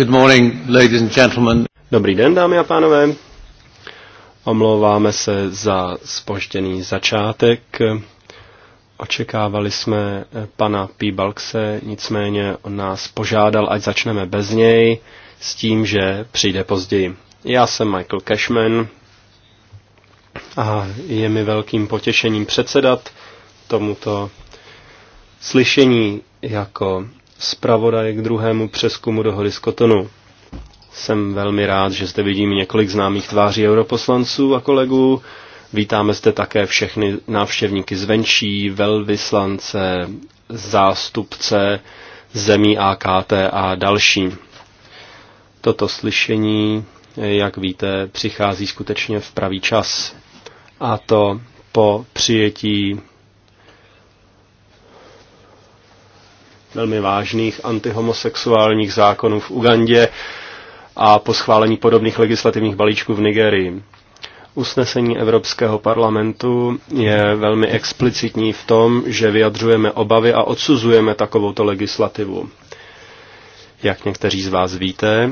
Good morning, ladies and gentlemen. Dobrý den, dámy a pánové. Omlouváme se za spožděný začátek. Očekávali jsme eh, pana P. Balkse, nicméně on nás požádal, ať začneme bez něj, s tím, že přijde později. Já jsem Michael Cashman a je mi velkým potěšením předsedat tomuto slyšení jako zpravodaje k druhému přeskumu dohody z Kotonu. Jsem velmi rád, že zde vidím několik známých tváří europoslanců a kolegů. Vítáme zde také všechny návštěvníky zvenčí, velvyslance, zástupce zemí AKT a další. Toto slyšení, jak víte, přichází skutečně v pravý čas. A to po přijetí velmi vážných antihomosexuálních zákonů v Ugandě a po schválení podobných legislativních balíčků v Nigerii. Usnesení Evropského parlamentu je velmi explicitní v tom, že vyjadřujeme obavy a odsuzujeme takovouto legislativu. Jak někteří z vás víte,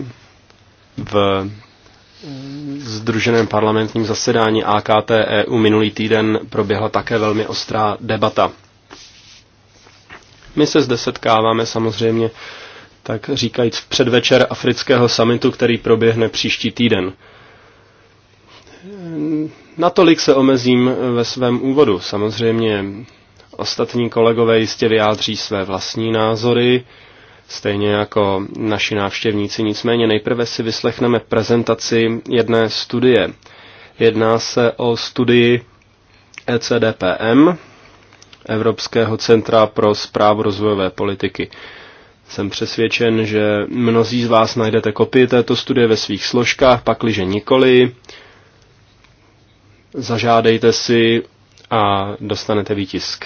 v združeném parlamentním zasedání AKT EU minulý týden proběhla také velmi ostrá debata my se zde setkáváme samozřejmě, tak říkajíc, v předvečer afrického samitu, který proběhne příští týden. Natolik se omezím ve svém úvodu. Samozřejmě ostatní kolegové jistě vyjádří své vlastní názory, stejně jako naši návštěvníci. Nicméně nejprve si vyslechneme prezentaci jedné studie. Jedná se o studii ECDPM, Evropského centra pro zprávu rozvojové politiky. Jsem přesvědčen, že mnozí z vás najdete kopii této studie ve svých složkách, pakliže nikoli, zažádejte si a dostanete výtisk.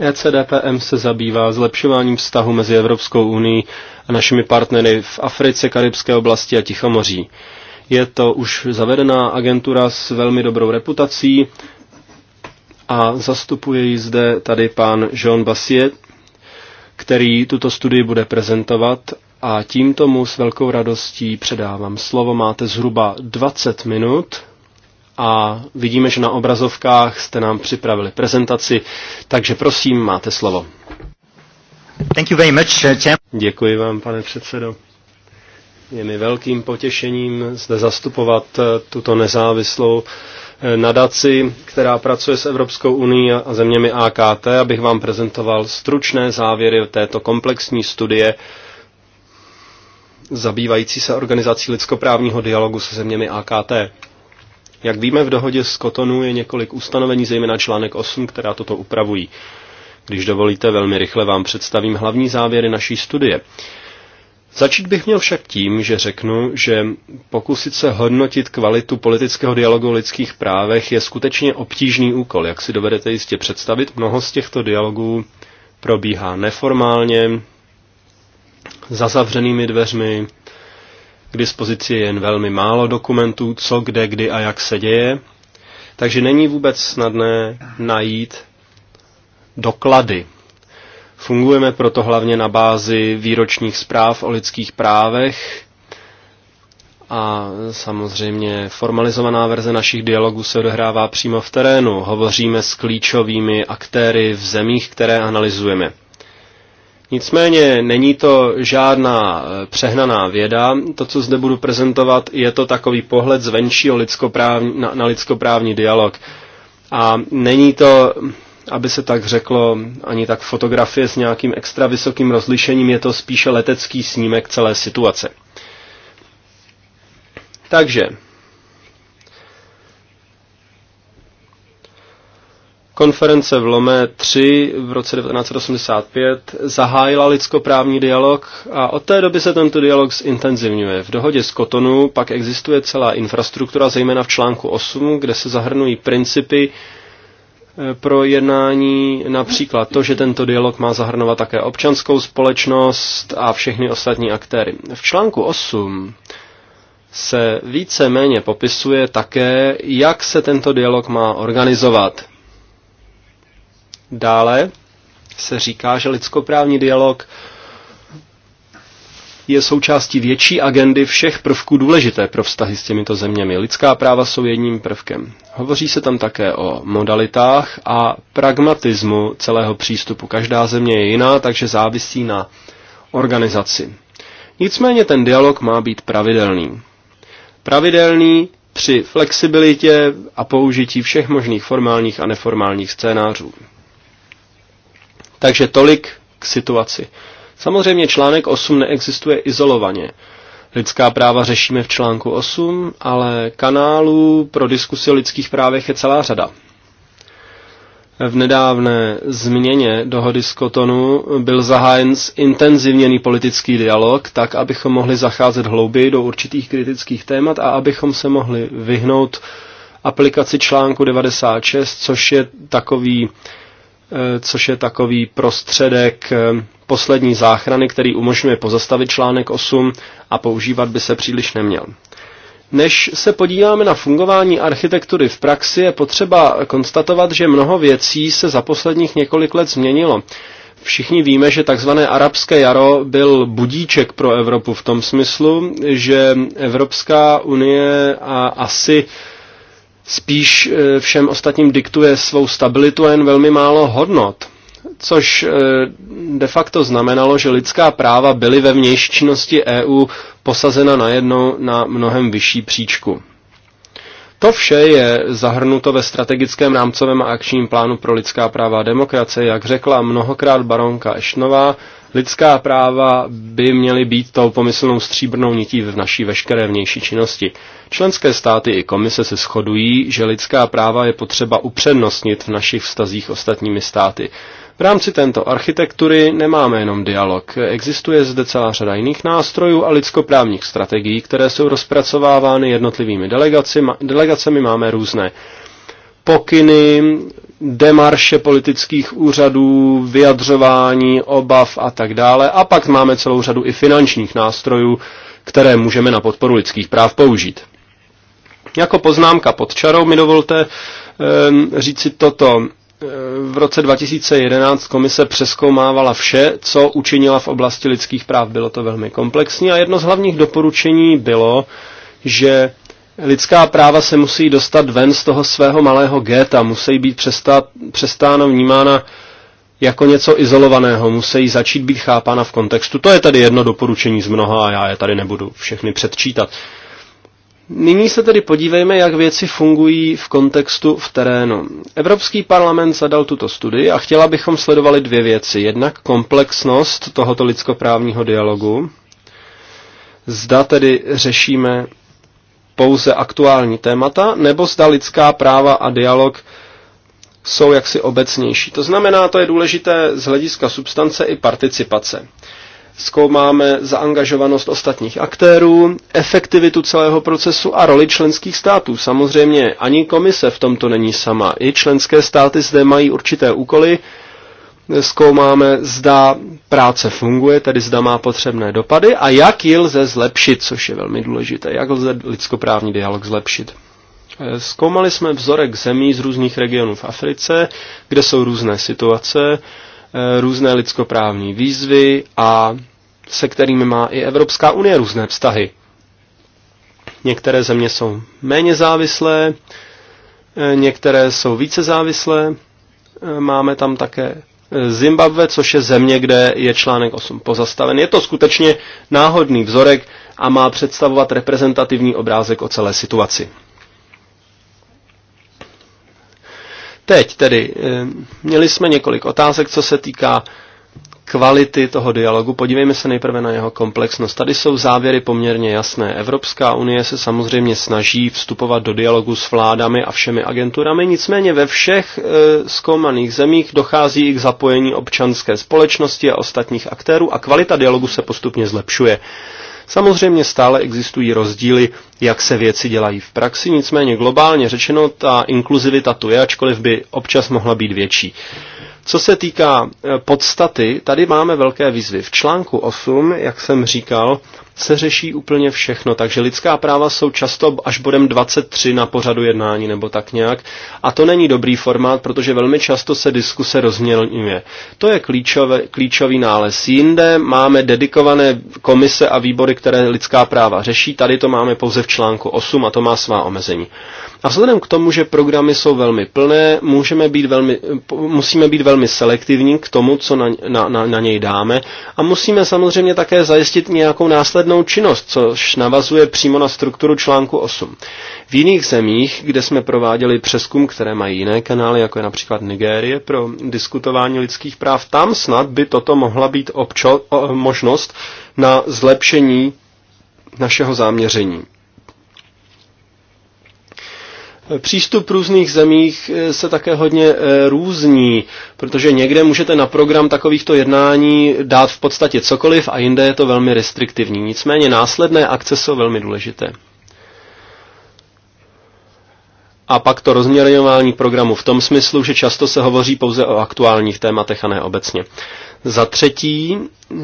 ECDPM se zabývá zlepšováním vztahu mezi Evropskou unii a našimi partnery v Africe, Karibské oblasti a Tichomoří. Je to už zavedená agentura s velmi dobrou reputací a zastupuje ji zde tady pán Jean Bassiet, který tuto studii bude prezentovat a tím tomu s velkou radostí předávám slovo. Máte zhruba 20 minut a vidíme, že na obrazovkách jste nám připravili prezentaci, takže prosím, máte slovo. Thank you very much, uh, Děkuji vám, pane předsedo. Je mi velkým potěšením zde zastupovat uh, tuto nezávislou nadaci, která pracuje s Evropskou unii a zeměmi AKT, abych vám prezentoval stručné závěry této komplexní studie zabývající se organizací lidskoprávního dialogu se zeměmi AKT. Jak víme, v dohodě s Kotonu je několik ustanovení, zejména článek 8, která toto upravují. Když dovolíte, velmi rychle vám představím hlavní závěry naší studie. Začít bych měl však tím, že řeknu, že pokusit se hodnotit kvalitu politického dialogu o lidských právech je skutečně obtížný úkol. Jak si dovedete jistě představit, mnoho z těchto dialogů probíhá neformálně, za zavřenými dveřmi, k dispozici je jen velmi málo dokumentů, co, kde, kdy a jak se děje, takže není vůbec snadné najít doklady Fungujeme proto hlavně na bázi výročních zpráv o lidských právech a samozřejmě formalizovaná verze našich dialogů se odehrává přímo v terénu. Hovoříme s klíčovými aktéry v zemích, které analyzujeme. Nicméně není to žádná eh, přehnaná věda. To, co zde budu prezentovat, je to takový pohled zvenčí lidskoprávní, na, na lidskoprávní dialog. A není to aby se tak řeklo, ani tak fotografie s nějakým extra vysokým rozlišením, je to spíše letecký snímek celé situace. Takže, konference v Lome 3 v roce 1985 zahájila lidskoprávní dialog a od té doby se tento dialog zintenzivňuje. V dohodě z Kotonu pak existuje celá infrastruktura, zejména v článku 8, kde se zahrnují principy Eh, pro jednání, například to, že tento dialog má zahrnovat také občanskou společnost a všechny ostatní aktéry. V článku 8 se více méně popisuje také, jak se tento dialog má organizovat. Dále se říká, že lidskoprávní dialog je součástí větší agendy všech prvků důležité pro vztahy s těmito zeměmi. Lidská práva jsou jedním prvkem. Hovoří se tam také o modalitách a pragmatismu celého přístupu. Každá země je jiná, takže závisí na organizaci. Nicméně ten dialog má být pravidelný. Pravidelný při flexibilitě a použití všech možných formálních a neformálních scénářů. Takže tolik k situaci. Samozřejmě článek 8 neexistuje izolovaně. Lidská práva řešíme v článku 8, ale kanálů pro diskusi o lidských právech je celá řada. V nedávné změně dohody z Kotonu byl zahájen intenzivněný politický dialog, tak abychom mohli zacházet hlouběji do určitých kritických témat a abychom se mohli vyhnout aplikaci článku 96, což je takový, eh, což je takový prostředek eh, poslední záchrany, který umožňuje pozastavit článek 8 a používat by se příliš neměl. Než se podíváme na fungování architektury v praxi, je potřeba konstatovat, že mnoho věcí se za posledních několik let změnilo. Všichni víme, že tzv. arabské jaro byl budíček pro Evropu v tom smyslu, že Evropská unie a asi spíš eh, všem ostatním diktuje svou stabilitu a jen velmi málo hodnot což eh, de facto znamenalo, že lidská práva byly ve vnější činnosti EU posazena najednou na mnohem vyšší příčku. To vše je zahrnuto ve strategickém rámcovém a akčním plánu pro lidská práva a demokracie. Jak řekla mnohokrát baronka Ešnová, lidská práva by měly být tou pomyslnou stříbrnou nití v naší veškeré vnější činnosti. Členské státy i komise se shodují, že lidská práva je potřeba upřednostnit v našich vztazích ostatními státy. V rámci této architektury nemáme jenom dialog. Existuje zde celá řada jiných nástrojů a lidskoprávních strategií, které jsou rozpracovávány jednotlivými delegacemi. Máme různé pokyny, demarše politických úřadů, vyjadřování, obav a tak dále. A pak máme celou řadu i finančních nástrojů, které můžeme na podporu lidských práv použít. Jako poznámka pod čarou mi dovolte e, říci toto v roce 2011 komise přeskoumávala vše, co učinila v oblasti lidských práv. Bylo to velmi komplexní a jedno z hlavních doporučení bylo, že lidská práva se musí dostat ven z toho svého malého geta, musí být přestá, přestáno vnímána jako něco izolovaného, musí začít být chápána v kontextu. To je tady jedno doporučení z mnoha a já je tady nebudu všechny předčítat. Nyní se tedy podívejme, jak věci fungují v kontextu v terénu. Evropský parlament zadal tuto studii a chtěla bychom sledovali dvě věci. Jednak komplexnost tohoto lidskoprávního dialogu. Zda tedy řešíme pouze aktuální témata, nebo zda lidská práva a dialog jsou jaksi obecnější. To znamená, to je důležité z hlediska substance i participace. Zkoumáme zaangažovanost ostatních aktérů, efektivitu celého procesu a roli členských států. Samozřejmě ani komise v tomto není sama. I členské státy zde mají určité úkoly. Zkoumáme, zda práce funguje, tedy zda má potřebné dopady a jak ji lze zlepšit, což je velmi důležité, jak lze lidskoprávní dialog zlepšit. Eh, zkoumali jsme vzorek zemí z různých regionů v Africe, kde jsou různé situace, Eh, různé lidskoprávní výzvy a se kterými má i Evropská unie různé vztahy. Některé země jsou méně závislé, eh, některé jsou více závislé. Eh, máme tam také Zimbabwe, což je země, kde je článek 8 pozastaven. Je to skutečně náhodný vzorek a má představovat reprezentativní obrázek o celé situaci. Teď tedy, eh, měli jsme několik otázek, co se týká kvality toho dialogu. Podívejme se nejprve na jeho komplexnost. Tady jsou závěry poměrně jasné. Evropská unie se samozřejmě snaží vstupovat do dialogu s vládami a všemi agenturami, nicméně ve všech e, zkoumaných zemích dochází i k zapojení občanské společnosti a ostatních aktérů a kvalita dialogu se postupně zlepšuje. Samozřejmě stále existují rozdíly, jak se věci dělají v praxi, nicméně globálně řečeno ta inkluzivita tu je, ačkoliv by občas mohla být větší. Co se týká eh, podstaty, tady máme velké výzvy. V článku 8, jak jsem říkal, se řeší úplně všechno, takže lidská práva jsou často až bodem 23 na pořadu jednání nebo tak nějak a to není dobrý formát, protože velmi často se diskuse rozmělňuje. To je klíčové, klíčový nález. Jinde máme dedikované komise a výbory, které lidská práva řeší, tady to máme pouze v článku 8 a to má svá omezení. A vzhledem k tomu, že programy jsou velmi plné, můžeme být velmi, musíme být velmi selektivní k tomu, co na, na, na, na něj dáme a musíme samozřejmě také zajistit nějakou následnost odpovědnou činnost, což navazuje přímo na strukturu článku 8. V jiných zemích, kde jsme prováděli přeskum, které mají jiné kanály, jako je například Nigérie, pro diskutování lidských práv, tam snad by toto mohla být občo- možnost na zlepšení našeho záměření. Přístup různých zemích eh, se také hodně eh, různí, protože někde můžete na program takovýchto jednání dát v podstatě cokoliv a jinde je to velmi restriktivní. Nicméně následné akce jsou velmi důležité. A pak to rozměrňování programu v tom smyslu, že často se hovoří pouze o aktuálních tématech a ne obecně. Za třetí eh,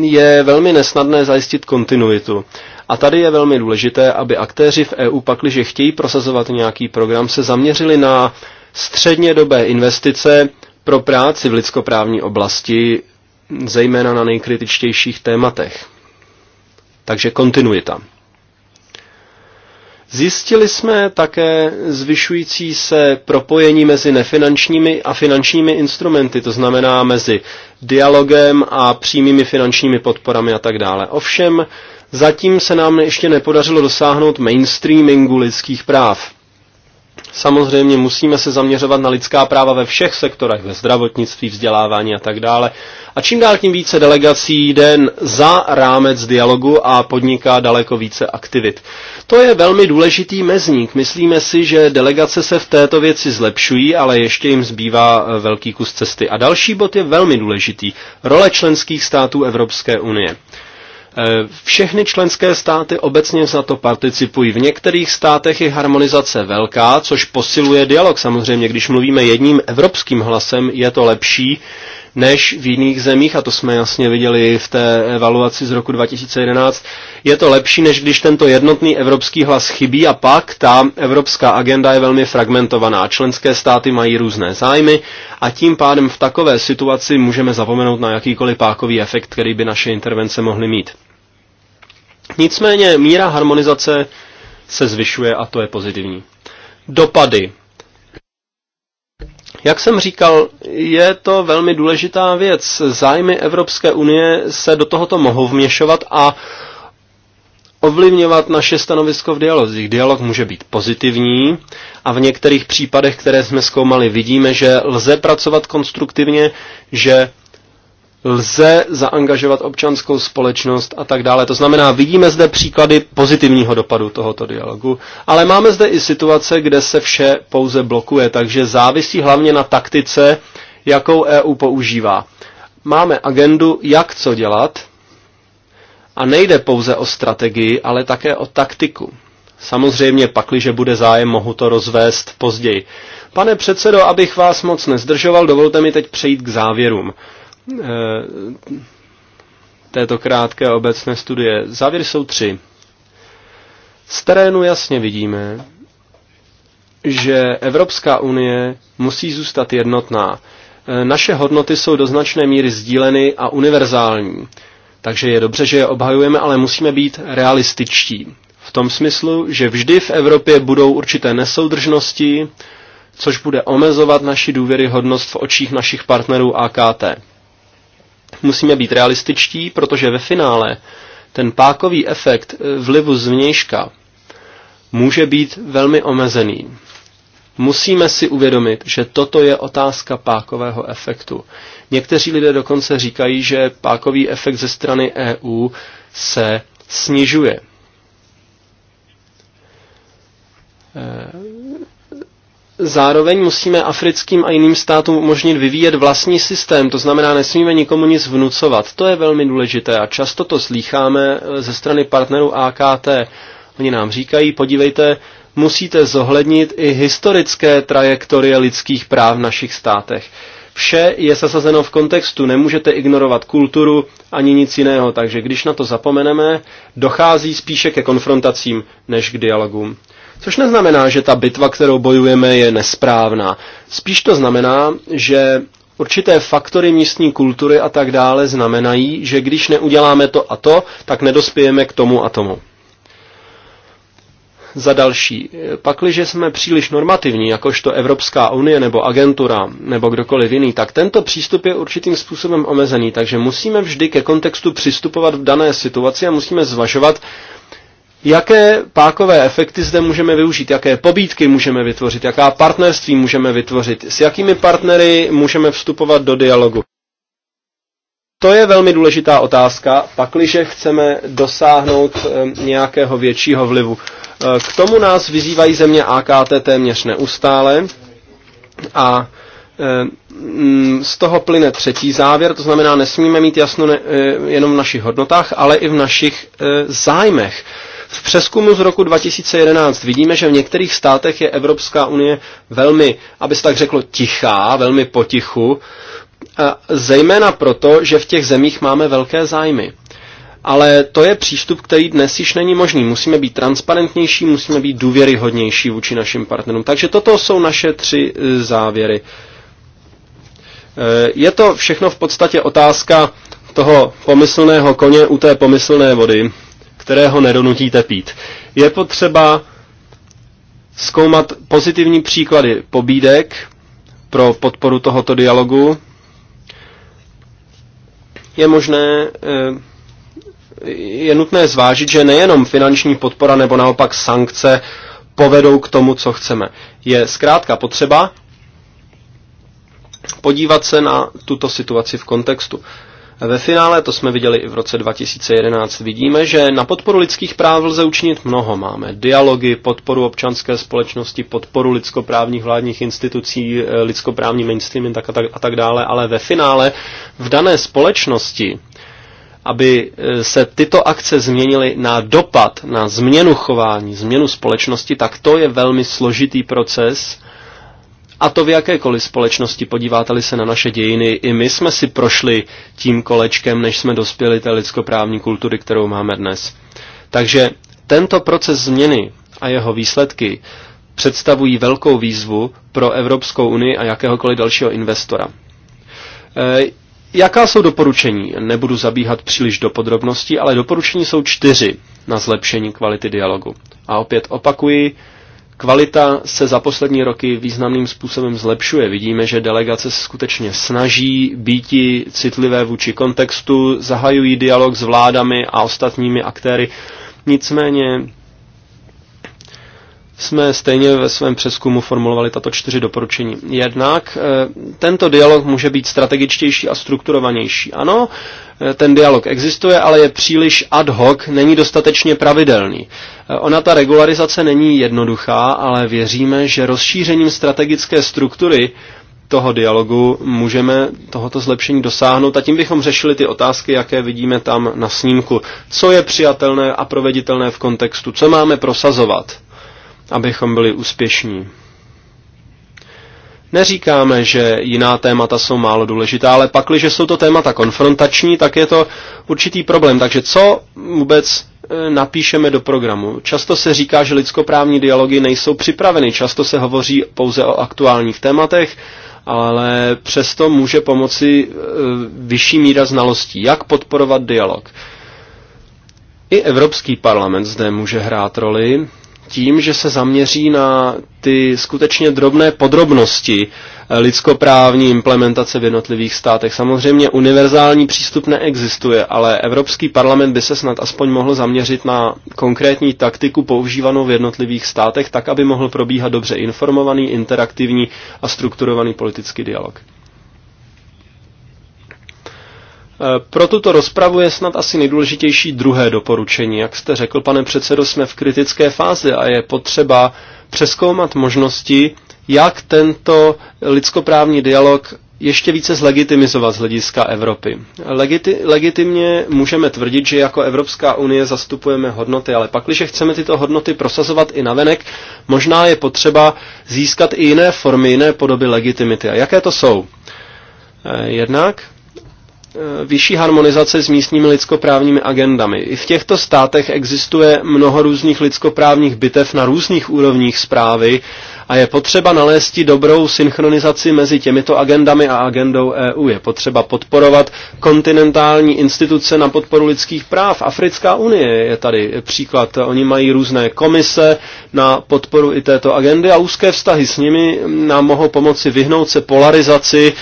je velmi nesnadné zajistit kontinuitu. A tady je velmi důležité, aby aktéři v EU pakliže chtějí prosazovat nějaký program, se zaměřili na střednědobé investice pro práci v lidskoprávní oblasti, zejména na nejkritičtějších tématech. Takže kontinuita. Zjistili jsme také zvyšující se propojení mezi nefinančními a finančními instrumenty, to znamená mezi dialogem a přímými finančními podporami a tak dále. Ovšem Zatím se nám ještě nepodařilo dosáhnout mainstreamingu lidských práv. Samozřejmě musíme se zaměřovat na lidská práva ve všech sektorech, ve zdravotnictví, vzdělávání a tak dále. A čím dál tím více delegací jde za rámec dialogu a podniká daleko více aktivit. To je velmi důležitý mezník. Myslíme si, že delegace se v této věci zlepšují, ale ještě jim zbývá e, velký kus cesty. A další bod je velmi důležitý. Role členských států Evropské unie. Eh, všechny členské státy obecně za to participují. V některých státech je harmonizace velká, což posiluje dialog. Samozřejmě, když mluvíme jedním evropským hlasem, je to lepší, než v jiných zemích, a to jsme jasně viděli v té evaluaci z roku 2011. Je to lepší, než když tento jednotný evropský hlas chybí a pak ta evropská agenda je velmi fragmentovaná. Členské státy mají různé zájmy a tím pádem v takové situaci můžeme zapomenout na jakýkoliv pákový efekt, který by naše intervence mohly mít. Nicméně míra harmonizace se zvyšuje a to je pozitivní. Dopady jak jsem říkal, je to velmi důležitá věc. Zájmy Evropské unie se do tohoto mohou vměšovat a ovlivňovat naše stanovisko v dialozích. Dialog může být pozitivní a v některých případech, které jsme zkoumali, vidíme, že lze pracovat konstruktivně, že lze zaangažovat občanskou společnost a tak dále. To znamená, vidíme zde příklady pozitivního dopadu tohoto dialogu, ale máme zde i situace, kde se vše pouze blokuje, takže závisí hlavně na taktice, jakou EU používá. Máme agendu, jak co dělat, a nejde pouze o strategii, ale také o taktiku. Samozřejmě pakliže bude zájem, mohu to rozvést později. Pane předsedo, abych vás moc nezdržoval, dovolte mi teď přejít k závěrům. Eh, této krátké obecné studie. Závěry jsou tři. Z terénu jasně vidíme, že Evropská unie musí zůstat jednotná. Eh, naše hodnoty jsou do značné míry sdíleny a univerzální. Takže je dobře, že je obhajujeme, ale musíme být realističtí. V tom smyslu, že vždy v Evropě budou určité nesoudržnosti, což bude omezovat naši důvěryhodnost v očích našich partnerů AKT. Musíme být realističtí, protože ve finále ten pákový efekt eh, vlivu zvnějška může být velmi omezený. Musíme si uvědomit, že toto je otázka pákového efektu. Někteří lidé dokonce říkají, že pákový efekt ze strany EU se snižuje. Eh, Zároveň musíme africkým a jiným státům umožnit vyvíjet vlastní systém, to znamená, nesmíme nikomu nic vnucovat. To je velmi důležité a často to slýcháme eh, ze strany partnerů AKT. Oni nám říkají, podívejte, musíte zohlednit i historické trajektorie lidských práv v našich státech. Vše je zasazeno v kontextu, nemůžete ignorovat kulturu ani nic jiného, takže když na to zapomeneme, dochází spíše ke konfrontacím než k dialogům. Což neznamená, že ta bitva, kterou bojujeme, je nesprávná. Spíš to znamená, že určité faktory místní kultury a tak dále znamenají, že když neuděláme to a to, tak nedospějeme k tomu a tomu. Za další, pakliže jsme příliš normativní, jakožto Evropská unie nebo agentura nebo kdokoliv jiný, tak tento přístup je určitým způsobem omezený, takže musíme vždy ke kontextu přistupovat v dané situaci a musíme zvažovat, jaké pákové efekty zde můžeme využít, jaké pobídky můžeme vytvořit, jaká partnerství můžeme vytvořit, s jakými partnery můžeme vstupovat do dialogu. To je velmi důležitá otázka, pakliže chceme dosáhnout eh, nějakého většího vlivu. Eh, k tomu nás vyzývají země AKT téměř neustále a eh, mm, z toho plyne třetí závěr, to znamená, nesmíme mít jasno ne, jenom v našich hodnotách, ale i v našich zájmech. V přeskumu z roku 2011 vidíme, že v některých státech je Evropská unie velmi, aby se tak řeklo, tichá, velmi potichu, zejména proto, že v těch zemích máme velké zájmy. Ale to je přístup, který dnes již není možný. Musíme být transparentnější, musíme být důvěryhodnější vůči našim partnerům. Takže toto jsou naše tři e, závěry. E, je to všechno v podstatě otázka toho pomyslného koně u té pomyslné vody kterého nedonutíte pít. Je potřeba zkoumat pozitivní příklady pobídek pro podporu tohoto dialogu. Je možné eh, je nutné zvážit, že nejenom finanční podpora nebo naopak sankce povedou k tomu, co chceme. Je zkrátka potřeba podívat se na tuto situaci v kontextu. Ve finále, to jsme viděli i v roce 2011, vidíme, že na podporu lidských práv lze učinit mnoho. Máme dialogy, podporu občanské společnosti, podporu lidskoprávních vládních institucí, eh, lidskoprávní mainstreamy tak a, tak a tak dále, ale ve finále v dané společnosti aby eh, se tyto akce změnily na dopad, na změnu chování, změnu společnosti, tak to je velmi složitý proces, a to v jakékoliv společnosti, podíváte-li se na naše dějiny, i my jsme si prošli tím kolečkem, než jsme dospěli té lidskoprávní kultury, kterou máme dnes. Takže tento proces změny a jeho výsledky představují velkou výzvu pro Evropskou unii a jakéhokoliv dalšího investora. E, jaká jsou doporučení? Nebudu zabíhat příliš do podrobností, ale doporučení jsou čtyři na zlepšení kvality dialogu. A opět opakuji, Kvalita se za poslední roky významným způsobem zlepšuje. Vidíme, že delegace se skutečně snaží být citlivé vůči kontextu, zahajují dialog s vládami a ostatními aktéry. Nicméně jsme stejně ve svém přeskumu formulovali tato čtyři doporučení. Jednak eh, tento dialog může být strategičtější a strukturovanější. Ano, eh, ten dialog existuje, ale je příliš ad hoc, není dostatečně pravidelný. Eh, ona ta regularizace není jednoduchá, ale věříme, že rozšířením strategické struktury toho dialogu můžeme tohoto zlepšení dosáhnout a tím bychom řešili ty otázky, jaké vidíme tam na snímku. Co je přijatelné a proveditelné v kontextu, co máme prosazovat abychom byli úspěšní. Neříkáme, že jiná témata jsou málo důležitá, ale pakliže jsou to témata konfrontační, tak je to určitý problém. Takže co vůbec e, napíšeme do programu? Často se říká, že lidskoprávní dialogy nejsou připraveny, často se hovoří pouze o aktuálních tématech, ale přesto může pomoci e, vyšší míra znalostí, jak podporovat dialog. I Evropský parlament zde může hrát roli, tím, že se zaměří na ty skutečně drobné podrobnosti eh, lidskoprávní implementace v jednotlivých státech. Samozřejmě univerzální přístup neexistuje, ale Evropský parlament by se snad aspoň mohl zaměřit na konkrétní taktiku používanou v jednotlivých státech, tak aby mohl probíhat dobře informovaný, interaktivní a strukturovaný politický dialog. E, pro tuto rozpravu je snad asi nejdůležitější druhé doporučení. Jak jste řekl, pane předsedo, jsme v kritické fázi a je potřeba přeskoumat možnosti, jak tento lidskoprávní dialog ještě více zlegitimizovat z hlediska Evropy. Legiti- legitimně můžeme tvrdit, že jako Evropská unie zastupujeme hodnoty, ale pak, když chceme tyto hodnoty prosazovat i navenek, možná je potřeba získat i jiné formy, jiné podoby legitimity. A jaké to jsou? E, jednak Eh, vyšší harmonizace s místními lidskoprávními agendami. I v těchto státech existuje mnoho různých lidskoprávních bitev na různých úrovních zprávy a je potřeba nalézt dobrou synchronizaci mezi těmito agendami a agendou EU. Je potřeba podporovat kontinentální instituce na podporu lidských práv. Africká unie je tady příklad. Oni mají různé komise na podporu i této agendy a úzké vztahy s nimi nám mohou pomoci vyhnout se polarizaci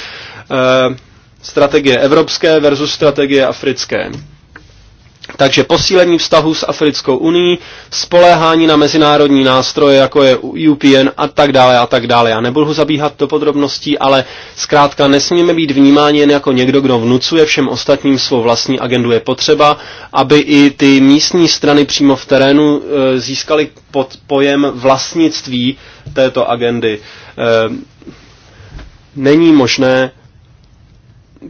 eh, strategie evropské versus strategie africké. Takže posílení vztahu s Africkou unii, spoléhání na mezinárodní nástroje, jako je UPN a tak dále a tak dále. Já nebudu zabíhat do podrobností, ale zkrátka nesmíme být vnímáni jen jako někdo, kdo vnucuje všem ostatním svou vlastní agendu. Je potřeba, aby i ty místní strany přímo v terénu e, získaly pod pojem vlastnictví této agendy. E, není možné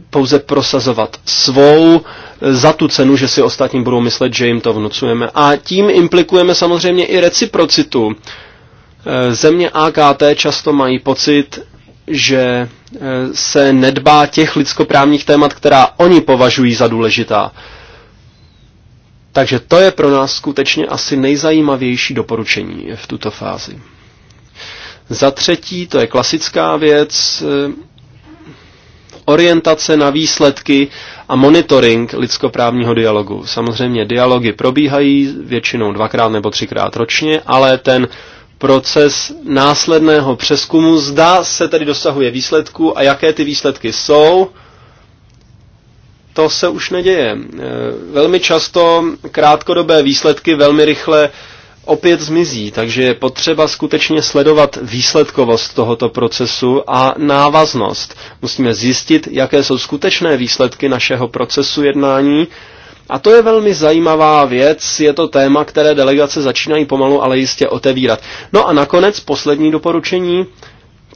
pouze prosazovat svou e, za tu cenu, že si ostatní budou myslet, že jim to vnucujeme. A tím implikujeme samozřejmě i reciprocitu. E, země AKT často mají pocit, že e, se nedbá těch lidskoprávních témat, která oni považují za důležitá. Takže to je pro nás skutečně asi nejzajímavější doporučení v tuto fázi. Za třetí, to je klasická věc, orientace na výsledky a monitoring lidskoprávního dialogu. Samozřejmě dialogy probíhají většinou dvakrát nebo třikrát ročně, ale ten proces následného přeskumu, zda se tedy dosahuje výsledku a jaké ty výsledky jsou, to se už neděje. E, velmi často krátkodobé výsledky velmi rychle opět zmizí, takže je potřeba skutečně sledovat výsledkovost tohoto procesu a návaznost. Musíme zjistit, jaké jsou skutečné výsledky našeho procesu jednání, a to je velmi zajímavá věc, je to téma, které delegace začínají pomalu, ale jistě otevírat. No a nakonec poslední doporučení,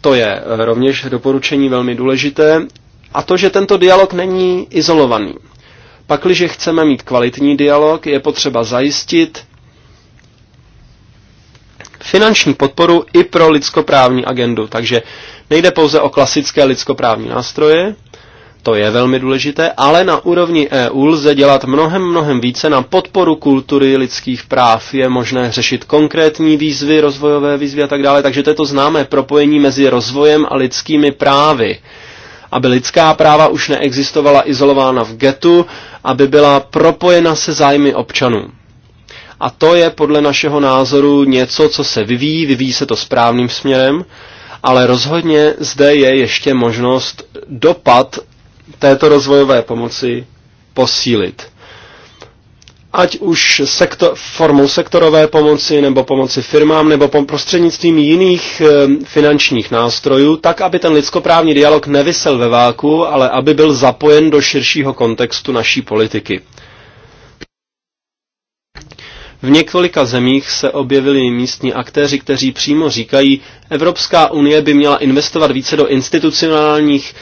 to je rovněž doporučení velmi důležité, a to, že tento dialog není izolovaný. Pakliže chceme mít kvalitní dialog, je potřeba zajistit, finanční podporu i pro lidskoprávní agendu. Takže nejde pouze o klasické lidskoprávní nástroje, to je velmi důležité, ale na úrovni EU lze dělat mnohem, mnohem více na podporu kultury lidských práv. Je možné řešit konkrétní výzvy, rozvojové výzvy a tak dále, takže to je to známé propojení mezi rozvojem a lidskými právy. Aby lidská práva už neexistovala izolována v getu, aby byla propojena se zájmy občanů. A to je podle našeho názoru něco, co se vyvíjí, vyvíjí se to správným směrem, ale rozhodně zde je ještě možnost dopad této rozvojové pomoci posílit. Ať už sektor, formou sektorové pomoci, nebo pomoci firmám, nebo pom prostřednictvím jiných e, finančních nástrojů, tak aby ten lidskoprávní dialog nevysel ve váku, ale aby byl zapojen do širšího kontextu naší politiky. V několika zemích se objevili místní aktéři, kteří přímo říkají, Evropská unie by měla investovat více do institucionálních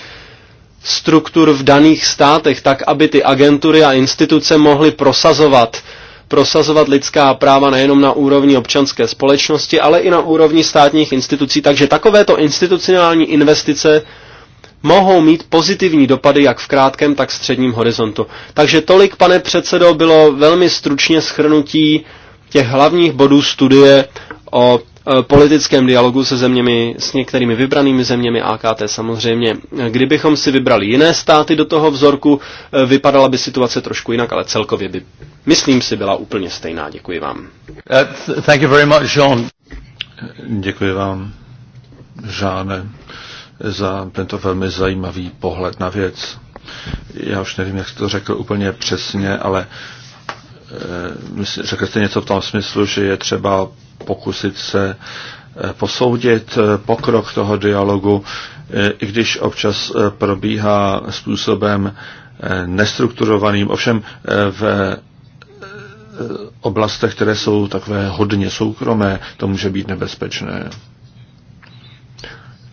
struktur v daných státech, tak aby ty agentury a instituce mohly prosazovat prosazovat lidská práva nejenom na úrovni občanské společnosti, ale i na úrovni státních institucí. Takže takovéto institucionální investice mohou mít pozitivní dopady jak v krátkém, tak v středním horizontu. Takže tolik, pane předsedo, bylo velmi stručně schrnutí těch hlavních bodů studie o e, politickém dialogu se zeměmi, s některými vybranými zeměmi AKT samozřejmě. Kdybychom si vybrali jiné státy do toho vzorku, e, vypadala by situace trošku jinak, ale celkově by, myslím si, byla úplně stejná. Děkuji vám. Uh, thank you very much, Jean. Děkuji vám, Jeanne za tento velmi zajímavý pohled na věc. Já už nevím, jak jste to řekl úplně přesně, ale eh, řekl jste něco v tom smyslu, že je třeba pokusit se eh, posoudit eh, pokrok toho dialogu, i když občas probíhá způsobem nestrukturovaným, ovšem v oblastech, které jsou takové hodně soukromé, to může být nebezpečné.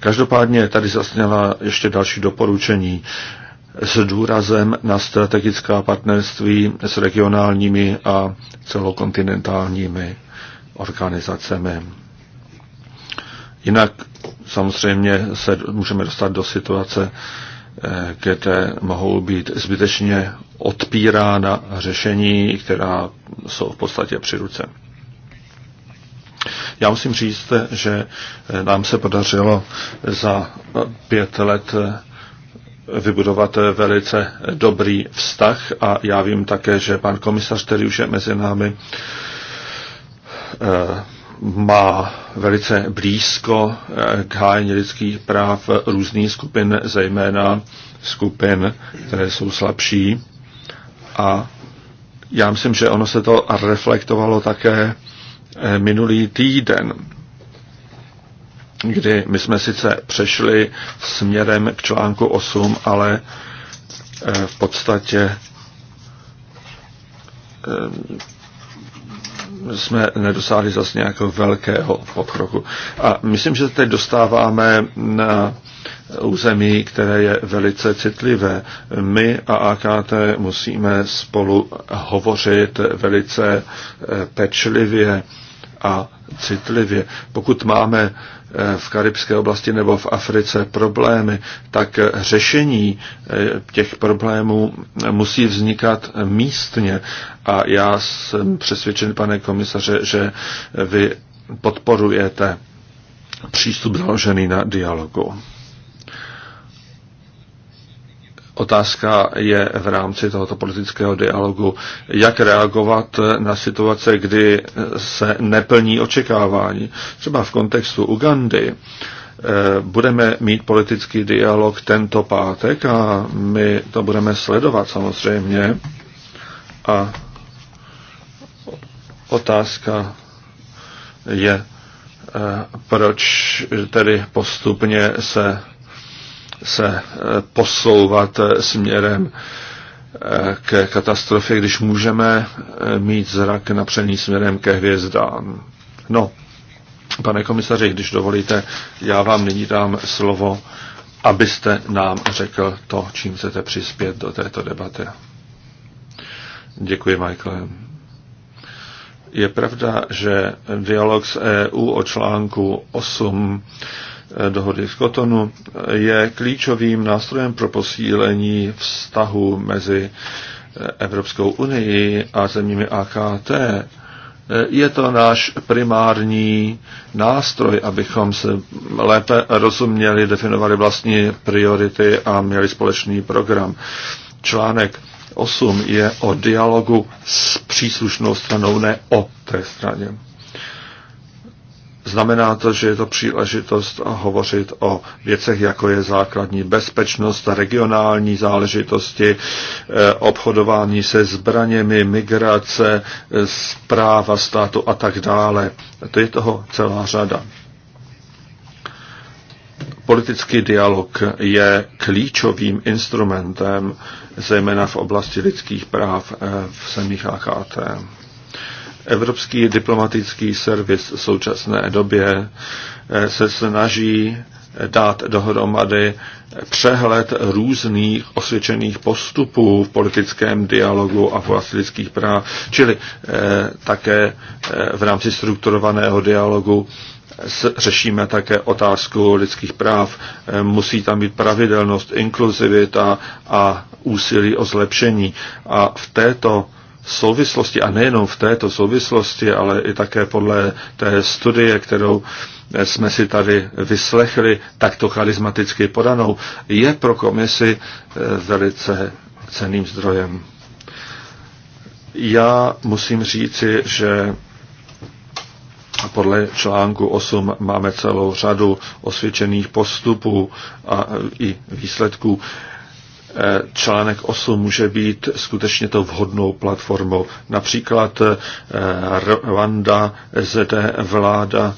Každopádně tady zasněla ještě další doporučení s důrazem na strategická partnerství s regionálními a celokontinentálními organizacemi. Jinak samozřejmě se můžeme dostat do situace, eh, kde mohou být zbytečně odpírána řešení, která jsou v podstatě při ruce. Já musím říct, že eh, nám se podařilo za pět let eh, vybudovat eh, velice dobrý vztah a já vím také, že pan komisař, který už je mezi námi, má velice blízko k hájení lidských práv různých skupin, zejména skupin, které jsou slabší. A já myslím, že ono se to reflektovalo také Eh, minulý týden, kdy my jsme sice přešli směrem k článku 8, ale eh, v podstatě eh, jsme nedosáhli zase nějakého velkého pokroku. A myslím, že teď dostáváme na území, které je velice citlivé. My a AKT musíme spolu hovořit velice pečlivě a citlivě. Pokud máme eh, v karibské oblasti nebo v Africe problémy, tak eh, řešení eh, těch problémů musí vznikat místně. A já jsem přesvědčen, pane komisaře, že vy podporujete přístup založený na dialogu. Otázka je v rámci tohoto politického dialogu, jak reagovat na situace, kdy se neplní očekávání. Třeba v kontextu Ugandy eh, budeme mít politický dialog tento pátek a my to budeme sledovat samozřejmě. A otázka je, eh, proč tedy postupně se se eh, posouvat eh, směrem eh, k katastrofě, když můžeme mít zrak napřený směrem ke hvězdám. No, pane komisaři, když dovolíte, já vám nyní dám slovo, abyste nám řekl to, čím chcete přispět do této debaty. Děkuji, Michael. Je pravda, že dialog s EU o článku 8 Eh, dohody z Kotonu eh, je klíčovým nástrojem pro posílení vztahu mezi eh, Evropskou unii a zeměmi AKT. Je to náš primární nástroj, abychom se lépe rozuměli, definovali vlastní priority a měli společný program. Článek 8 je o dialogu s příslušnou stranou, ne o té straně. Znamená to, že je to příležitost hovořit o věcech, jako je základní bezpečnost, regionální záležitosti, eh, obchodování se zbraněmi, migrace, zpráva eh, státu a tak dále. To je toho celá řada. Politický dialog je klíčovým instrumentem, zejména v oblasti lidských práv eh, v zemích AKT. Evropský diplomatický servis v současné době eh, se snaží dát dohromady přehled různých osvědčených postupů v politickém dialogu a v lidských práv, čili eh, také eh, v rámci strukturovaného dialogu s, řešíme také otázku lidských práv. Eh, musí tam být pravidelnost, inkluzivita a úsilí o zlepšení. A v této eh, souvislosti, a nejenom v této souvislosti, ale i také podle té studie, kterou jsme si tady vyslechli, takto charizmaticky podanou, je pro komisi eh, velice ceným zdrojem. Já musím říci, že podle článku 8 máme celou řadu osvědčených postupů a i výsledků článek 8 může být skutečně to vhodnou platformou. Například eh, Rwanda, ZD vláda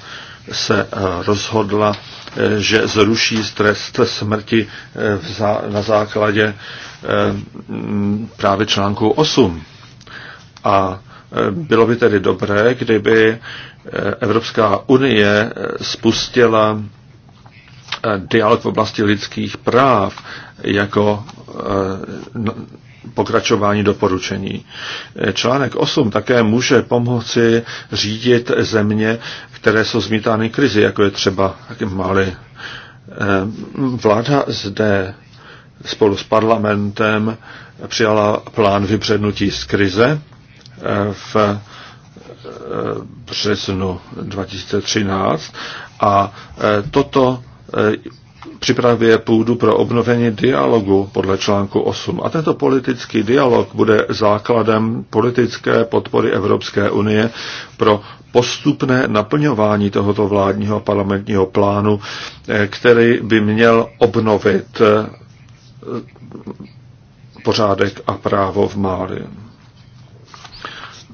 se eh, rozhodla, eh, že zruší trest smrti na základě právě článku 8. A bylo by tedy dobré, kdyby Evropská unie spustila dialog v oblasti lidských práv jako Eh, no, pokračování doporučení. Eh, článek 8 také může pomoci řídit země, které jsou zmítány krizi, jako je třeba Mali. Eh, vláda zde spolu s parlamentem přijala plán vybřednutí z krize v březnu 2013 a toto připravuje půdu pro obnovení dialogu podle článku 8. A tento politický dialog bude základem politické podpory Evropské unie pro postupné naplňování tohoto vládního parlamentního plánu, eh, který by měl obnovit eh, pořádek a právo v Málii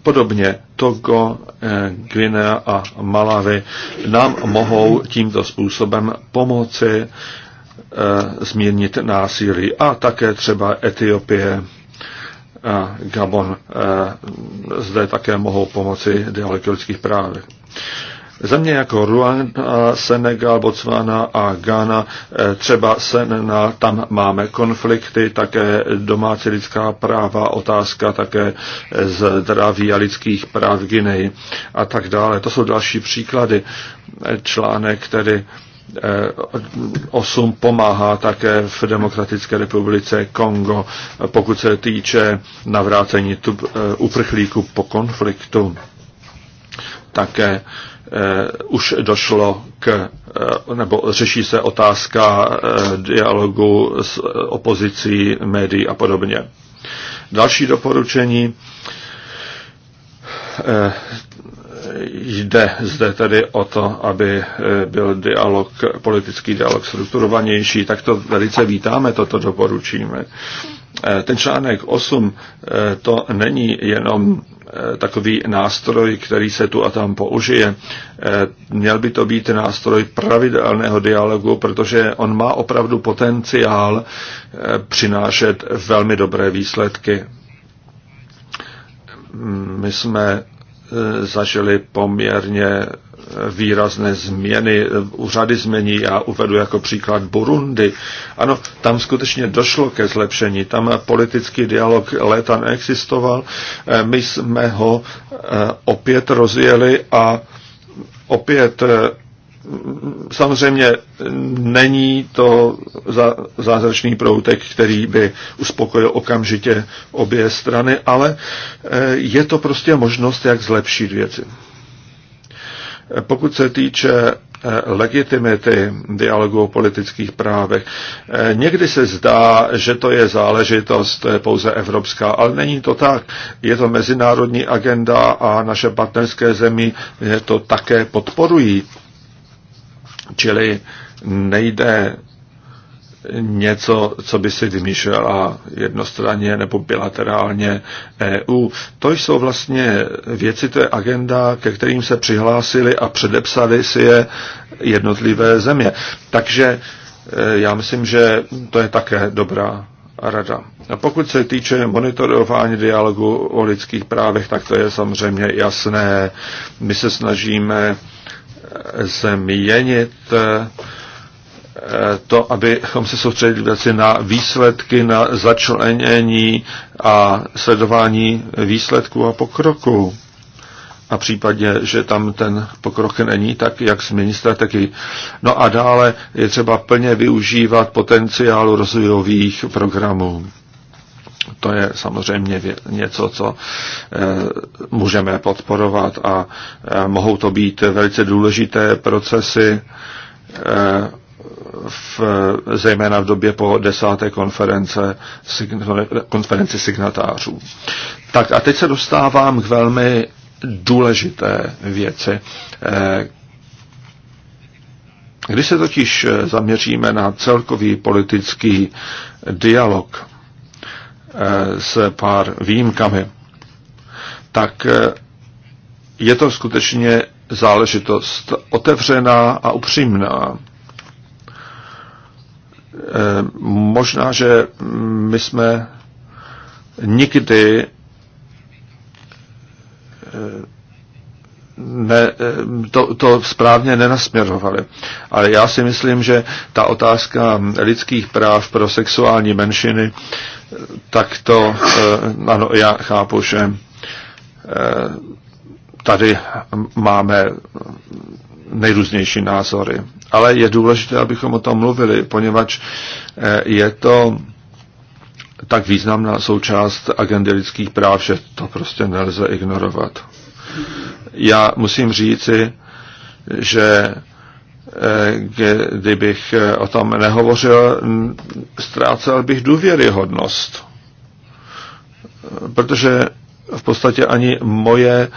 podobně Togo, eh, Guinea a Malawi nám mohou tímto způsobem pomoci eh, zmírnit násilí. A také třeba Etiopie a Gabon eh, zde také mohou pomoci dialektických právech. Země jako Ruanda, Senegal, Botswana a Ghana, eh, třeba Senna, tam máme konflikty, také domácí lidská práva, otázka také eh, zdraví a lidských práv Gineji a tak dále. To jsou další příklady. Eh, článek, který 8 pomáhá také v Demokratické republice Kongo, pokud se týče navrácení uprchlíku po konfliktu. Také Eh, už došlo k, eh, nebo řeší se otázka eh, dialogu s opozicí, médií a podobně. Další doporučení jde zde tedy o to, aby byl dialog, politický dialog strukturovanější, tak to velice vítáme, toto doporučíme. Eh, ten článek 8 eh, to není jenom eh, takový nástroj, který se tu a tam použije. Měl by to být nástroj pravidelného dialogu, protože on má opravdu potenciál přinášet velmi dobré výsledky. My jsme zažili poměrně výrazné změny, úřady změní, a uvedu jako příklad Burundi. Ano, tam skutečně došlo ke zlepšení, tam politický dialog léta neexistoval, eh, my jsme ho eh, opět rozjeli a opět eh, samozřejmě není to zázračný proutek, který by uspokojil okamžitě obě strany, ale je to prostě možnost, jak zlepšit věci. Pokud se týče eh, legitimity dialogu o politických právech. Eh, někdy se zdá, že to je záležitost pouze evropská, ale není to tak. Je to mezinárodní agenda a naše partnerské zemi to také podporují. Čili nejde něco, co by si vymýšlela jednostranně nebo bilaterálně EU. To jsou vlastně věci, to je agenda, ke kterým se přihlásili a předepsali si je jednotlivé země. Takže e, já myslím, že to je také dobrá rada. A pokud se týče monitorování dialogu o lidských právech, tak to je samozřejmě jasné. My se snažíme změnit Eh, to, abychom se soustředili na výsledky, na začlenění a sledování výsledků a pokroku. A případně, že tam ten pokrok není, tak jak změní strategii. No a dále je třeba plně využívat potenciálu rozvojových programů. To je samozřejmě něco, co eh, můžeme podporovat a eh, mohou to být velice důležité procesy v, zejména v době po desáté konference, konferenci signatářů. Tak a teď se dostávám k velmi důležité věci. Eh, Když se totiž eh, zaměříme na celkový politický dialog eh, s pár výjimkami, tak je to skutečně záležitost otevřená a upřímná Možná, že my jsme nikdy ne, to, to správně nenasměrovali. Ale já si myslím, že ta otázka lidských práv pro sexuální menšiny, tak to, eh, ano, já chápu, že eh, tady máme nejrůznější názory. Ale je důležité, abychom o tom mluvili, poněvadž eh, je to tak významná součást agendy lidských práv, že to prostě nelze ignorovat. Já musím říci, že eh, kdybych eh, o tom nehovořil, ztrácel bych důvěryhodnost. Protože v podstatě ani moje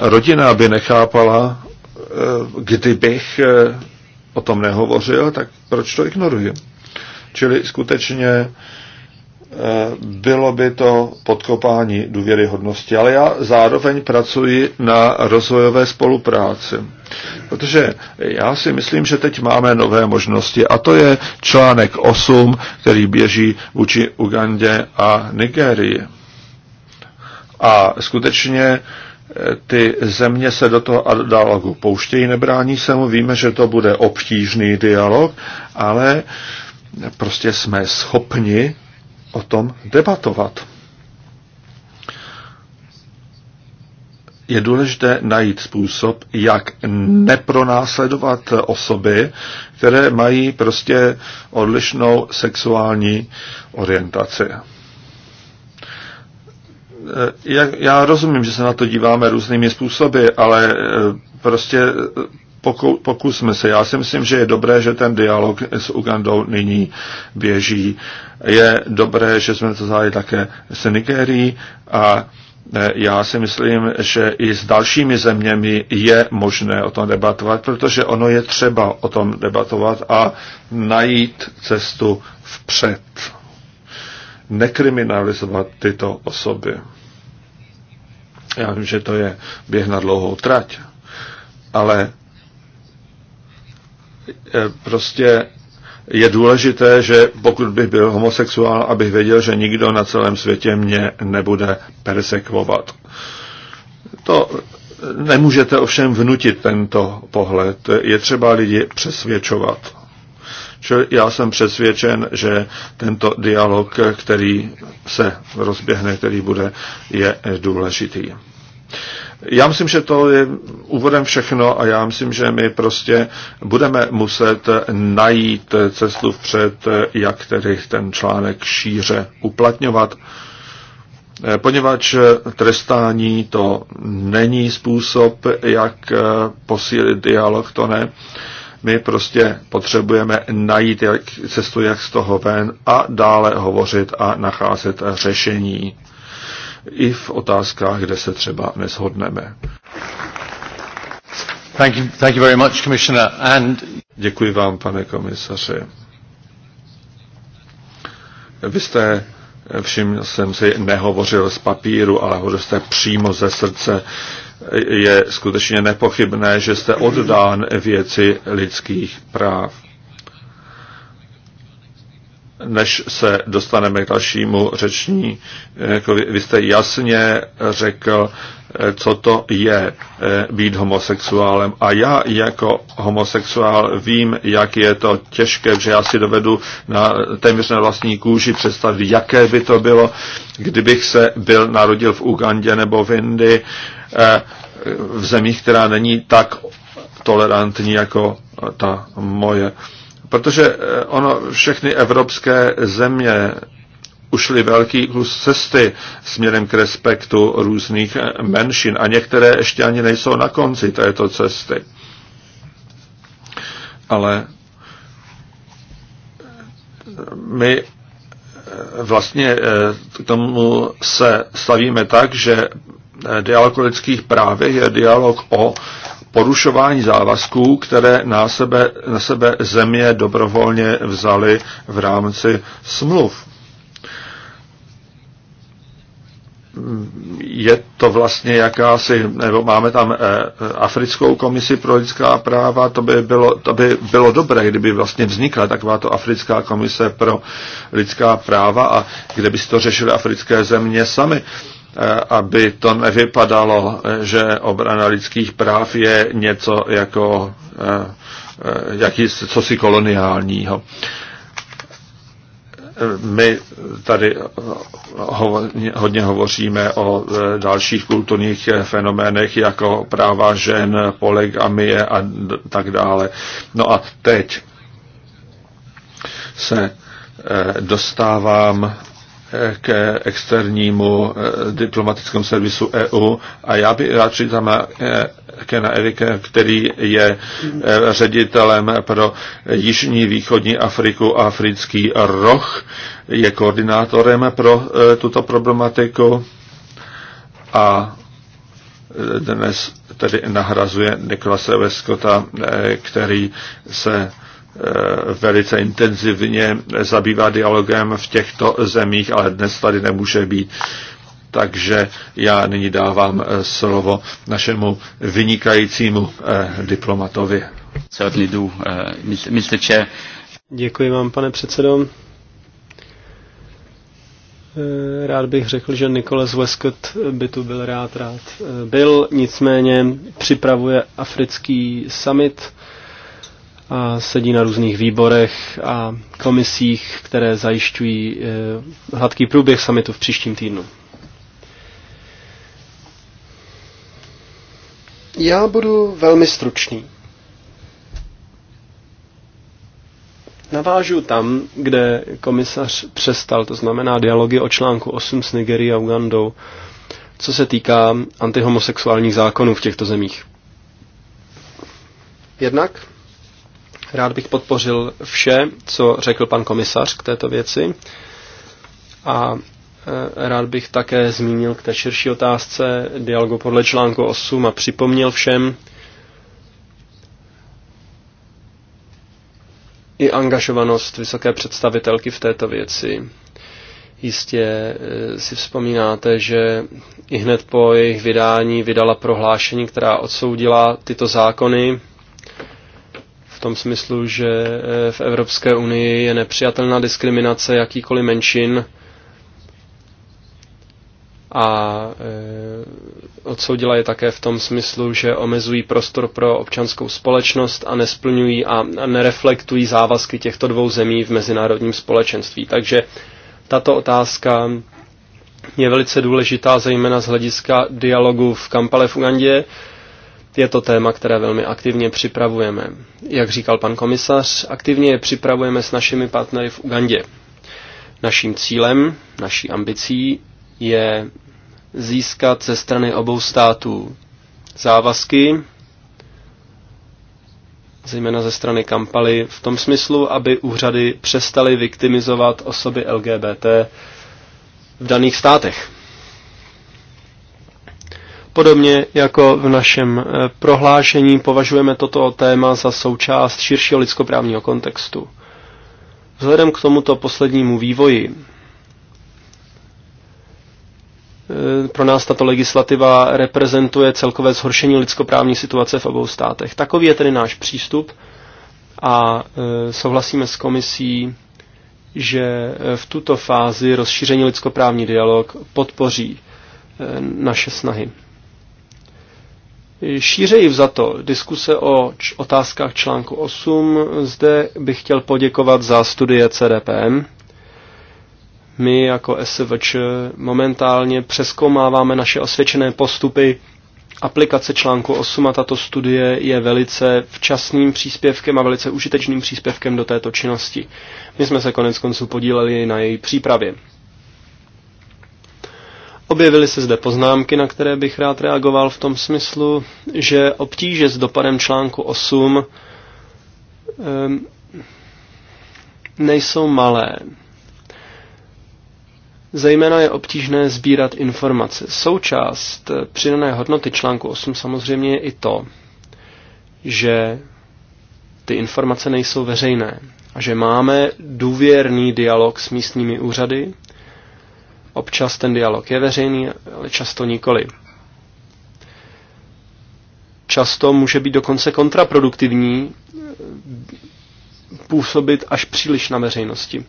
rodina by nechápala, kdybych eh, o tom nehovořil, tak proč to ignoruji? Čili skutečně eh, bylo by to podkopání důvěryhodnosti. Ale já zároveň pracuji na rozvojové spolupráci. Protože já si myslím, že teď máme nové možnosti a to je článek 8, který běží vůči Ugandě a Nigérii. A skutečně ty země se do toho dialogu pouštějí, nebrání se mu, víme, že to bude obtížný dialog, ale prostě jsme schopni o tom debatovat. Je důležité najít způsob, jak nepronásledovat osoby, které mají prostě odlišnou sexuální orientaci. Eh, já rozumím, že se na to díváme různými způsoby, ale eh, prostě eh, pokusme se. Já si myslím, že je dobré, že ten dialog s Ugandou nyní běží. Je dobré, že jsme to zájeli také s Nigerií a já si myslím, že i s dalšími zeměmi je možné o tom debatovat, protože ono je třeba o tom debatovat a najít cestu vpřed nekriminalizovat tyto osoby. Já vím, že to je běh na dlouhou trať, ale e, prostě je důležité, že pokud bych byl homosexuál, abych věděl, že nikdo na celém světě mě nebude persekvovat. To nemůžete ovšem vnutit tento pohled. Je třeba lidi přesvědčovat. Čili já jsem přesvědčen, že tento dialog, který se rozběhne, který bude, je důležitý. Já myslím, že to je úvodem všechno a já myslím, že my prostě budeme muset najít cestu vpřed, jak tedy ten článek šíře uplatňovat, poněvadž trestání to není způsob, jak posílit dialog, to ne. My prostě potřebujeme najít jak, cestu, jak z toho ven a dále hovořit a nacházet řešení i v otázkách, kde se třeba neshodneme. Thank you, thank you very much, Commissioner. And... Děkuji vám, pane komisaři. Vy jste, všiml jsem si, nehovořil z papíru, ale hovořil jste přímo ze srdce je skutečně nepochybné, že jste oddán věci lidských práv. Než se dostaneme k dalšímu řeční. jako vy jste jasně řekl, co to je eh, být homosexuálem. A já jako homosexuál vím, jak je to těžké, že já si dovedu na, téměř na vlastní kůži představit, jaké by to bylo, kdybych se byl narodil v Ugandě nebo v Indii Eh, v zemích, která není tak tolerantní jako ta moje. Protože eh, ono všechny evropské země ušly velký kus cesty směrem k respektu různých eh, menšin a některé ještě ani nejsou na konci této cesty. Ale my vlastně eh, k tomu se stavíme tak, že eh, dialog o lidských právech je dialog o porušování závazků, které na sebe, na sebe země dobrovolně vzaly v rámci smluv. je to vlastně jakási, nebo máme tam eh, Africkou komisi pro lidská práva, to by bylo, to by bylo dobré, kdyby vlastně vznikla takováto Africká komise pro lidská práva a kde by si to řešili africké země sami eh, aby to nevypadalo, eh, že obrana lidských práv je něco jako jaký, si koloniálního my tady hodně hovoříme o e, dalších kulturních fenoménech, jako práva žen, polegamie a tak dále. No a teď se e, dostávám k externímu eh, diplomatickému servisu EU a já bych rád přítám eh, Kena Erika, který je eh, ředitelem pro Jižní, Východní Afriku a Africký roh, je koordinátorem pro tuto problematiku a dnes tedy nahrazuje Nikola Veskota, který se Eh, velice intenzivně zabývá dialogem v těchto zemích, ale dnes tady nemůže být. Takže já nyní dávám eh, slovo našemu vynikajícímu eh, diplomatovi. Děkuji vám, pane předsedo. Rád bych řekl, že Nikolas Westcott by tu byl rád, rád byl, nicméně připravuje africký summit a sedí na různých výborech a komisích, které zajišťují eh, hladký průběh samitu v příštím týdnu. Já budu velmi stručný. Navážu tam, kde komisař přestal, to znamená dialogy o článku 8 s Nigerií a Ugandou, co se týká antihomosexuálních zákonů v těchto zemích. Jednak Rád bych podpořil vše, co řekl pan komisař k této věci a e, rád bych také zmínil k té širší otázce dialogu podle článku 8 a připomněl všem i angažovanost vysoké představitelky v této věci. Jistě e, si vzpomínáte, že i hned po jejich vydání vydala prohlášení, která odsoudila tyto zákony v tom smyslu, že eh, v Evropské unii je nepřijatelná diskriminace jakýkoliv menšin a eh, odsoudila je také v tom smyslu, že omezují prostor pro občanskou společnost a nesplňují a nereflektují závazky těchto dvou zemí v mezinárodním společenství. Takže tato otázka je velice důležitá, zejména z hlediska dialogu v Kampale v Ugandě, je to téma, které velmi aktivně připravujeme. Jak říkal pan komisař, aktivně je připravujeme s našimi partnery v Ugandě. Naším cílem, naší ambicí je získat ze strany obou států závazky, zejména ze strany Kampaly, v tom smyslu, aby úřady přestaly viktimizovat osoby LGBT v daných státech. Podobně jako v našem eh, prohlášení považujeme toto téma za součást širšího lidskoprávního kontextu. Vzhledem k tomuto poslednímu vývoji eh, pro nás tato legislativa reprezentuje celkové zhoršení lidskoprávní situace v obou státech. Takový je tedy náš přístup a eh, souhlasíme s komisí, že v tuto fázi rozšíření lidskoprávní dialog podpoří naše snahy. Šířeji vzato diskuse o otázkách článku 8. Zde bych chtěl poděkovat za studie CDPM. My jako SVČ momentálně přeskoumáváme naše osvědčené postupy aplikace článku 8 a tato studie je velice včasným příspěvkem a velice užitečným příspěvkem do této činnosti. My jsme se konec konců podíleli na její přípravě. Objevily se zde poznámky, na které bych rád reagoval v tom smyslu, že obtíže s dopadem článku 8 ehm, nejsou malé. Zejména je obtížné sbírat informace. Součást přidané hodnoty článku 8 samozřejmě je i to, že ty informace nejsou veřejné a že máme důvěrný dialog s místními úřady Občas ten dialog je veřejný, ale často nikoli. Často může být dokonce kontraproduktivní eh, působit až příliš na veřejnosti.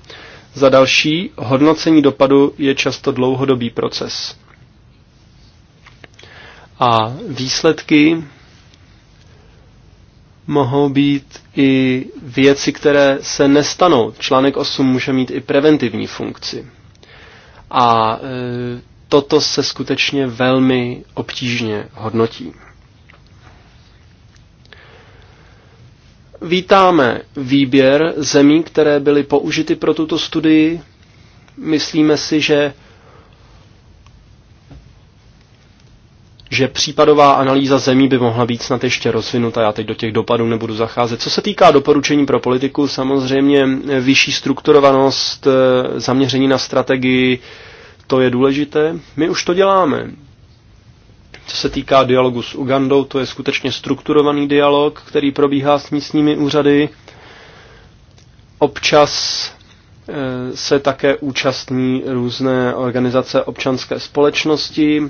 Za další, hodnocení dopadu je často dlouhodobý proces. A výsledky mohou být i věci, které se nestanou. Článek 8 může mít i preventivní funkci a e, toto se skutečně velmi obtížně hodnotí. Vítáme výběr zemí, které byly použity pro tuto studii. Myslíme si, že že případová analýza zemí by mohla být snad ještě rozvinuta. Já teď do těch dopadů nebudu zacházet. Co se týká doporučení pro politiku, samozřejmě vyšší strukturovanost, eh, zaměření na strategii, to je důležité. My už to děláme. Co se týká dialogu s Ugandou, to je skutečně strukturovaný dialog, který probíhá s místními úřady. Občas eh, se také účastní různé organizace občanské společnosti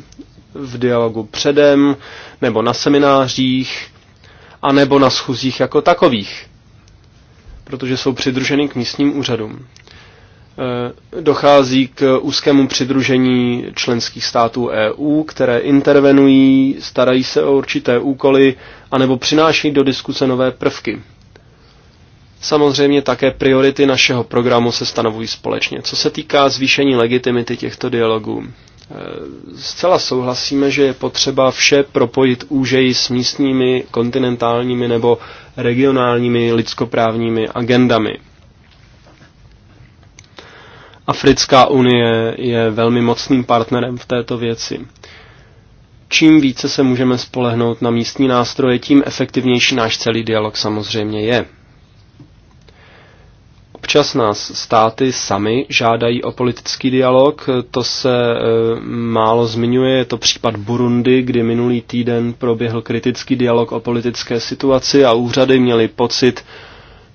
v dialogu předem, nebo na seminářích, a nebo na schůzích jako takových, protože jsou přidruženy k místním úřadům. Eh, dochází k úzkému přidružení členských států EU, které intervenují, starají se o určité úkoly, anebo přináší do diskuse nové prvky. Samozřejmě také priority našeho programu se stanovují společně. Co se týká zvýšení legitimity těchto dialogů, Zcela souhlasíme, že je potřeba vše propojit úžeji s místními, kontinentálními nebo regionálními lidskoprávními agendami. Africká unie je velmi mocným partnerem v této věci. Čím více se můžeme spolehnout na místní nástroje, tím efektivnější náš celý dialog samozřejmě je. Občas nás státy sami žádají o politický dialog, to se e, málo zmiňuje, je to případ Burundi, kdy minulý týden proběhl kritický dialog o politické situaci a úřady měly pocit,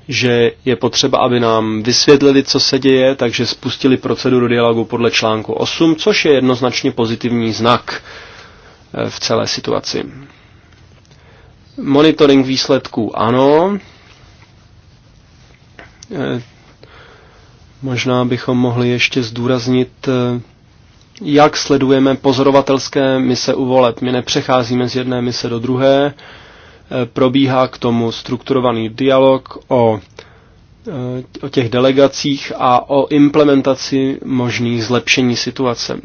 že je potřeba, aby nám vysvětlili, co se děje, takže spustili proceduru dialogu podle článku 8, což je jednoznačně pozitivní znak eh, v celé situaci. Monitoring výsledků ano. Eh, Možná bychom mohli ještě zdůraznit, eh, jak sledujeme pozorovatelské mise u voleb. My nepřecházíme z jedné mise do druhé, eh, probíhá k tomu strukturovaný dialog o, eh, o těch delegacích a o implementaci možných zlepšení situace.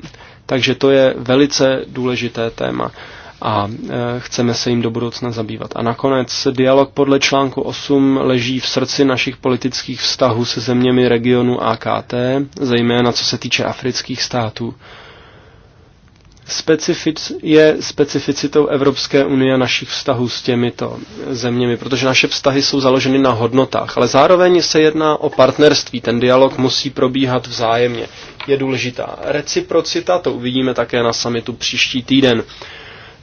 Takže to je velice důležité téma a e, chceme se jim do budoucna zabývat. A nakonec dialog podle článku 8 leží v srdci našich politických vztahů se zeměmi regionu AKT, zejména co se týče afrických států. Specific, je specificitou Evropské unie našich vztahů s těmito zeměmi, protože naše vztahy jsou založeny na hodnotách, ale zároveň se jedná o partnerství. Ten dialog musí probíhat vzájemně. Je důležitá reciprocita, to uvidíme také na samitu příští týden. Uh,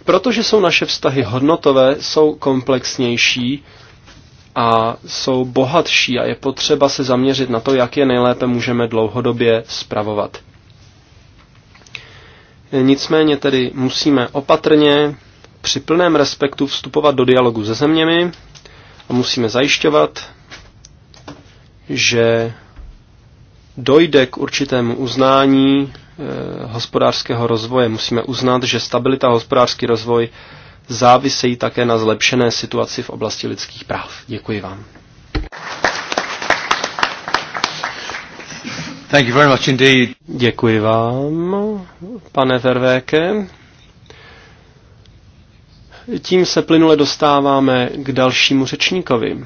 Protože jsou naše vztahy hodnotové, jsou komplexnější a jsou bohatší a je potřeba se zaměřit na to, jak je nejlépe můžeme dlouhodobě spravovat. Nicméně tedy musíme opatrně při plném respektu vstupovat do dialogu se zeměmi a musíme zajišťovat, že dojde k určitému uznání Eh, hospodářského rozvoje. Musíme uznat, že stabilita hospodářský rozvoj závisejí také na zlepšené situaci v oblasti lidských práv. Děkuji vám. Thank you very much indeed. Děkuji vám, pane Verveke. Tím se plynule dostáváme k dalšímu řečníkovi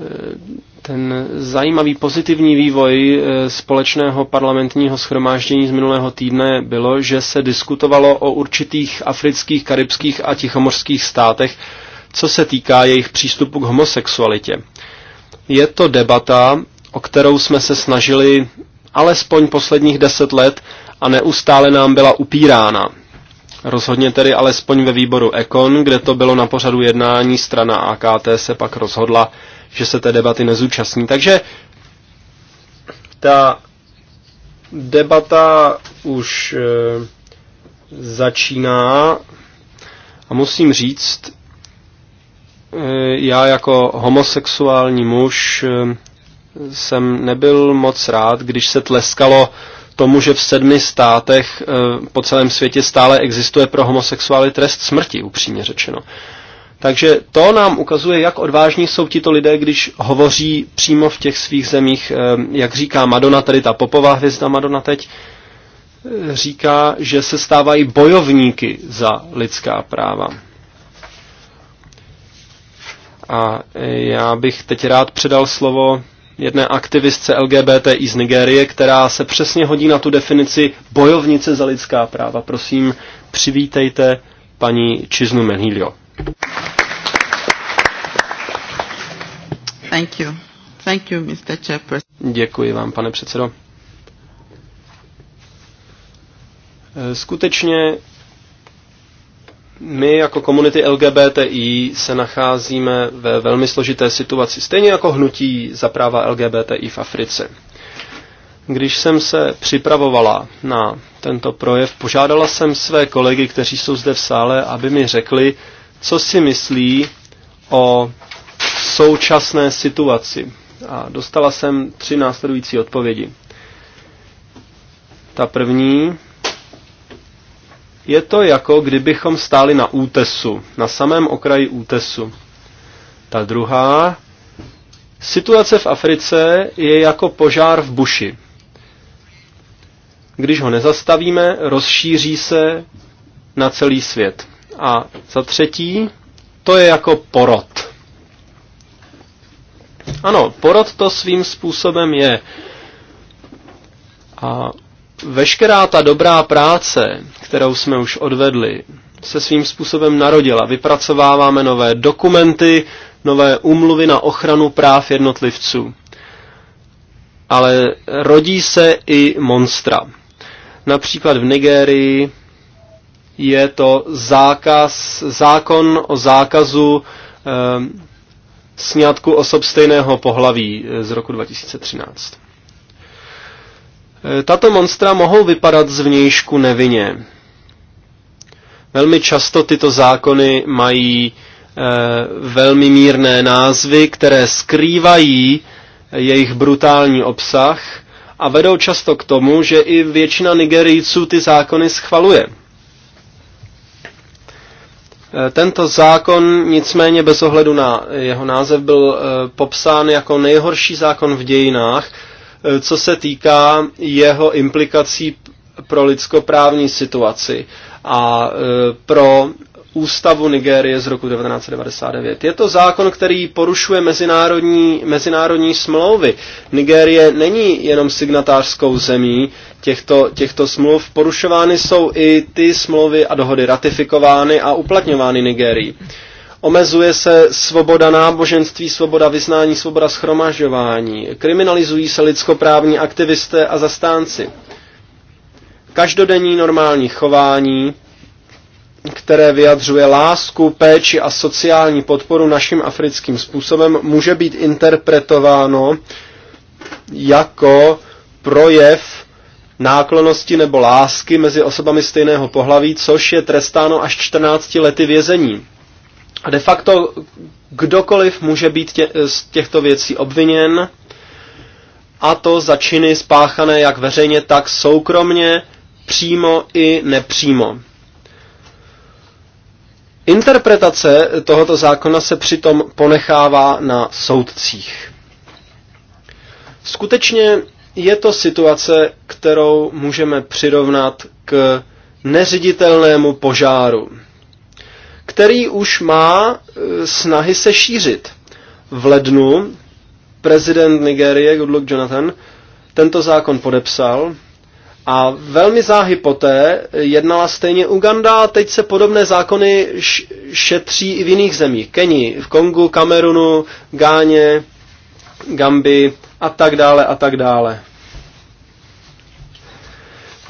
eh, ten zajímavý pozitivní vývoj eh, společného parlamentního schromáždění z minulého týdne bylo, že se diskutovalo o určitých afrických, karibských a tichomorských státech, co se týká jejich přístupu k homosexualitě. Je to debata, o kterou jsme se snažili alespoň posledních deset let a neustále nám byla upírána. Rozhodně tedy alespoň ve výboru Ekon, kde to bylo na pořadu jednání, strana AKT se pak rozhodla, že se té debaty nezúčastní. Takže ta debata už eh, začíná a musím říct, eh, já jako homosexuální muž eh, jsem nebyl moc rád, když se tleskalo tomu, že v sedmi státech po celém světě stále existuje pro homosexuály trest smrti, upřímně řečeno. Takže to nám ukazuje, jak odvážní jsou tito lidé, když hovoří přímo v těch svých zemích, ehm, jak říká Madonna, tedy ta popová hvězda Madonna teď, eh, říká, že se stávají bojovníky za lidská práva. A eh, já bych teď rád předal slovo jedné aktivistce LGBTI z Nigérie, která se přesně hodí na tu definici bojovnice za lidská práva. Prosím, přivítejte paní Čiznu Menhilio. Thank you. Thank you, Mr. Chairperson. Děkuji vám, pane předsedo. Eh, skutečně my jako komunity LGBTI se nacházíme ve velmi složité situaci, stejně jako hnutí za práva LGBTI v Africe. Když jsem se připravovala na tento projev, požádala jsem své kolegy, kteří jsou zde v sále, aby mi řekli, co si myslí o současné situaci. A dostala jsem tři následující odpovědi. Ta první. Je to jako kdybychom stáli na útesu, na samém okraji útesu. Ta druhá. Situace v Africe je jako požár v buši. Když ho nezastavíme, rozšíří se na celý svět. A za třetí, to je jako porod. Ano, porod to svým způsobem je. A veškerá ta dobrá práce, kterou jsme už odvedli, se svým způsobem narodila. Vypracováváme nové dokumenty, nové úmluvy na ochranu práv jednotlivců. Ale rodí se i monstra. Například v Nigérii je to zákaz, zákon o zákazu eh, sňatku osob stejného pohlaví eh, z roku 2013. Eh, tato monstra mohou vypadat zvnějšku nevinně. Velmi často tyto zákony mají e, velmi mírné názvy, které skrývají jejich brutální obsah a vedou často k tomu, že i většina Nigerijců ty zákony schvaluje. Eh, tento zákon nicméně bez ohledu na jeho název byl eh, popsán jako nejhorší zákon v dějinách, eh, co se týká jeho implikací pro lidskoprávní situaci a pro ústavu Nigérie z roku 1999. Je to zákon, který porušuje mezinárodní, mezinárodní smlouvy. Nigérie není jenom signatářskou zemí, těchto, těchto smluv. Porušovány jsou i ty smlouvy a dohody ratifikovány a uplatňovány Nigerii. Omezuje se svoboda náboženství, svoboda vyznání, svoboda schromažďování. Kriminalizují se lidskoprávní aktivisté a zastánci. Každodenní normální chování, které vyjadřuje lásku, péči a sociální podporu našim africkým způsobem, může být interpretováno jako projev náklonosti nebo lásky mezi osobami stejného pohlaví, což je trestáno až 14 lety vězení. A de facto kdokoliv může být tě, z těchto věcí obviněn, a to za činy spáchané jak veřejně, tak soukromně, přímo i nepřímo. Interpretace tohoto zákona se přitom ponechává na soudcích. Skutečně je to situace, kterou můžeme přirovnat k neřiditelnému požáru, který už má e, snahy se šířit. V lednu prezident Nigérie Goodluck Jonathan tento zákon podepsal a velmi záhy poté jednala stejně Uganda a teď se podobné zákony šetří i v jiných zemích. Keni, v Kongu, Kamerunu, Gáně, Gambi a tak dále a tak dále.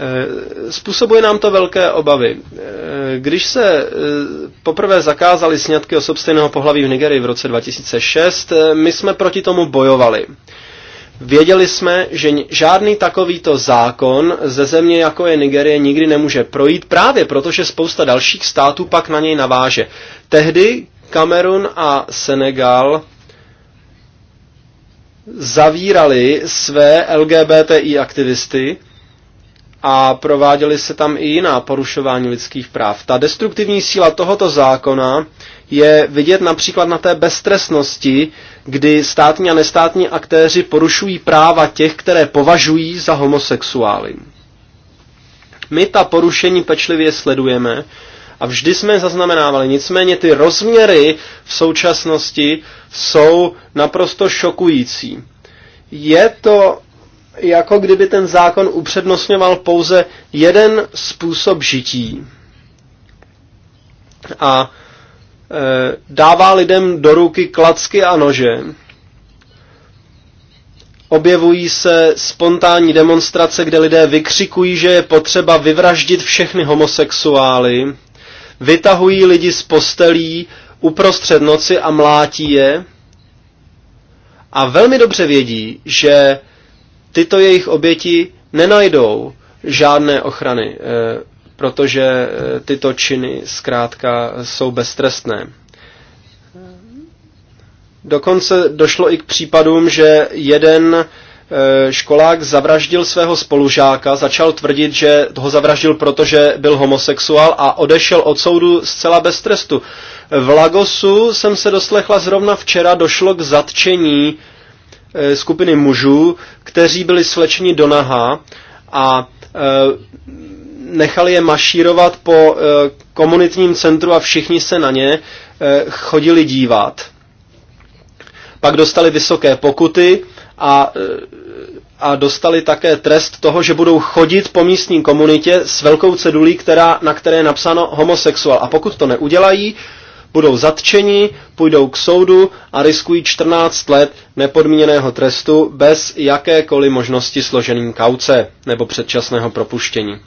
Eh, způsobuje nám to velké obavy. Eh, když se eh, poprvé zakázaly sňatky osob stejného pohlaví v Nigerii v roce 2006, my jsme proti tomu bojovali. Věděli jsme, že žádný takovýto zákon ze země jako je Nigerie nikdy nemůže projít, právě protože spousta dalších států pak na něj naváže. Tehdy Kamerun a Senegal zavírali své LGBTI aktivisty a prováděly se tam i jiná porušování lidských práv. Ta destruktivní síla tohoto zákona je vidět například na té beztresnosti, kdy státní a nestátní aktéři porušují práva těch, které považují za homosexuály. My ta porušení pečlivě sledujeme a vždy jsme je zaznamenávali. Nicméně ty rozměry v současnosti jsou naprosto šokující. Je to jako kdyby ten zákon upřednostňoval pouze jeden způsob žití. A e, dává lidem do ruky klacky a nože. Objevují se spontánní demonstrace, kde lidé vykřikují, že je potřeba vyvraždit všechny homosexuály vytahují lidi z postelí uprostřed noci a mlátí je a velmi dobře vědí, že tyto jejich oběti nenajdou žádné ochrany, eh, protože eh, tyto činy zkrátka jsou beztrestné. Dokonce došlo i k případům, že jeden Eh, školák zavraždil svého spolužáka, začal tvrdit, že ho zavraždil, protože byl homosexuál a odešel od soudu zcela bez trestu. Eh, v Lagosu jsem se doslechla zrovna včera, došlo k zatčení eh, skupiny mužů, kteří byli slečeni do naha a nechali je mašírovat po komunitním centru a všichni se na ně chodili dívat. Pak dostali vysoké pokuty, a, a dostali také trest toho, že budou chodit po místní komunitě s velkou cedulí, která, na které je napsáno homosexuál. A pokud to neudělají, budou zatčeni, půjdou k soudu a riskují 14 let nepodmíněného trestu bez jakékoliv možnosti složeným kauce nebo předčasného propuštění.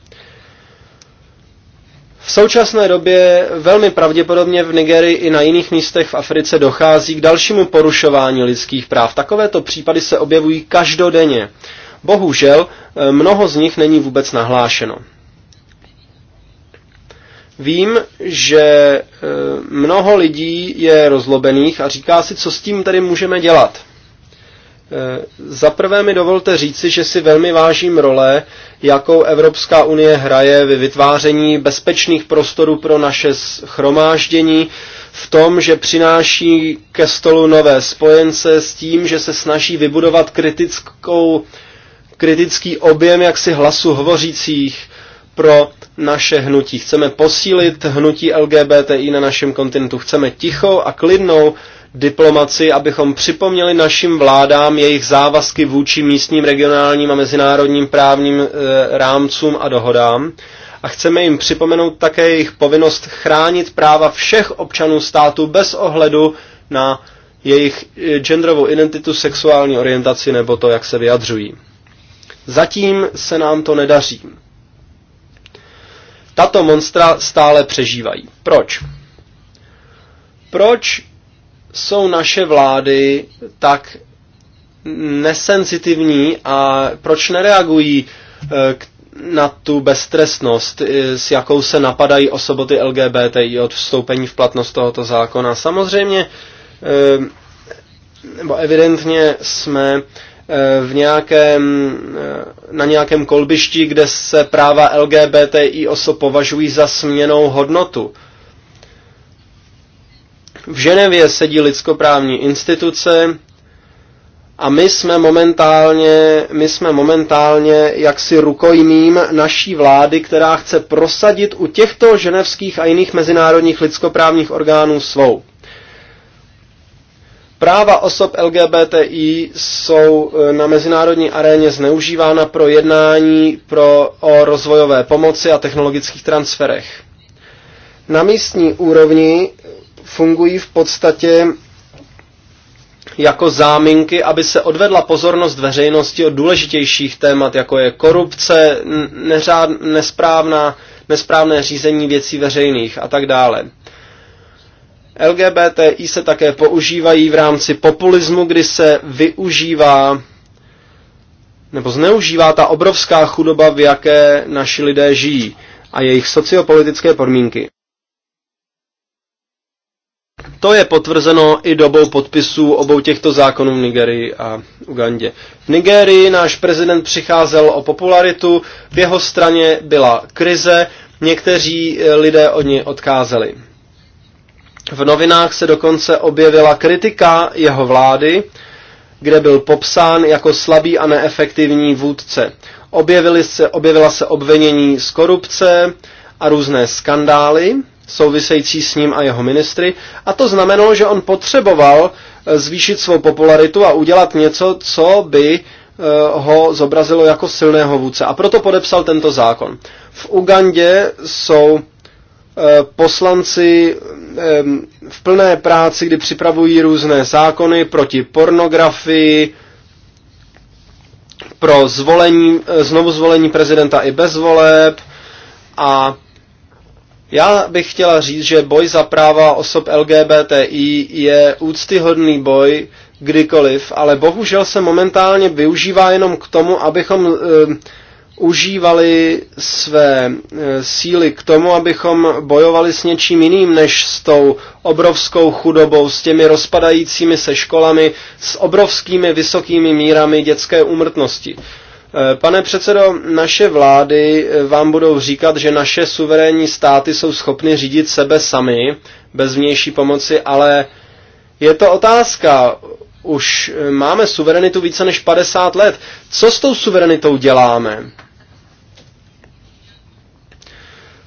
V současné době velmi pravděpodobně v Nigerii i na jiných místech v Africe dochází k dalšímu porušování lidských práv. Takovéto případy se objevují každodenně. Bohužel eh, mnoho z nich není vůbec nahlášeno. Vím, že eh, mnoho lidí je rozlobených a říká si, co s tím tady můžeme dělat. Eh, Za prvé mi dovolte říci, že si velmi vážím role, jakou Evropská unie hraje ve vytváření bezpečných prostorů pro naše schromáždění, v tom, že přináší ke stolu nové spojence s tím, že se snaží vybudovat kritickou, kritický objem jaksi hlasu hovořících pro naše hnutí. Chceme posílit hnutí LGBTI na našem kontinentu. Chceme tichou a klidnou diplomaci, abychom připomněli našim vládám jejich závazky vůči místním, regionálním a mezinárodním právním eh, rámcům a dohodám a chceme jim připomenout také jejich povinnost chránit práva všech občanů státu bez ohledu na jejich eh, genderovou identitu, sexuální orientaci nebo to, jak se vyjadřují. Zatím se nám to nedaří. Tato monstra stále přežívají. Proč? Proč jsou naše vlády tak nesensitivní a proč nereagují eh, na tu beztrestnost, eh, s jakou se napadají osoboty LGBTI od vstoupení v platnost tohoto zákona. Samozřejmě, eh, nebo evidentně jsme v nějakém, na nějakém kolbišti, kde se práva LGBTI osob považují za směnou hodnotu. V Ženevě sedí lidskoprávní instituce a my jsme momentálně, my jsme momentálně jaksi rukojmím naší vlády, která chce prosadit u těchto ženevských a jiných mezinárodních lidskoprávních orgánů svou. Práva osob LGBTI jsou e, na mezinárodní aréně zneužívána pro jednání pro, o rozvojové pomoci a technologických transferech. Na místní úrovni fungují v podstatě jako záminky, aby se odvedla pozornost veřejnosti od důležitějších témat, jako je korupce, neřád, nesprávná, nesprávné řízení věcí veřejných a tak dále. LGBTI se také používají v rámci populismu, kdy se využívá nebo zneužívá ta obrovská chudoba, v jaké naši lidé žijí a jejich sociopolitické podmínky. To je potvrzeno i dobou podpisů obou těchto zákonů v Nigerii a Ugandě. V Nigerii náš prezident přicházel o popularitu, v jeho straně byla krize, někteří eh, lidé od ní odkázeli. V novinách se dokonce objevila kritika jeho vlády, kde byl popsán jako slabý a neefektivní vůdce. Objevily se, objevila se obvinění z korupce a různé skandály, související s ním a jeho ministry a to znamenalo, že on potřeboval eh, zvýšit svou popularitu a udělat něco, co by eh, ho zobrazilo jako silného vůdce. A proto podepsal tento zákon. V Ugandě jsou eh, poslanci v plné práci, kdy připravují různé zákony proti pornografii, pro zvolení, znovu zvolení prezidenta i bez voleb a já bych chtěla říct, že boj za práva osob LGBTI je úctyhodný boj kdykoliv, ale bohužel se momentálně využívá jenom k tomu, abychom uh, užívali své uh, síly k tomu, abychom bojovali s něčím jiným, než s tou obrovskou chudobou, s těmi rozpadajícími se školami, s obrovskými vysokými mírami dětské úmrtnosti. Uh, Eh, pane předsedo, naše vlády eh, vám budou říkat, že naše suverénní státy jsou schopny řídit sebe sami, bez vnější pomoci, ale je to otázka. Už eh, máme suverenitu více než 50 let. Co s tou suverenitou děláme?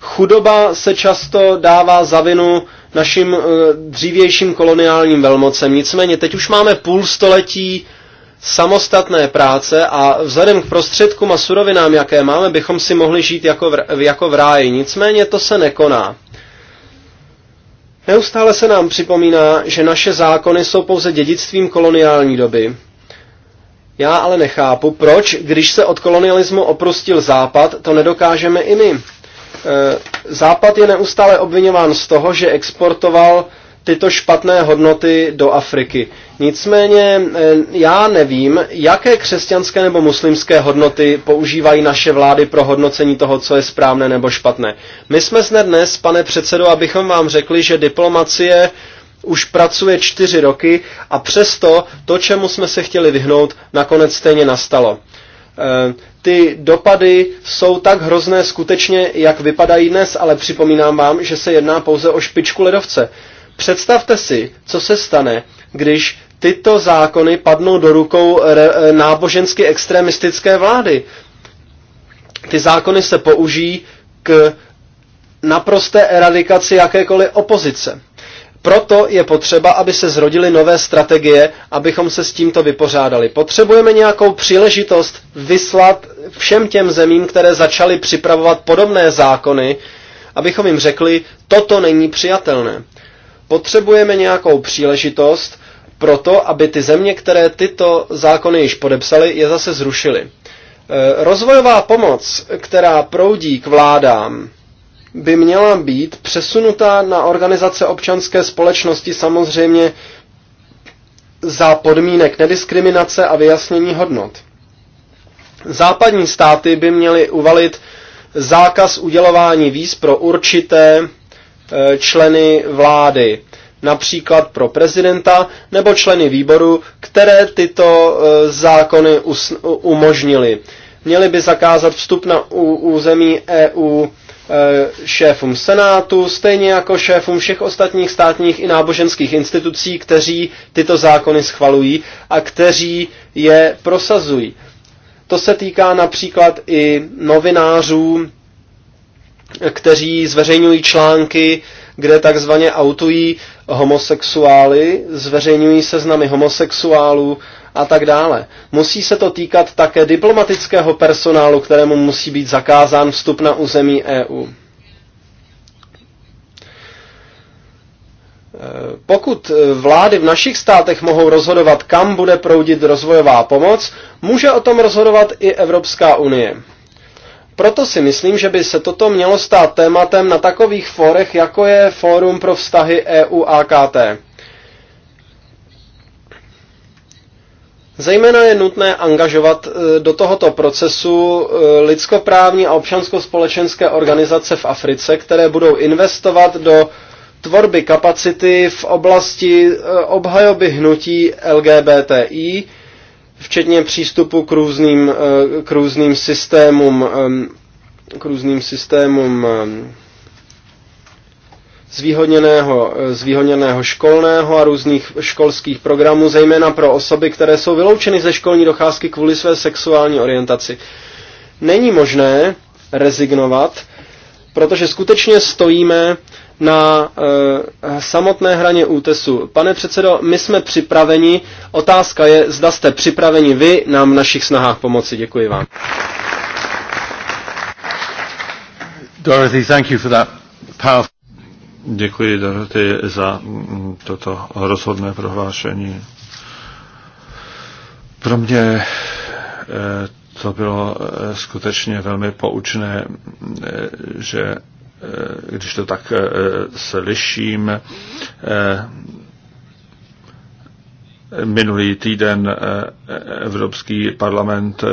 Chudoba se často dává za vinu našim dřívějším koloniálním velmocem. Nicméně teď už máme půl století samostatné práce a vzhledem k prostředkům a surovinám, jaké máme, bychom si mohli žít jako v, jako v ráji. Nicméně to se nekoná. Neustále se nám připomíná, že naše zákony jsou pouze dědictvím koloniální doby. Já ale nechápu, proč, když se od kolonialismu oprostil Západ, to nedokážeme i my. E, Západ je neustále obvinován z toho, že exportoval tyto špatné hodnoty do Afriky. Nicméně eh, já nevím, jaké křesťanské nebo muslimské hodnoty používají naše vlády pro hodnocení toho, co je správné nebo špatné. My jsme zde dnes, pane předsedo, abychom vám řekli, že diplomacie už pracuje čtyři roky a přesto to, čemu jsme se chtěli vyhnout, nakonec stejně nastalo. Eh, ty dopady jsou tak hrozné skutečně, jak vypadají dnes, ale připomínám vám, že se jedná pouze o špičku ledovce. Představte si, co se stane, když tyto zákony padnou do rukou re, eh, eh, nábožensky extremistické vlády. Ty zákony se použijí k naprosté eradikaci jakékoliv opozice. Proto je potřeba, aby se zrodily nové strategie, abychom se s tímto vypořádali. Potřebujeme nějakou příležitost vyslat všem těm zemím, které začaly připravovat podobné zákony, abychom jim řekli, toto není přijatelné. Potřebujeme nějakou příležitost pro to, aby ty země, které tyto zákony již podepsaly, je zase zrušily. E, rozvojová pomoc, která proudí k vládám, by měla být přesunutá na organizace občanské společnosti samozřejmě za podmínek nediskriminace a vyjasnění hodnot. Západní státy by měly uvalit zákaz udělování víz pro určité Eh, členy vlády, například pro prezidenta nebo členy výboru, které tyto eh, zákony umožnili. Měli by zakázat vstup na území EU eh, šéfům Senátu, stejně jako šéfům všech ostatních státních i náboženských institucí, kteří tyto zákony schvalují a kteří je prosazují. To se týká například i novinářů, kteří zveřejňují články, kde takzvaně autují homosexuály, zveřejňují seznamy homosexuálů a tak dále. Musí se to týkat také diplomatického personálu, kterému musí být zakázán vstup na území EU. Pokud vlády v našich státech mohou rozhodovat, kam bude proudit rozvojová pomoc, může o tom rozhodovat i Evropská unie. Proto si myslím, že by se toto mělo stát tématem na takových fórech, jako je Fórum pro vztahy EU-AKT. Zejména je nutné angažovat e, do tohoto procesu e, lidskoprávní a občanskospolečenské organizace v Africe, které budou investovat do tvorby kapacity v oblasti e, obhajoby hnutí LGBTI, včetně přístupu k různým, eh, k různým systémům, k různým systémům zvýhodněného, eh, zvýhodněného školného a různých školských programů, zejména pro osoby, které jsou vyloučeny ze školní docházky kvůli své sexuální orientaci. Není možné rezignovat, protože skutečně stojíme na e, samotné hraně útesu. Pane předsedo, my jsme připraveni. Otázka je, zda jste připraveni vy nám v našich snahách pomoci. Děkuji vám. Dorothy, thank you for that powerful... Děkuji, Dorothy, za mm, toto rozhodné prohlášení. Pro mě eh, to bylo eh, skutečně velmi poučné, že Eh, když to tak eh, slyším, eh, Minulý týden Evropský parlament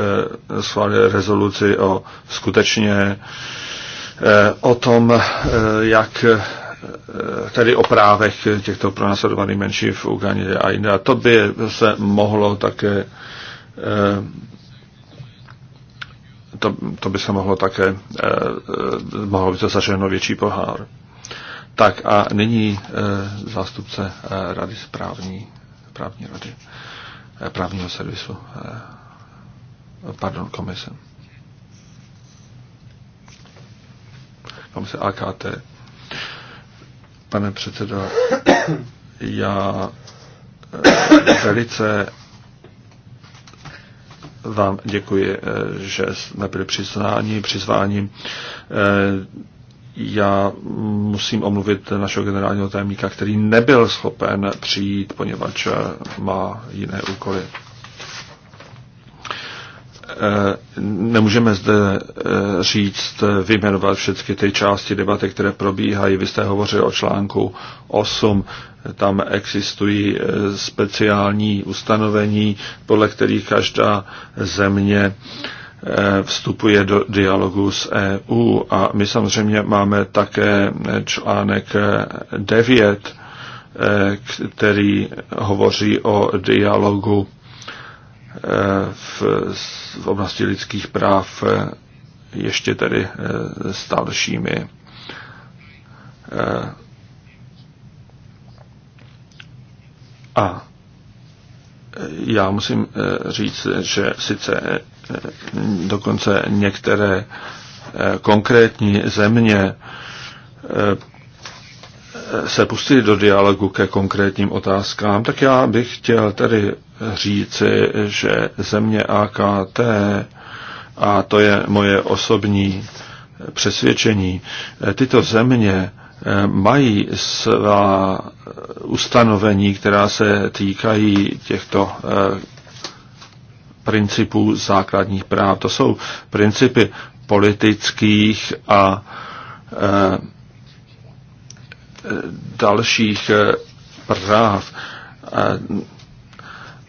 schválil rezoluci o skutečně o tom, jak tedy o právech těchto pronásledovaných menší v Ugandě a jinde. A to by se mohlo také to, to by se mohlo také, eh, eh, mohlo by to zaženo větší pohár. Tak a nyní eh, zástupce rady správní, právní rady, právního servisu, pardon, komise. Komise AKT. Pane předsedo, já velice vám děkuji, eh, že jsme byli přizváni. přizváni. Eh, já musím omluvit našeho generálního tajemníka, který nebyl schopen přijít, poněvadž eh, má jiné úkoly. Nemůžeme zde říct, vyjmenovat všechny ty části debaty, které probíhají. Vy jste hovořil o článku 8. Tam existují eh, speciální ustanovení, podle kterých každá země eh, vstupuje do dialogu s EU. A my samozřejmě máme také eh, článek 9, který hovoří o dialogu v, v oblasti lidských práv ještě tedy s dalšími A e, já musím e, říct, že sice e, dokonce některé konkrétní země se pustili do dialogu ke konkrétním otázkám, tak já bych chtěl tedy říci, že země AKT, a to je moje osobní přesvědčení, tyto země Eh, mají svá ustanovení, která se týkají těchto eh, principů základních práv. To jsou principy politických a eh, dalších práv.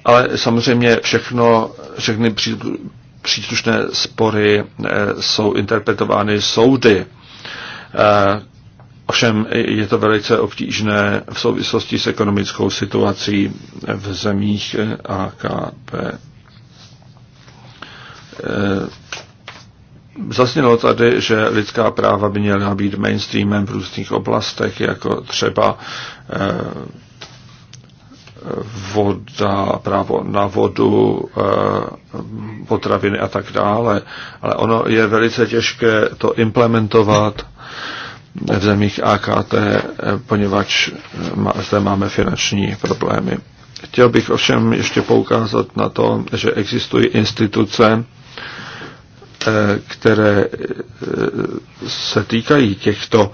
Ale samozřejmě všechno, všechny příslušné spory jsou interpretovány soudy Ovšem je to velice obtížné v souvislosti s ekonomickou situací v zemích eh, AKP. Eh, zasnělo tady, že lidská práva by měla být mainstreamem v různých oblastech, jako třeba eh, voda, právo na vodu, potraviny a tak dále. Ale ono je velice těžké to implementovat v zemích AKT, eh, poněvadž eh, zde máme finanční problémy. Chtěl bych ovšem ještě poukázat na to, že existují instituce, eh, které se týkají těchto,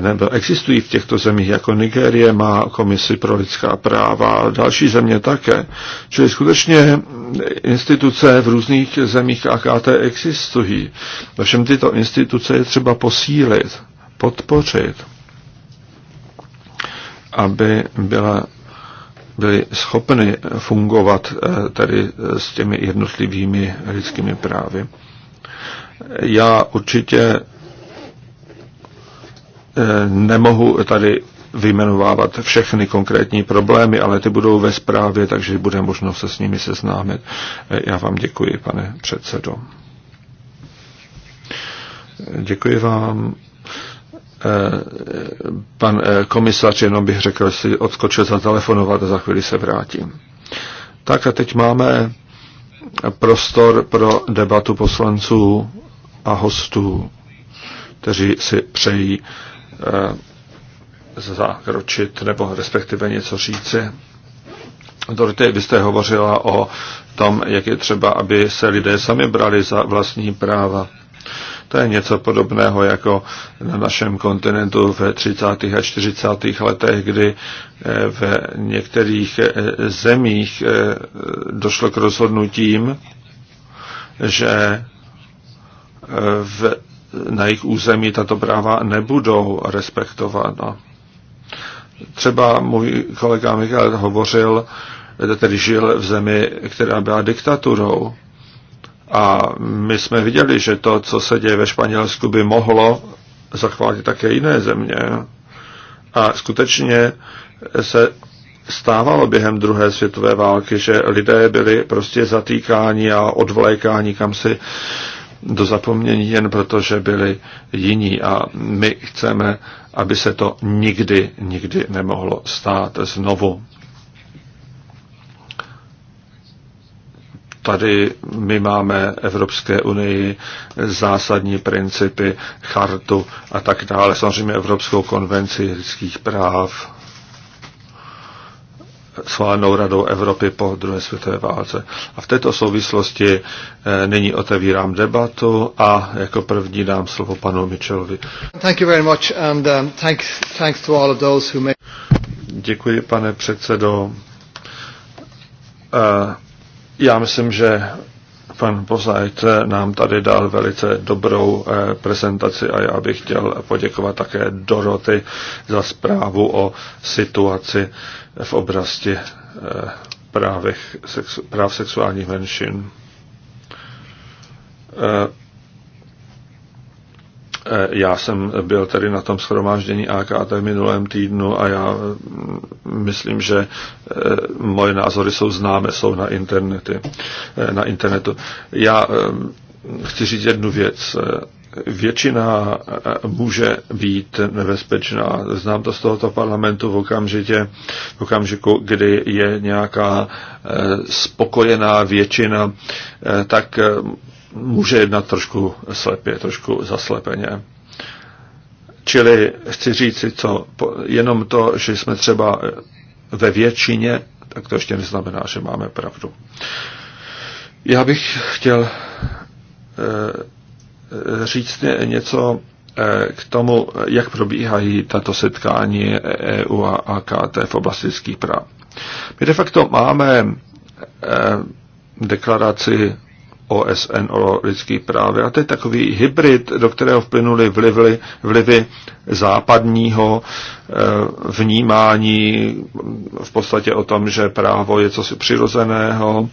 nebo existují v těchto zemích, jako Nigérie má komisi pro lidská práva a další země také. Čili skutečně instituce v různých zemích AKT existují. Všem tyto instituce je třeba posílit podpořit, aby byla, byly schopny fungovat eh, tady eh, s těmi jednotlivými lidskými právy. Já určitě eh, nemohu tady vyjmenovávat všechny konkrétní problémy, ale ty budou ve zprávě, takže bude možno se s nimi seznámit. Já vám děkuji, pane předsedo. Děkuji vám Eh, pan eh, komisař, jenom bych řekl, si odskočil zatelefonovat a za chvíli se vrátím. Tak a teď máme prostor pro debatu poslanců a hostů, kteří si přejí eh, zakročit nebo respektive něco říci. Dorothy, vy jste hovořila o tom, jak je třeba, aby se lidé sami brali za vlastní práva. To je něco podobného jako na našem kontinentu v 30. a 40. letech, kdy eh, v některých eh, zemích eh, došlo k rozhodnutím, že v, na jejich území tato práva nebudou respektována. Třeba můj kolega Michal hovořil, tedy žil v zemi, která byla diktaturou. A my jsme viděli, že to, co se děje ve Španělsku, by mohlo zachvátit také jiné země. A skutečně se stávalo během druhé světové války, že lidé byli prostě zatýkáni a odvlékáni kam si do zapomnění jen proto, že byli jiní. A my chceme, aby se to nikdy, nikdy nemohlo stát znovu. Tady my máme Evropské unii zásadní principy, chartu a tak dále. Samozřejmě Evropskou konvenci lidských práv schválenou Radou Evropy po druhé světové válce. A v této souvislosti eh, nyní otevírám debatu a jako první dám slovo panu Mitchellovi. Um, Děkuji, pane předsedo. E, já myslím, že pan Pozajt nám tady dal velice dobrou eh, prezentaci a já bych chtěl poděkovat také Doroty za zprávu o situaci v oblasti eh, právech, práv sexuálních menšin eh, Eh, já jsem byl tady na tom schromáždění AKT minulém týdnu a já mm, myslím, že eh, moje názory jsou známé, jsou na, internety, eh, na internetu. Já chci říct jednu věc. Většina může být nebezpečná. Znám to z tohoto parlamentu v, okamžitě, v okamžiku, kdy je nějaká spokojená většina, tak může jednat trošku slepě, trošku zaslepeně. Čili chci říct si, co, jenom to, že jsme třeba ve většině, tak to ještě neznamená, že máme pravdu. Já bych chtěl eh, říct něco eh, k tomu, jak probíhají tato setkání EU a AKT v oblasti lidských práv. My de facto máme eh, deklaraci OSN o lidský právě. A to je takový hybrid, do kterého vplynuly vlivy, vlivy západního eh, vnímání v podstatě o tom, že právo je cosi přirozeného.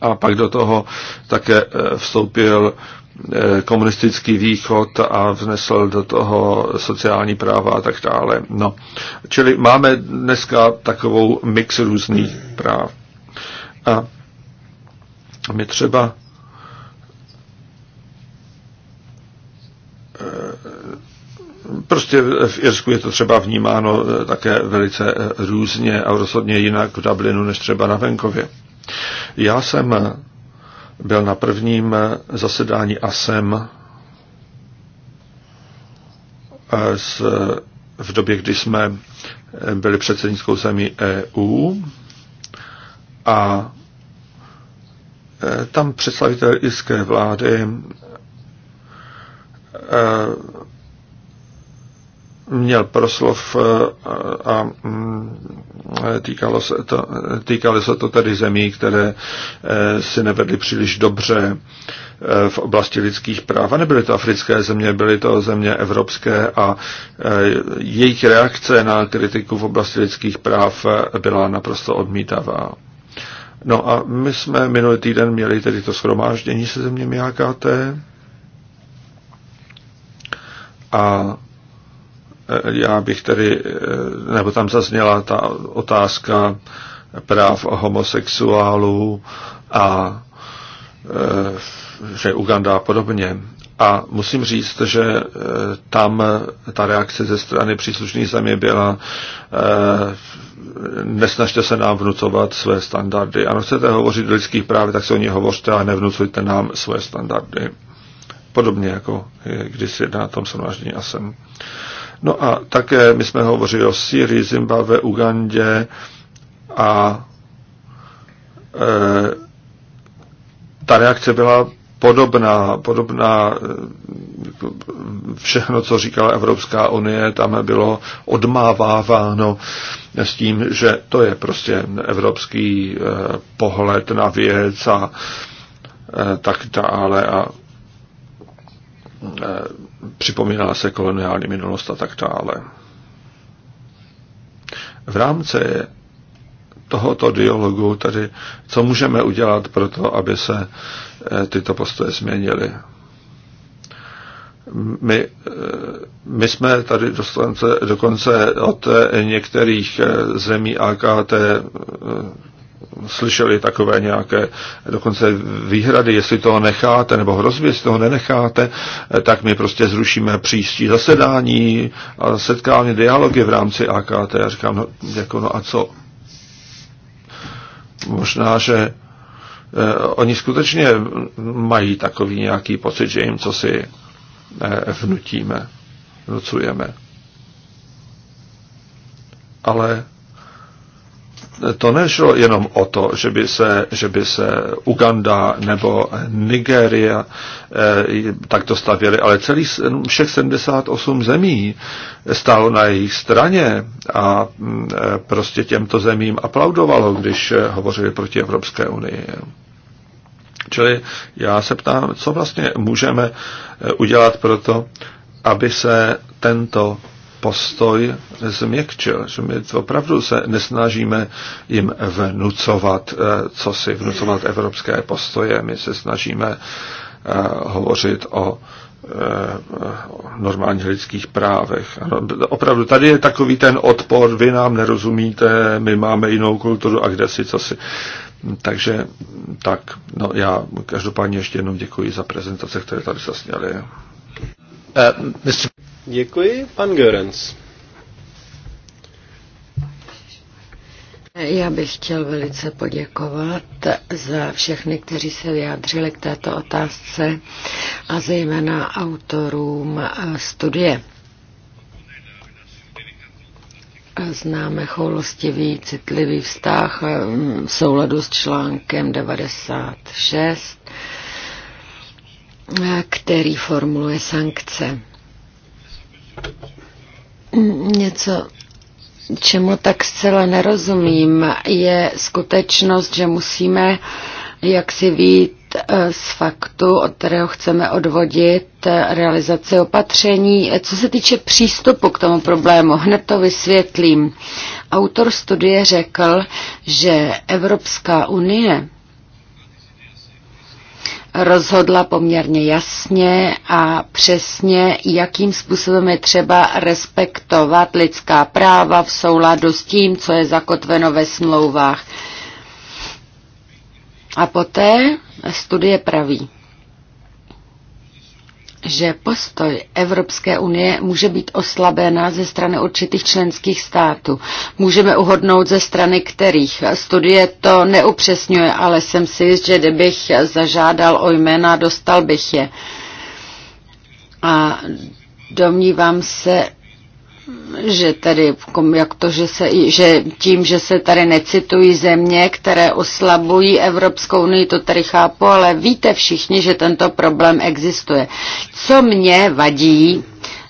A pak do toho také eh, vstoupil eh, komunistický východ a vnesl do toho sociální práva a tak dále. No. Čili máme dneska takovou mix různých práv. A my třeba Prostě v Irsku je to třeba vnímáno eh, také velice eh, různě a rozhodně jinak v Dublinu než třeba na venkově. Já jsem eh, byl na prvním zasedání ASEM v době, kdy jsme byli předsednickou zemí EU a tam představitel irské vlády Eh, měl proslov eh, a mm, týkalo se to, týkalo se to tedy zemí, které eh, si nevedly příliš dobře v oblasti lidských práv. A nebyly to africké země, byly to země evropské a jejich reakce na kritiku v oblasti lidských práv byla naprosto odmítavá. No a my jsme minulý týden měli tedy to schromáždění se zeměmi AKT a e, já bych tedy, e, nebo tam zazněla ta otázka práv homosexuálů a e, že Uganda a podobně. A musím říct, že tam ta reakce ze strany příslušných země byla nesnažte se nám vnucovat své standardy. Ano, chcete hovořit o lidských právech, tak se o ně hovořte a nevnucujte nám své standardy podobně jako když eh, kdysi na tom shromáždění jsem. No a také my jsme hovořili o Syrii, Zimbabwe, Ugandě a e, ta reakce byla podobná, podobná eh, všechno, co říkala Evropská unie, tam bylo odmáváváno s tím, že to je prostě evropský pohled na věc a tak dále a Eh, připomíná se koloniální minulost a tak dále. V rámci tohoto dialogu tedy, co můžeme udělat pro to, aby se eh, tyto postoje změnily. My, eh, my jsme tady dokonce, dokonce od některých zemí AKT slyšeli takové nějaké dokonce výhrady, jestli toho necháte, nebo hrozby, jestli toho nenecháte, tak my prostě zrušíme příští zasedání a setkání dialogy v rámci AKT. Já říkám, no, jako, no a co? Možná, že eh, oni skutečně mají takový nějaký pocit, že jim co si eh, vnutíme, vnucujeme. Ale to nešlo jenom o to, že by se, že by se Uganda nebo Nigeria eh, takto stavěly, ale celý hm, všech 78 zemí stálo na jejich straně a hm, eh, prostě těmto zemím aplaudovalo, když eh, hovořili proti Evropské unii. Čili já se ptám, co vlastně můžeme eh, udělat pro to, aby se tento postoj změkčil, že my opravdu se nesnažíme jim vnucovat, eh, co si vnucovat evropské postoje. My se snažíme eh, hovořit eh, o normálních lidských právech. Ano, opravdu, tady je takový ten odpor, vy nám nerozumíte, my máme jinou kulturu a kde si, co si. Takže tak, no já každopádně ještě jednou děkuji za prezentace, které tady zasněly. Uh, Mr. Děkuji, pan Görens. Já bych chtěl velice poděkovat za všechny, kteří se vyjádřili k této otázce a zejména autorům eh, studie. Známe choulostivý, citlivý vztah mm, v souladu s článkem 96, eh, který formuluje sankce. Něco, čemu tak zcela nerozumím, je skutečnost, že musíme jak si vít eh, z faktu, od kterého chceme odvodit eh, realizaci opatření. Co se týče přístupu k tomu problému, hned to vysvětlím. Autor studie řekl, že Evropská unie rozhodla poměrně jasně a přesně, jakým způsobem je třeba respektovat lidská práva v souladu s tím, co je zakotveno ve smlouvách. A poté studie praví že postoj Evropské unie může být oslabená ze strany určitých členských států. Můžeme uhodnout ze strany kterých. Studie to neupřesňuje, ale jsem si jist, že kdybych zažádal o jména, dostal bych je. A domnívám se, že tedy, jak to, že, se, že tím, že se tady necitují země, které oslabují Evropskou unii, to tady chápu, ale víte všichni, že tento problém existuje. Co mě vadí,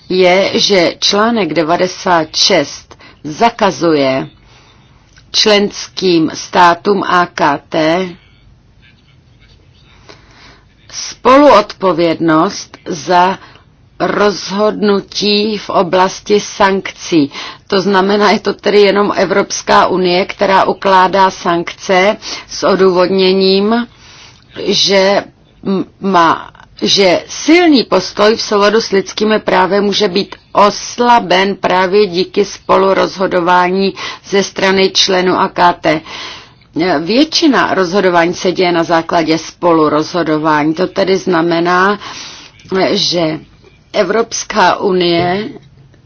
je, že článek 96 zakazuje členským státům AKT spoluodpovědnost za rozhodnutí v oblasti sankcí. To znamená, je to tedy jenom Evropská unie, která ukládá sankce s odůvodněním, že má že silný postoj v souladu s lidskými právy může být oslaben právě díky spolurozhodování ze strany členů AKT. Většina rozhodování se děje na základě spolurozhodování. To tedy znamená, že Evropská unie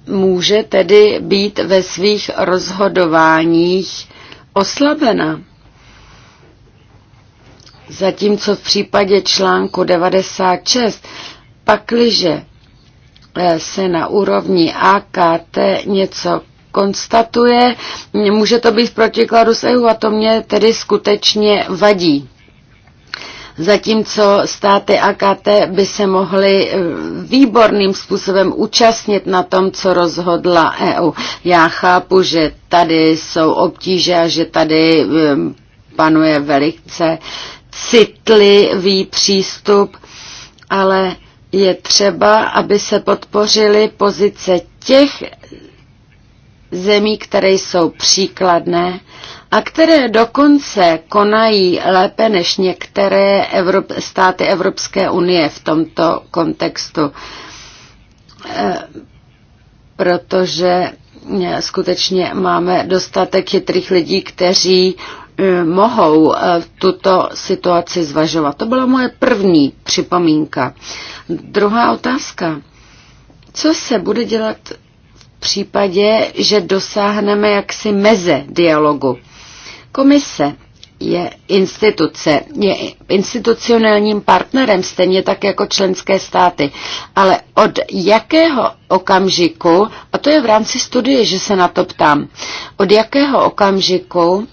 může tedy být ve svých rozhodováních oslabena. Zatímco v případě článku 96, pakliže eh, se na úrovni AKT něco konstatuje, může to být v protikladu s EU a to mě tedy skutečně vadí zatímco státy AKT by se mohly eh, výborným způsobem účastnit na tom, co rozhodla EU. Já chápu, že tady jsou obtíže a že tady eh, panuje velice citlivý přístup, ale je třeba, aby se podpořily pozice těch zemí, které jsou příkladné a které dokonce konají lépe než některé Evrop- státy Evropské unie v tomto kontextu, eh, protože eh, skutečně máme dostatek chytrých lidí, kteří eh, mohou tuto situaci zvažovat. To byla moje první připomínka. Druhá otázka. Co se bude dělat v případě, že dosáhneme jaksi meze dialogu? Komise je instituce, je institucionálním partnerem, stejně tak jako členské státy. Ale od jakého okamžiku, a to je v rámci studie, že se na to ptám, od jakého okamžiku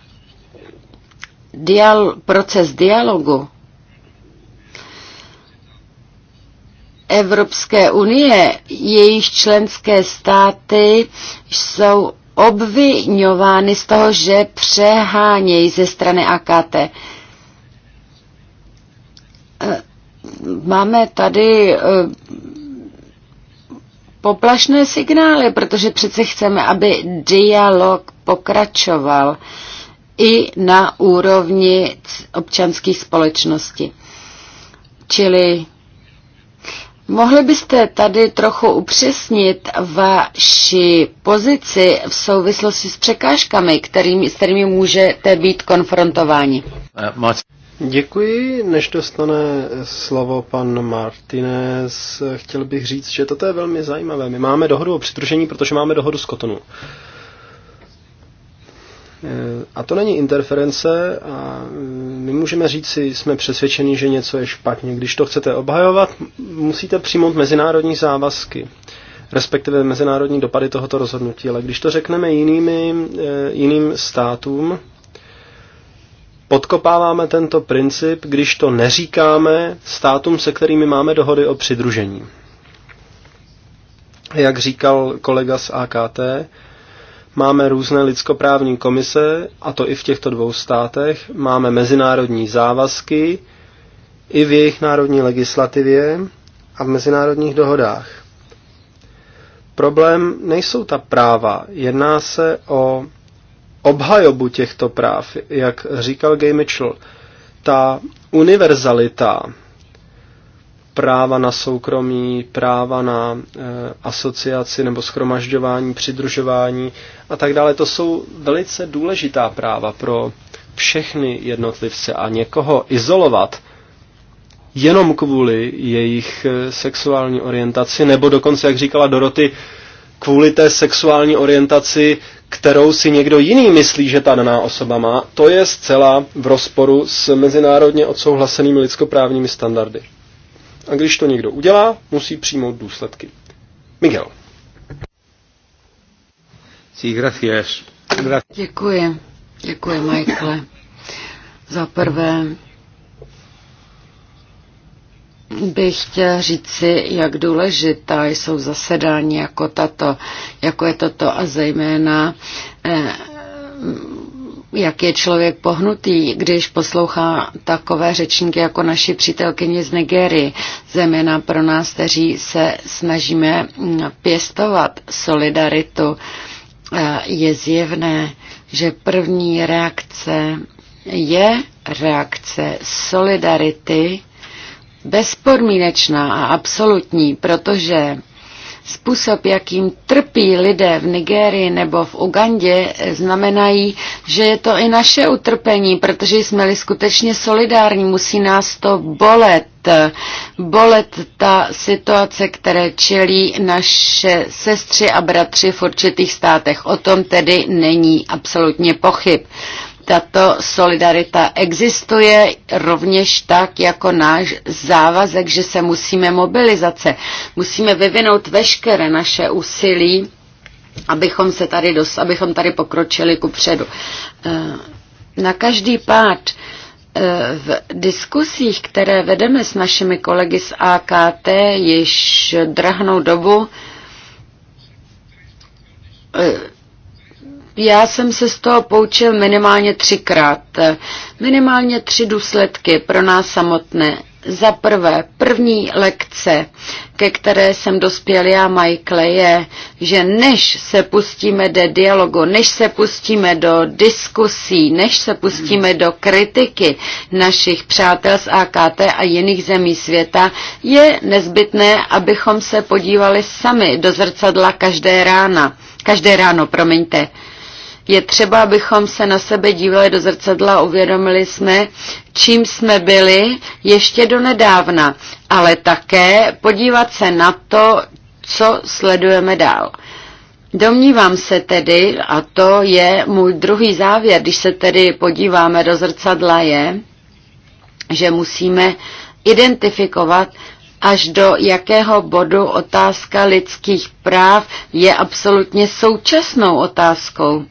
dial, proces dialogu Evropské unie, jejich členské státy jsou obvinovány z toho, že přehánějí ze strany AKT. Eh, máme tady eh, poplašné signály, protože přece chceme, aby dialog pokračoval i na úrovni občanských společnosti, Čili Mohli byste tady trochu upřesnit vaši pozici v souvislosti s překážkami, kterými, s kterými můžete být konfrontováni? Děkuji. Než dostane slovo pan Martinez, chtěl bych říct, že toto je velmi zajímavé. My máme dohodu o přidružení, protože máme dohodu s Kotonu. Eh, a to není interference a mm, my můžeme říct si, jsme přesvědčeni, že něco je špatně. Když to chcete obhajovat, musíte přijmout mezinárodní závazky, respektive mezinárodní dopady tohoto rozhodnutí. Ale když to řekneme jinými, eh, jiným státům, podkopáváme tento princip, když to neříkáme státům, se kterými máme dohody o přidružení. Jak říkal kolega z AKT, Máme různé lidskoprávní komise, a to i v těchto dvou státech. Máme mezinárodní závazky i v jejich národní legislativě a v mezinárodních dohodách. Problém nejsou ta práva, jedná se o obhajobu těchto práv, jak říkal Gay Mitchell. Ta univerzalita práva na soukromí, práva na e, asociaci nebo schromažďování, přidružování a tak dále. To jsou velice důležitá práva pro všechny jednotlivce a někoho izolovat jenom kvůli jejich eh, sexuální orientaci, nebo dokonce, jak říkala Doroty, kvůli té sexuální orientaci, kterou si někdo jiný myslí, že ta daná osoba má, to je zcela v rozporu s mezinárodně odsouhlasenými lidskoprávními standardy. A když to někdo udělá, musí přijmout důsledky. Miguel. Sí, gracias. gracias. Děkuji. Děkuji, Michael. Za prvé bych chtěl říci, jak důležitá jsou zasedání jako tato, jako je toto a zejména eh, jak je člověk pohnutý, když poslouchá takové řečníky jako naši přítelkyně z Nigerii, zeměna pro nás, kteří se snažíme pěstovat solidaritu, je zjevné, že první reakce je reakce solidarity bezpodmínečná a absolutní, protože Způsob, jakým trpí lidé v Nigérii nebo v Ugandě, znamenají, že je to i naše utrpení, protože jsme-li skutečně solidární, musí nás to bolet. Bolet ta situace, které čelí naše sestry a bratři v určitých státech. O tom tedy není absolutně pochyb. Tato solidarita existuje rovněž tak jako náš závazek, že se musíme mobilizace, musíme vyvinout veškeré naše úsilí, abychom, se tady, dos, abychom tady pokročili ku předu. Eh, na každý pád eh, v diskusích, které vedeme s našimi kolegy z AKT již drahnou dobu, eh, já jsem se z toho poučil minimálně třikrát. Minimálně tři důsledky pro nás samotné. Za prvé, první lekce, ke které jsem dospěl já, Michael, je, že než se pustíme do dialogu, než se pustíme do diskusí, než se pustíme do kritiky našich přátel z AKT a jiných zemí světa, je nezbytné, abychom se podívali sami do zrcadla každé rána. Každé ráno, promiňte. Je třeba, abychom se na sebe dívali do zrcadla a uvědomili jsme, čím jsme byli ještě do nedávna, ale také podívat se na to, co sledujeme dál. Domnívám se tedy, a to je můj druhý závěr, když se tedy podíváme do zrcadla, je, že musíme identifikovat, až do jakého bodu otázka lidských práv je absolutně současnou otázkou.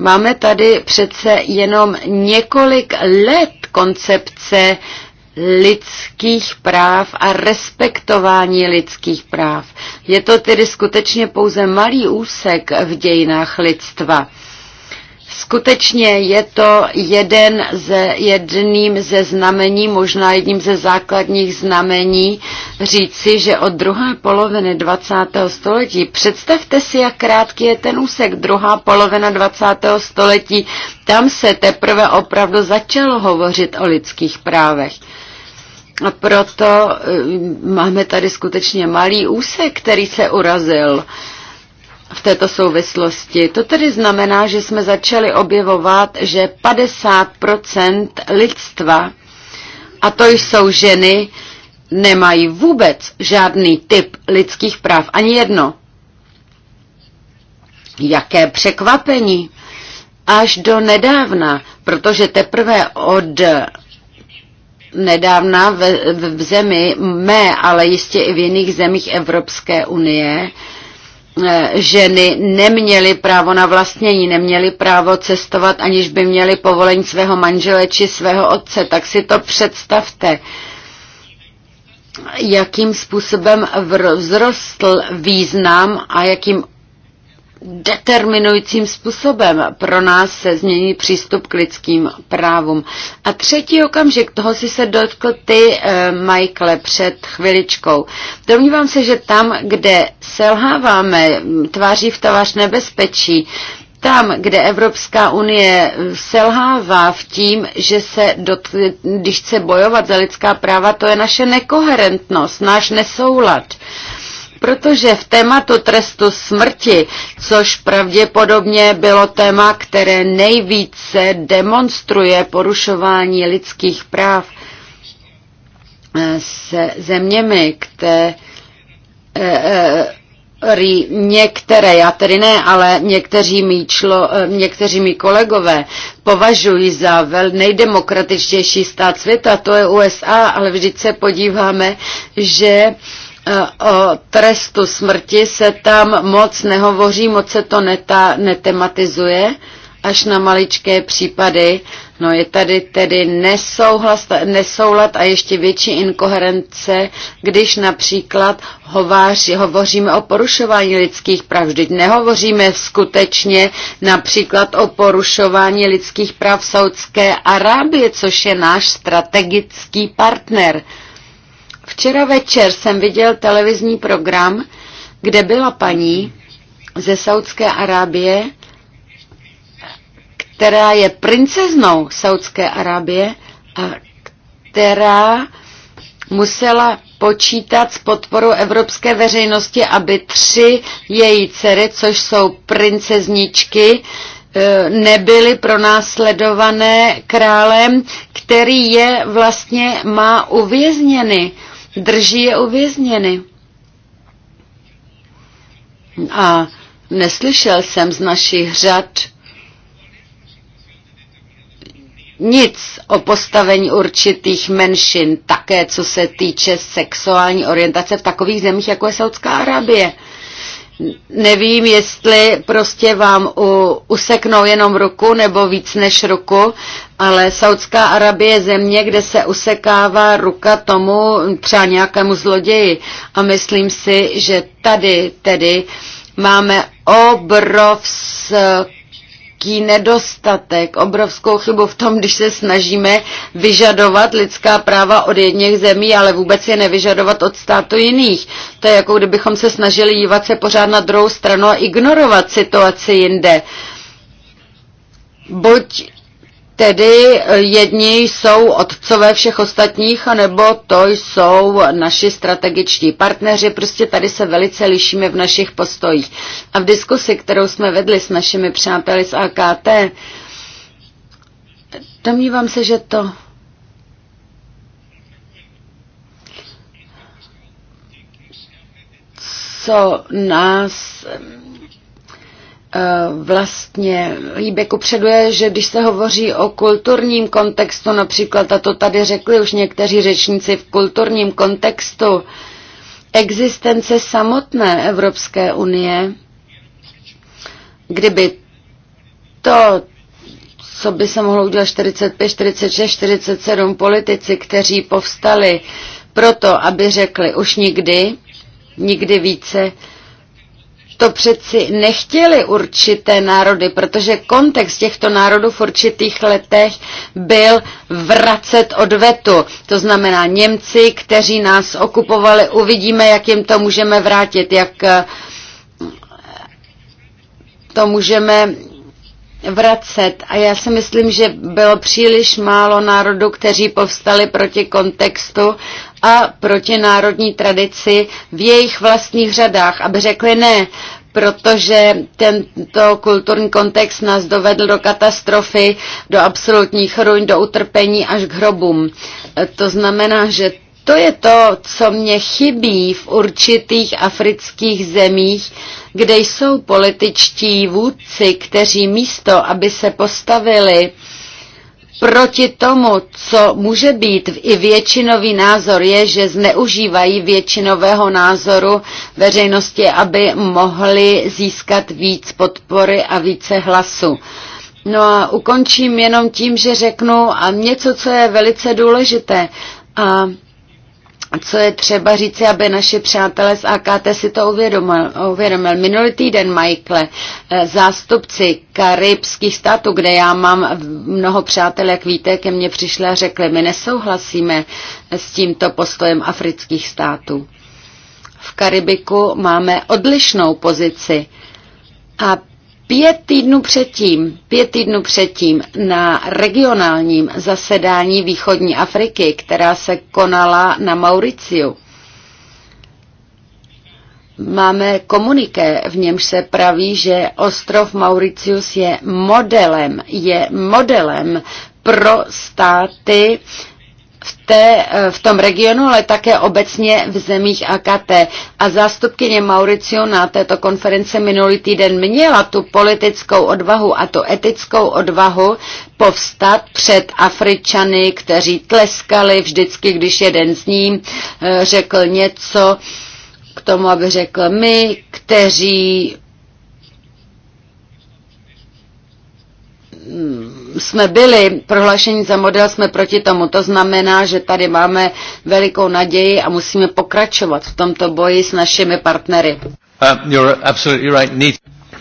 Máme tady přece jenom několik let koncepce lidských práv a respektování lidských práv. Je to tedy skutečně pouze malý úsek v dějinách lidstva. Skutečně je to jeden ze, jedným ze znamení, možná jedním ze základních znamení říci, že od druhé poloviny 20. století, představte si, jak krátký je ten úsek, druhá polovina 20. století, tam se teprve opravdu začalo hovořit o lidských právech. A proto eh, máme tady skutečně malý úsek, který se urazil. Uh, v této souvislosti. To tedy znamená, že jsme začali objevovat, že 50% lidstva, a to jsou ženy, nemají vůbec žádný typ lidských práv, ani jedno. Jaké překvapení! Až do nedávna, protože teprve od nedávna v, v zemi mé, ale jistě i v jiných zemích Evropské unie, Eh, ženy neměly právo na vlastnění, neměly právo cestovat, aniž by měly povolení svého manžele či svého otce. Tak si to představte jakým způsobem vzrostl význam a jakým determinujícím způsobem pro nás se změní přístup k lidským právům. A třetí okamžik, toho si se dotkl ty, eh, Michael před chviličkou. Domnívám se, že tam, kde selháváme, hm, tváří v tvář nebezpečí, tam, kde Evropská unie selhává v tím, že se, dot, když chce bojovat za lidská práva, to je naše nekoherentnost, náš nesoulad. Uh, Protože v tématu trestu smrti, což pravděpodobně bylo téma, které nejvíce demonstruje porušování lidských práv eh, se zeměmi, které eh, eh, některé, já tedy ne, ale někteří mý, člo, někteří mý kolegové považují za vel, nejdemokratičtější stát světa, to je USA, ale vždyť se podíváme, že o trestu smrti se tam moc nehovoří, moc se to neta, netematizuje, až na maličké případy. No je tady tedy nesouhlas, nesoulad a ještě větší inkoherence, když například hováří, hovoříme o porušování lidských práv. Vždyť nehovoříme skutečně například o porušování lidských práv v Saudské Arábie, což je náš strategický partner. Včera večer jsem viděl televizní program, kde byla paní ze Saudské Arábie, která je princeznou Saudské Arábie a která musela počítat s podporou evropské veřejnosti, aby tři její dcery, což jsou princezničky, e, nebyly pronásledované králem, který je vlastně má uvězněny drží, je uvězněny. A neslyšel jsem z našich řad nic o postavení určitých menšin, také co se týče sexuální orientace v takových zemích, jako je Saudská Arábie nevím, jestli prostě vám u, useknou jenom ruku nebo víc než ruku, ale Saudská Arabie je země, kde se usekává ruka tomu třeba nějakému zloději. A myslím si, že tady tedy máme obrovskou obrovský nedostatek, obrovskou chybu v tom, když se snažíme vyžadovat lidská práva od jedněch zemí, ale vůbec je nevyžadovat od státu jiných. To je jako kdybychom se snažili dívat se pořád na druhou stranu a ignorovat situaci jinde. Buď Tedy eh, jedni jsou otcové všech ostatních, anebo to jsou naši strategičtí partneři. Prostě tady se velice lišíme v našich postojích. A v diskusi, kterou jsme vedli s našimi přáteli z AKT, domnívám se, že to co nás Eh, vlastně Líbeku předuje, že když se hovoří o kulturním kontextu, například, a to tady řekli už někteří řečníci, v kulturním kontextu existence samotné Evropské unie, kdyby to, co by se mohlo udělat 45, 46, 47 politici, kteří povstali proto, aby řekli už nikdy, nikdy více, to přeci nechtěli určité národy, protože kontext těchto národů v určitých letech byl vracet odvetu. To znamená Němci, kteří nás okupovali, uvidíme, jak jim to můžeme vrátit, jak eh, to můžeme vracet. A já si myslím, že bylo příliš málo národů, kteří povstali proti kontextu a protinárodní tradici v jejich vlastních řadách, aby řekli ne, protože tento kulturní kontext nás dovedl do katastrofy, do absolutních ruin, do utrpení až k hrobům. To znamená, že to je to, co mě chybí v určitých afrických zemích, kde jsou političtí vůdci, kteří místo, aby se postavili proti tomu, co může být i většinový názor, je, že zneužívají většinového názoru veřejnosti, aby mohli získat víc podpory a více hlasu. No a ukončím jenom tím, že řeknu a něco, co je velice důležité. A co je třeba říci, aby naši přátelé z AKT si to uvědomil. Minulý týden, Michael, eh, zástupci karibských států, kde já mám mnoho přátel, jak víte, ke mně přišli a řekli, my nesouhlasíme s tímto postojem afrických států. V Karibiku máme odlišnou pozici. A Pět týdnů předtím, pět týdnů předtím na regionálním zasedání východní Afriky, která se konala na Mauriciu, Máme komuniké, v němž se praví, že ostrov Mauricius je modelem, je modelem pro státy v, té, eh, v tom regionu, ale také obecně v zemích AKT. A zástupkyně Mauricio na této konference minulý týden měla tu politickou odvahu a tu etickou odvahu povstat před Afričany, kteří tleskali vždycky, když jeden z ním eh, řekl něco k tomu, aby řekl my, kteří mm, jsme byli prohlášení za model, jsme proti tomu. To znamená, že tady máme velikou naději a musíme pokračovat v tomto boji s našimi partnery. Uh, you're absolutely right. Need.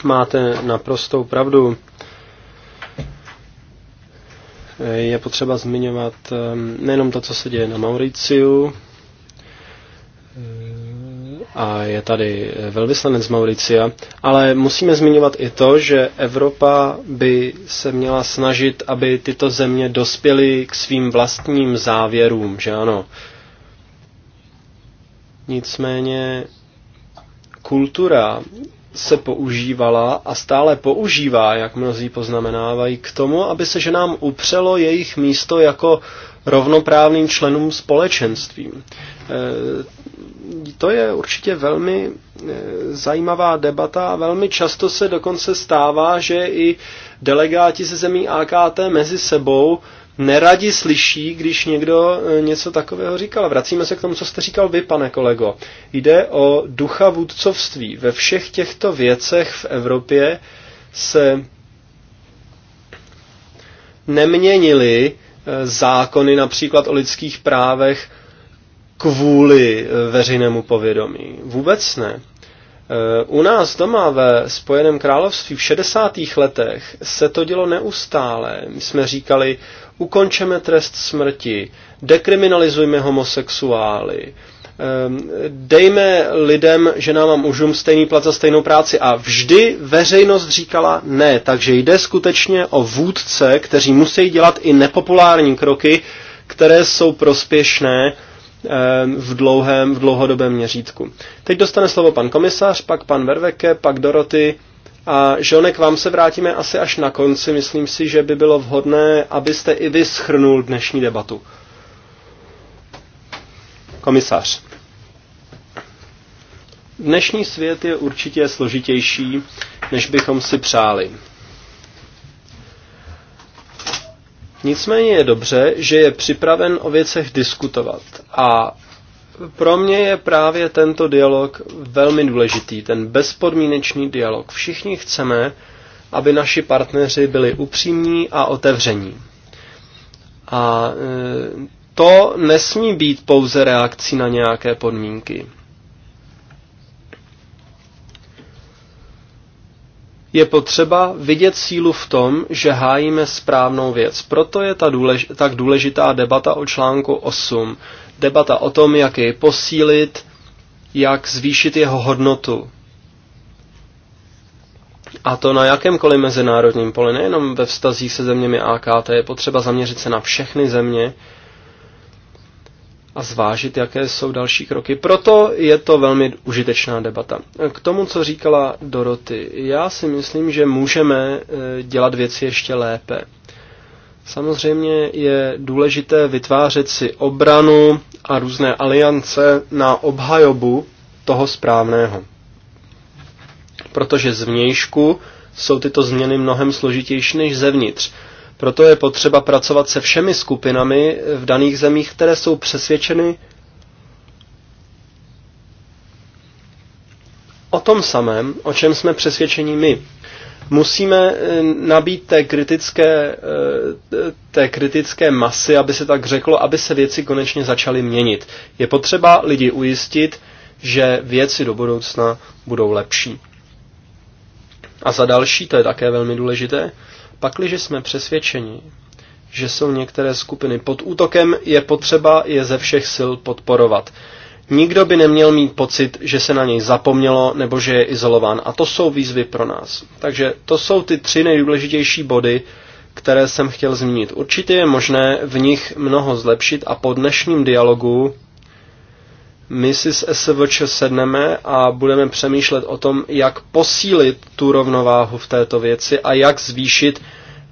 Máte naprostou pravdu. Je potřeba zmiňovat um, nejenom to, co se děje na Mauriciu, a je tady velvyslanec Mauricia, ale musíme zmiňovat i to, že Evropa by se měla snažit, aby tyto země dospěly k svým vlastním závěrům, že ano. Nicméně kultura se používala a stále používá, jak mnozí poznamenávají, k tomu, aby se ženám upřelo jejich místo jako rovnoprávným členům společenství. Eh, to je určitě velmi eh, zajímavá debata a velmi často se dokonce stává, že i delegáti ze zemí AKT mezi sebou neradi slyší, když někdo eh, něco takového říkal. Vracíme se k tomu, co jste říkal vy, pane kolego. Jde o ducha vůdcovství. Ve všech těchto věcech v Evropě se neměnily eh, zákony například o lidských právech kvůli eh, veřejnému povědomí. Vůbec ne. Eh, u nás doma ve Spojeném království v 60. letech se to dělo neustále. My jsme říkali, ukončeme trest smrti, dekriminalizujme homosexuály, ehm, dejme lidem, že nám mám užům stejný plat za stejnou práci. A vždy veřejnost říkala ne, takže jde skutečně o vůdce, kteří musí dělat i nepopulární kroky, které jsou prospěšné Ehm, v dlouhém, v dlouhodobém měřítku. Teď dostane slovo pan komisař, pak pan Verveke, pak Doroty a Žonek, vám se vrátíme asi až na konci. Myslím si, že by bylo vhodné, abyste i vy schrnul dnešní debatu. Komisař. Dnešní svět je určitě složitější, než bychom si přáli. Nicméně je dobře, že je připraven o věcech diskutovat. A pro mě je právě tento dialog velmi důležitý, ten bezpodmínečný dialog. Všichni chceme, aby naši partneři byli upřímní a otevření. A e, to nesmí být pouze reakcí na nějaké podmínky. je potřeba vidět sílu v tom, že hájíme správnou věc. Proto je ta důlež- tak důležitá debata o článku 8. Debata o tom, jak jej posílit, jak zvýšit jeho hodnotu. A to na jakémkoliv mezinárodním poli, nejenom ve vztazích se zeměmi AKT, je potřeba zaměřit se na všechny země, a zvážit, jaké jsou další kroky. Proto je to velmi užitečná debata. K tomu, co říkala Doroty, já si myslím, že můžeme eh, dělat věci ještě lépe. Samozřejmě je důležité vytvářet si obranu a různé aliance na obhajobu toho správného. Protože zvnějšku jsou tyto změny mnohem složitější než zevnitř. Proto je potřeba pracovat se všemi skupinami v daných zemích, které jsou přesvědčeny o tom samém, o čem jsme přesvědčeni my. Musíme eh, nabít té kritické, eh, té kritické masy, aby se tak řeklo, aby se věci konečně začaly měnit. Je potřeba lidi ujistit, že věci do budoucna budou lepší. A za další, to je také velmi důležité, Pakliže jsme přesvědčeni, že jsou některé skupiny pod útokem, je potřeba je ze všech sil podporovat. Nikdo by neměl mít pocit, že se na něj zapomnělo nebo že je izolován. A to jsou výzvy pro nás. Takže to jsou ty tři nejdůležitější body, které jsem chtěl zmínit. Určitě je možné v nich mnoho zlepšit a po dnešním dialogu my si s SVČ sedneme a budeme přemýšlet o tom, jak posílit tu rovnováhu v této věci a jak zvýšit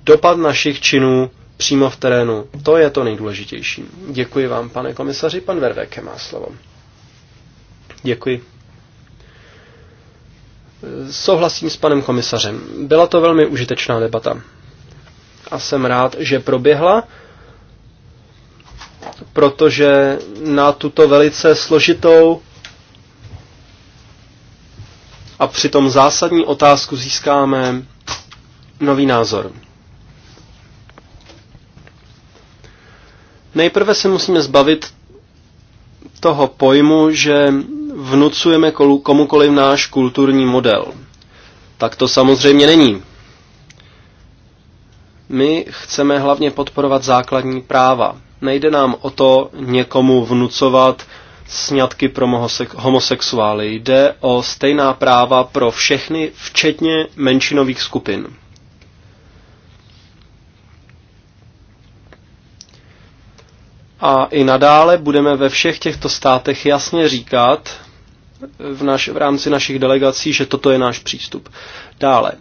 dopad našich činů přímo v terénu. To je to nejdůležitější. Děkuji vám, pane komisaři. Pan Verveke má slovo. Děkuji. Souhlasím s panem komisařem. Byla to velmi užitečná debata. A jsem rád, že proběhla protože na tuto velice složitou a přitom zásadní otázku získáme nový názor. Nejprve se musíme zbavit toho pojmu, že vnucujeme komukoliv náš kulturní model. Tak to samozřejmě není. My chceme hlavně podporovat základní práva, Nejde nám o to někomu vnucovat sňatky pro homosexuály. Jde o stejná práva pro všechny, včetně menšinových skupin. A i nadále budeme ve všech těchto státech jasně říkat v, naš, v rámci našich delegací, že toto je náš přístup. Dále,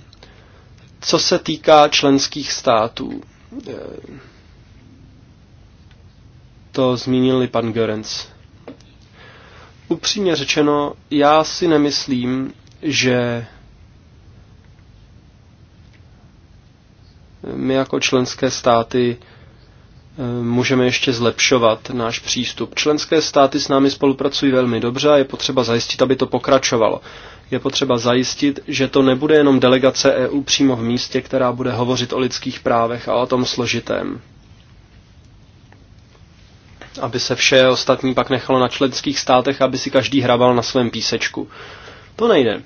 co se týká členských států. E to zmínil i pan Görens. Upřímně řečeno, já si nemyslím, že my jako členské státy eh, můžeme ještě zlepšovat náš přístup. Členské státy s námi spolupracují velmi dobře a je potřeba zajistit, aby to pokračovalo. Je potřeba zajistit, že to nebude jenom delegace EU přímo v místě, která bude hovořit o lidských právech a o tom složitém aby se vše ostatní pak nechalo na členských státech, aby si každý hrabal na svém písečku. To nejde.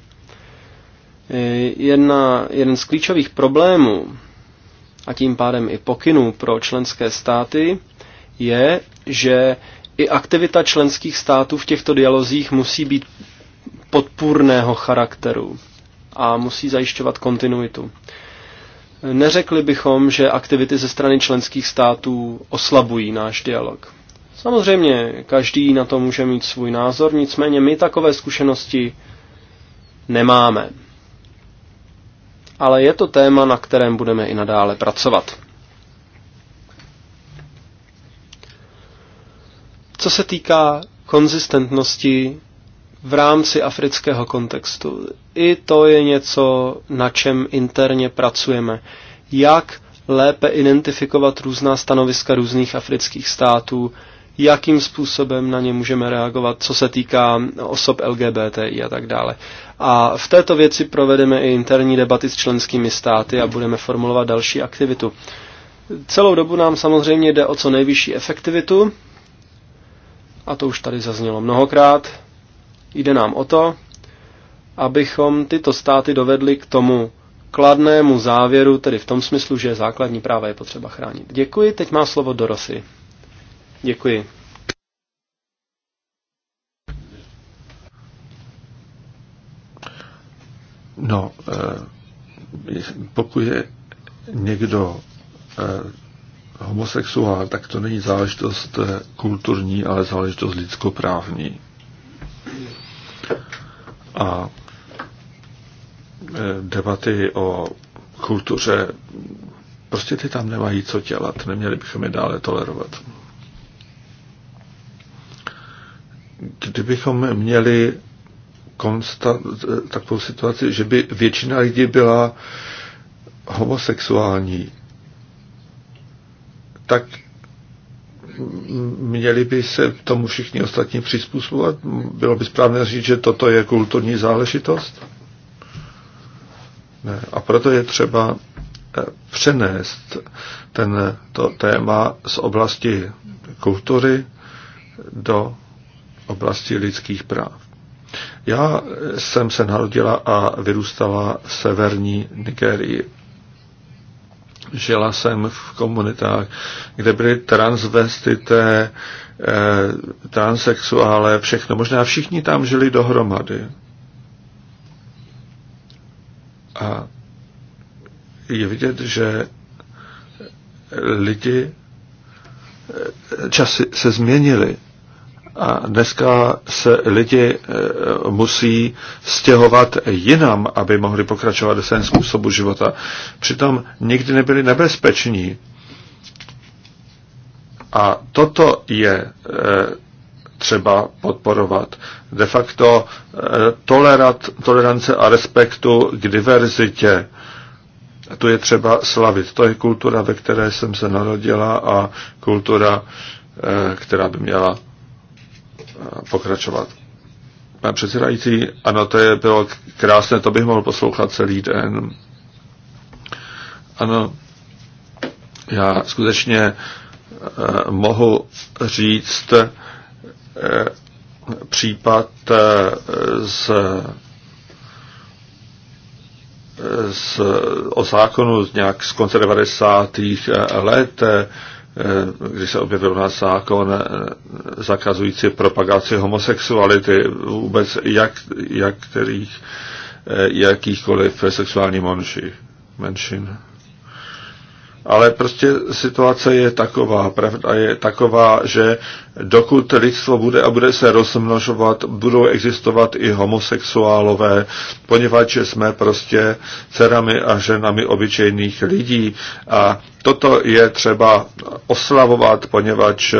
E, jedna, jeden z klíčových problémů a tím pádem i pokynů pro členské státy je, že i aktivita členských států v těchto dialozích musí být podpůrného charakteru a musí zajišťovat kontinuitu. Neřekli bychom, že aktivity ze strany členských států oslabují náš dialog. Samozřejmě, každý na to může mít svůj názor, nicméně my takové zkušenosti nemáme. Ale je to téma, na kterém budeme i nadále pracovat. Co se týká konzistentnosti v rámci afrického kontextu, i to je něco, na čem interně pracujeme. Jak lépe identifikovat různá stanoviska různých afrických států, jakým způsobem na ně můžeme reagovat, co se týká osob LGBTI a tak dále. A v této věci provedeme i interní debaty s členskými státy a budeme formulovat další aktivitu. Celou dobu nám samozřejmě jde o co nejvyšší efektivitu, a to už tady zaznělo mnohokrát. Jde nám o to, abychom tyto státy dovedli k tomu kladnému závěru, tedy v tom smyslu, že základní práva je potřeba chránit. Děkuji, teď má slovo Dorosy. Děkuji. No, eh, pokud je někdo eh, homosexuál, tak to není záležitost eh, kulturní, ale záležitost lidskoprávní. A debaty o kultuře, prostě ty tam nemají co dělat, neměli bychom je dále tolerovat. kdybychom měli konstat, takovou situaci, že by většina lidí byla homosexuální, tak měli by se tomu všichni ostatní přizpůsobovat? Bylo by správné říct, že toto je kulturní záležitost? Ne. A proto je třeba eh, přenést ten, to téma z oblasti kultury do oblasti lidských práv. Já jsem se narodila a vyrůstala v severní Nigerii. Žila jsem v komunitách, kde byly transvestité, eh, transexuále, všechno. Možná všichni tam žili dohromady. A je vidět, že lidi eh, časy se změnily a dneska se lidi eh, musí stěhovat jinam, aby mohli pokračovat ve svém způsobu života. Přitom nikdy nebyli nebezpeční. A toto je eh, třeba podporovat. De facto eh, tolerat, tolerance a respektu k diverzitě. Tu je třeba slavit. To je kultura, ve které jsem se narodila a kultura, která by měla pokračovat. Pane předsedající, ano, to je bylo krásné, to bych mohl poslouchat celý den. Ano, já skutečně eh, mohu říct eh, případ eh, z, eh, z, o zákonu nějak z konce 90. Eh, let, eh, Eh, když se objevil nás zákon eh, zakazující propagaci homosexuality, vůbec jak, jak kterých, eh, jakýchkoliv sexuální menšin. menšin ale prostě situace je taková, pravda je taková, že dokud lidstvo bude a bude se rozmnožovat, budou existovat i homosexuálové, poněvadž jsme prostě dcerami a ženami obyčejných lidí. A toto je třeba oslavovat, poněvadž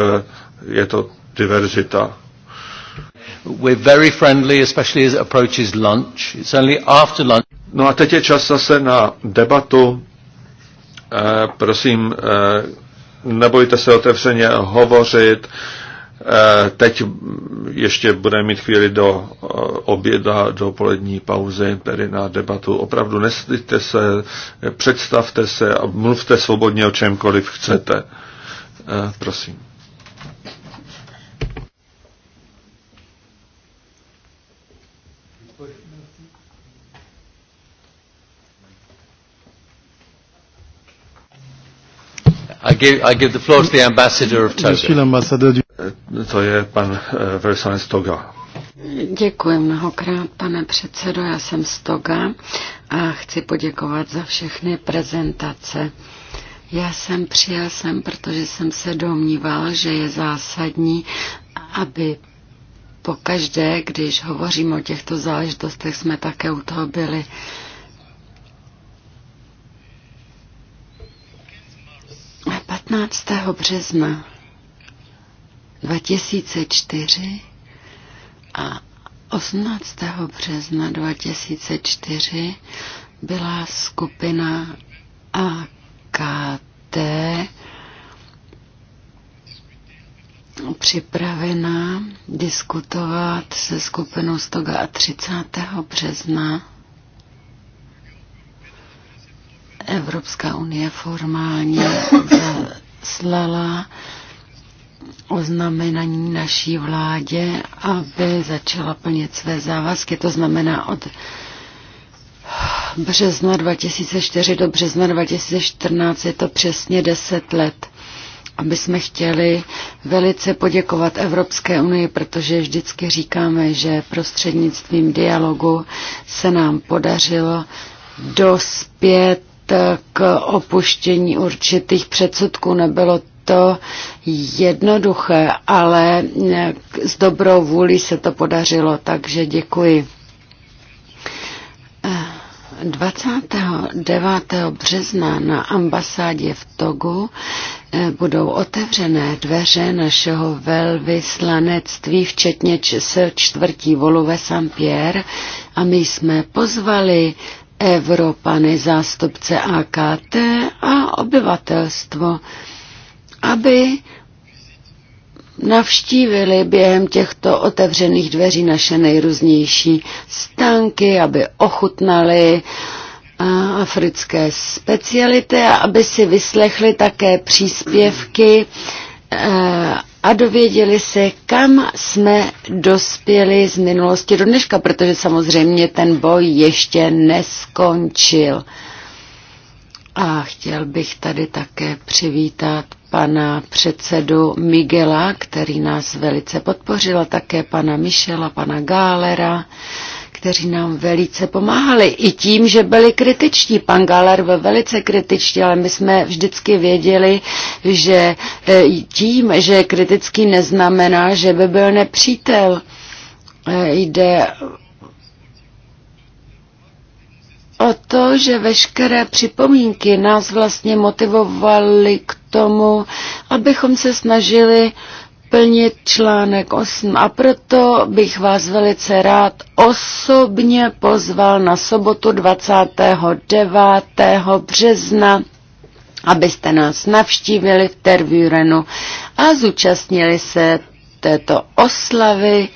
je to diverzita. We're very friendly, especially as it approaches lunch. It's only after lunch. No a teď je čas zase na debatu Eh, prosím, eh, nebojte se otevřeně hovořit. Eh, teď ještě budeme mít chvíli do oběda, do polední pauzy, tedy na debatu. Opravdu nestyďte se, představte se a mluvte svobodně o čemkoliv chcete. Prosím. I give, I give the floor to the ambassador of Togo. Eh, to je pan eh, velvyslanec Toga. Děkuji mnohokrát, pane předsedo. Já jsem z Toga a chci poděkovat za všechny prezentace. Já jsem přijel sem, protože jsem se domníval, že je zásadní, aby pokaždé, když hovořím o těchto záležitostech, jsme také u toho byli. Uh, 15. března 2004 a 18. března 2004 byla skupina AKT připravena diskutovat se skupinou Stoga 30. března Evropská unie formálně zaslala oznamenaní naší vládě, aby začala plnit své závazky. To znamená od března 2004 do března 2014 je to přesně 10 let aby jsme chtěli velice poděkovat Evropské unii, protože vždycky říkáme, že prostřednictvím dialogu se nám podařilo dospět k opuštění určitých předsudků. Nebylo to jednoduché, ale s dobrou vůlí se to podařilo, takže děkuji. 29. března na ambasádě v Togu eh, budou otevřené dveře našeho velvyslanectví, včetně čtvrtí volu ve Saint-Pierre, a my jsme pozvali Evropany, zástupce AKT a obyvatelstvo, aby navštívili během těchto otevřených dveří naše nejrůznější stánky, aby ochutnali africké speciality a aby si vyslechli také příspěvky e, a dověděli se, kam jsme dospěli z minulosti do dneška, protože samozřejmě ten boj ještě neskončil. A chtěl bych tady také přivítat pana předsedu Miguela, který nás velice podpořil, a také pana Michela, pana Gálera, kteří nám velice pomáhali. I tím, že byli kritičtí. Pan Galer byl velice kritičtí, ale my jsme vždycky věděli, že e, tím, že je kritický, neznamená, že by byl nepřítel. E, jde o to, že veškeré připomínky nás vlastně motivovaly k tomu, abychom se snažili plnit článek 8 a proto bych vás velice rád osobně pozval na sobotu 29. března, abyste nás navštívili v Tervurenu a zúčastnili se této oslavy.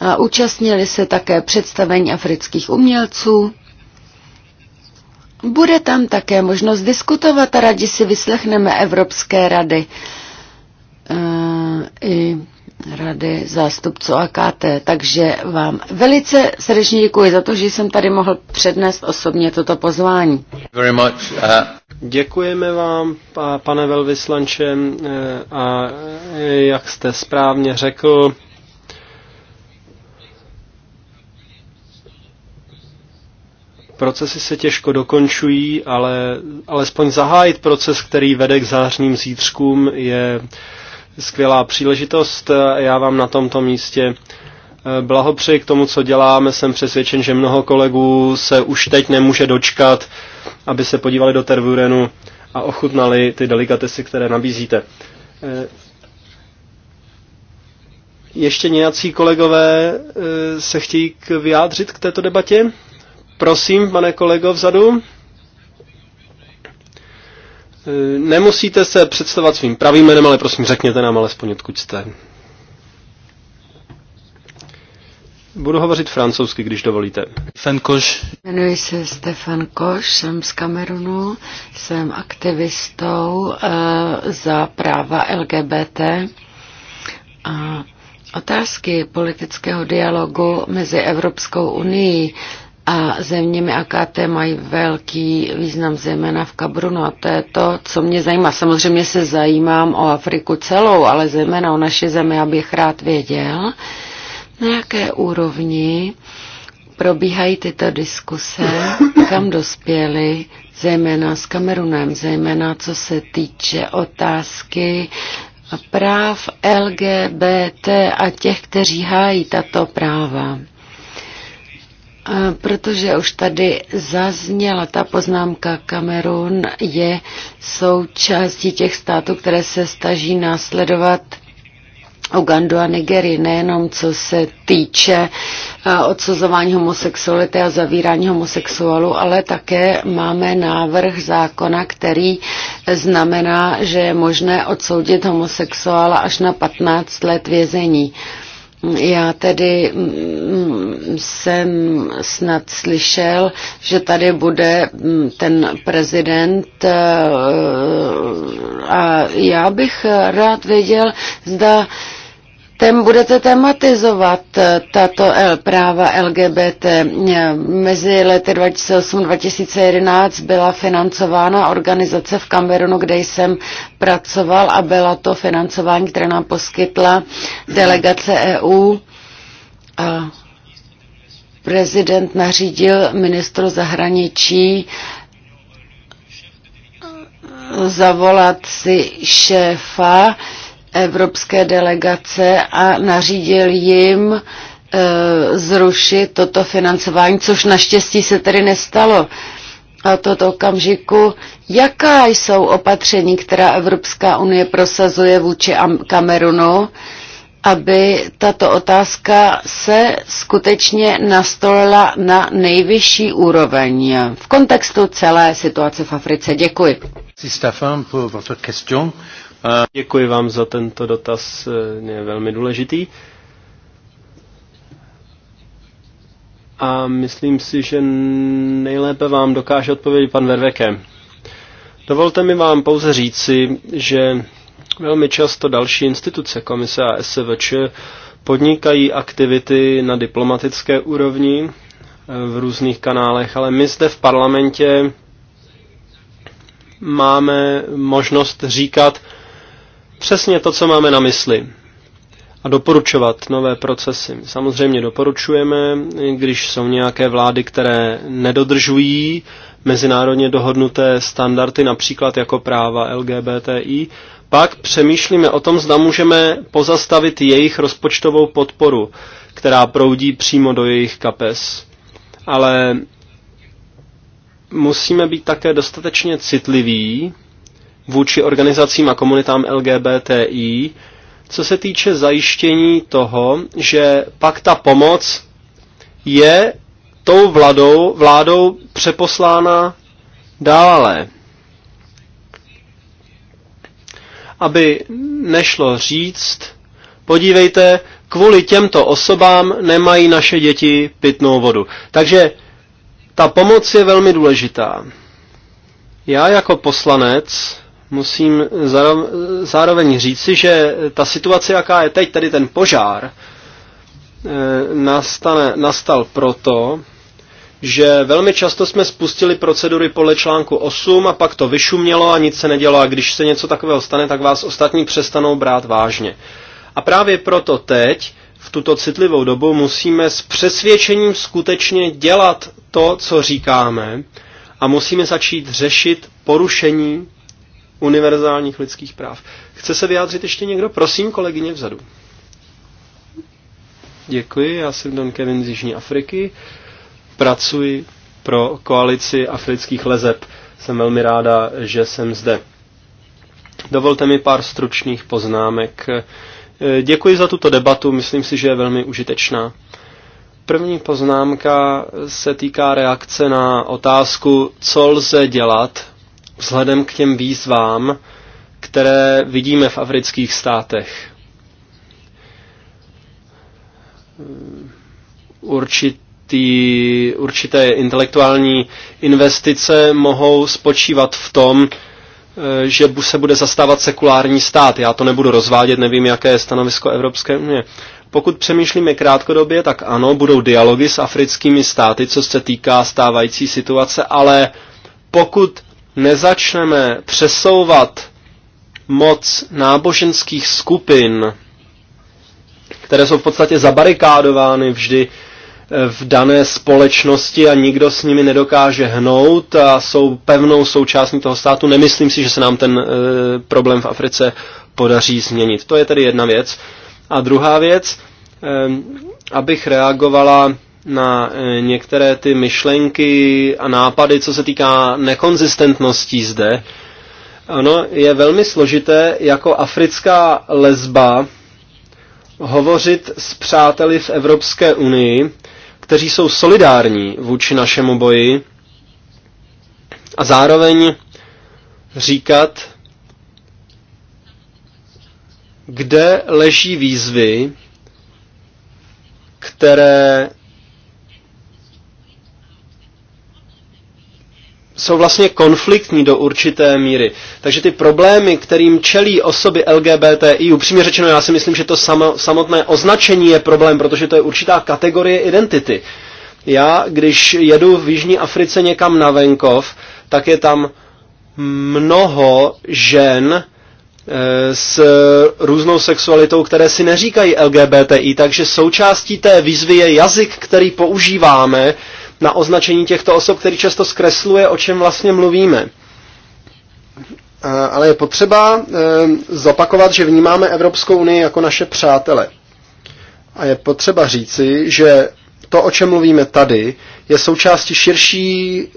A účastnili se také představení afrických umělců. Bude tam také možnost diskutovat a rádi si vyslechneme Evropské rady i rady zástupců AKT. Takže vám velice srdečně děkuji za to, že jsem tady mohl přednést osobně toto pozvání. Very much. Uh... Děkujeme vám, pane velvyslanče, eh, a eh, jak jste správně řekl, procesy se těžko dokončují, ale alespoň zahájit proces, který vede k zářným zítřkům, je skvělá příležitost. Já vám na tomto místě eh, blahopřeji k tomu, co děláme. Jsem přesvědčen, že mnoho kolegů se už teď nemůže dočkat, aby se podívali do Tervurenu a ochutnali ty delikatesy, které nabízíte. Eh, ještě nějací kolegové eh, se chtějí vyjádřit k této debatě? Prosím, pane kolego vzadu. Eh, nemusíte se představovat svým pravým jménem, ale prosím řekněte nám alespoň odkud jste. Budu hovořit francouzsky, když dovolíte. Stefan Koš. Jmenuji se Stefan Koš, jsem z Kamerunu, jsem aktivistou e, za práva LGBT a otázky politického dialogu mezi Evropskou unii a zeměmi AKT mají velký význam, zejména v Kabrunu. No a to je to, co mě zajímá. Samozřejmě se zajímám o Afriku celou, ale zejména o naše zemi, abych rád věděl, na jaké úrovni probíhají tyto diskuse, kam dospěly, zejména s Kamerunem, zejména co se týče otázky práv LGBT a těch, kteří hájí tato práva. Protože už tady zazněla ta poznámka, Kamerun je součástí těch států, které se staží následovat Ugandu a Nigerii, nejenom co se týče eh, odsuzování homosexuality a zavírání homosexuálů, ale také máme návrh zákona, který znamená, že je možné odsoudit homosexuála až na 15 let vězení. Já tedy mm, mm, jsem snad slyšel, že tady bude mm, ten prezident eh, a já bych rád věděl, zda tém, budete tematizovat eh, tato L, práva LGBT. Mezi lety 2008-2011 byla financována organizace v Kamerunu, kde jsem pracoval a byla to financování, které nám poskytla delegace EU. A prezident nařídil ministru zahraničí zavolat si šéfa evropské delegace a nařídil jim e, zrušit toto financování, což naštěstí se tedy nestalo. A toto okamžiku, jaká jsou opatření, která Evropská unie prosazuje vůči Kamerunu, aby tato otázka se skutečně nastolila na nejvyšší úroveň v kontextu celé situace v Africe. Děkuji. Euh, Děkuji vám za tento dotaz, je velmi důležitý. A myslím si, že nejlépe vám dokáže odpovědět pan Verveke. Dovolte mi vám pouze říci, že Velmi často další instituce, komise a SVČ, podnikají aktivity na diplomatické úrovni eh, v různých kanálech, ale my zde v parlamentě máme možnost říkat přesně to, co máme na mysli a doporučovat nové procesy. Samozřejmě doporučujeme, když jsou nějaké vlády, které nedodržují mezinárodně dohodnuté standardy, například jako práva LGBTI, pak přemýšlíme o tom, zda můžeme pozastavit jejich rozpočtovou podporu, která proudí přímo do jejich kapes. Ale musíme být také dostatečně citliví vůči organizacím a komunitám LGBTI, co se týče zajištění toho, že pak ta pomoc je tou vládou, vládou přeposlána dále. aby nešlo říct, podívejte, kvůli těmto osobám nemají naše děti pitnou vodu. Takže ta pomoc je velmi důležitá. Já jako poslanec musím zároveň říci, že ta situace, jaká je teď, tedy ten požár, eh, nastane, nastal proto, že velmi často jsme spustili procedury podle článku 8 a pak to vyšumělo a nic se nedělo a když se něco takového stane, tak vás ostatní přestanou brát vážně. A právě proto teď, v tuto citlivou dobu, musíme s přesvědčením skutečně dělat to, co říkáme a musíme začít řešit porušení univerzálních lidských práv. Chce se vyjádřit ještě někdo? Prosím, kolegyně vzadu. Děkuji, já jsem Don Kevin z Jižní Afriky. Pracuji pro koalici afrických lezeb. Jsem velmi ráda, že jsem zde. Dovolte mi pár stručných poznámek. Děkuji za tuto debatu, myslím si, že je velmi užitečná. První poznámka se týká reakce na otázku, co lze dělat vzhledem k těm výzvám, které vidíme v afrických státech. Určit ty určité intelektuální investice mohou spočívat v tom, eh, že se bude zastávat sekulární stát. Já to nebudu rozvádět, nevím, jaké je stanovisko Evropské unie. Pokud přemýšlíme krátkodobě, tak ano, budou dialogy s africkými státy, co se týká stávající situace, ale pokud nezačneme přesouvat moc náboženských skupin, které jsou v podstatě zabarikádovány vždy v dané společnosti a nikdo s nimi nedokáže hnout a jsou pevnou součástí toho státu. Nemyslím si, že se nám ten e, problém v Africe podaří změnit. To je tedy jedna věc. A druhá věc, e, abych reagovala na e, některé ty myšlenky a nápady, co se týká nekonzistentností zde. Ano, je velmi složité jako africká lesba hovořit s přáteli v Evropské unii, kteří jsou solidární vůči našemu boji a zároveň říkat, kde leží výzvy, které jsou vlastně konfliktní do určité míry. Takže ty problémy, kterým čelí osoby LGBTI, upřímně řečeno, já si myslím, že to samo, samotné označení je problém, protože to je určitá kategorie identity. Já, když jedu v Jižní Africe někam na venkov, tak je tam mnoho žen eh, s různou sexualitou, které si neříkají LGBTI, takže součástí té výzvy je jazyk, který používáme, na označení těchto osob, který často zkresluje, o čem vlastně mluvíme. Ale je potřeba e, zopakovat, že vnímáme Evropskou unii jako naše přátele. A je potřeba říci, že to, o čem mluvíme tady, je součástí širších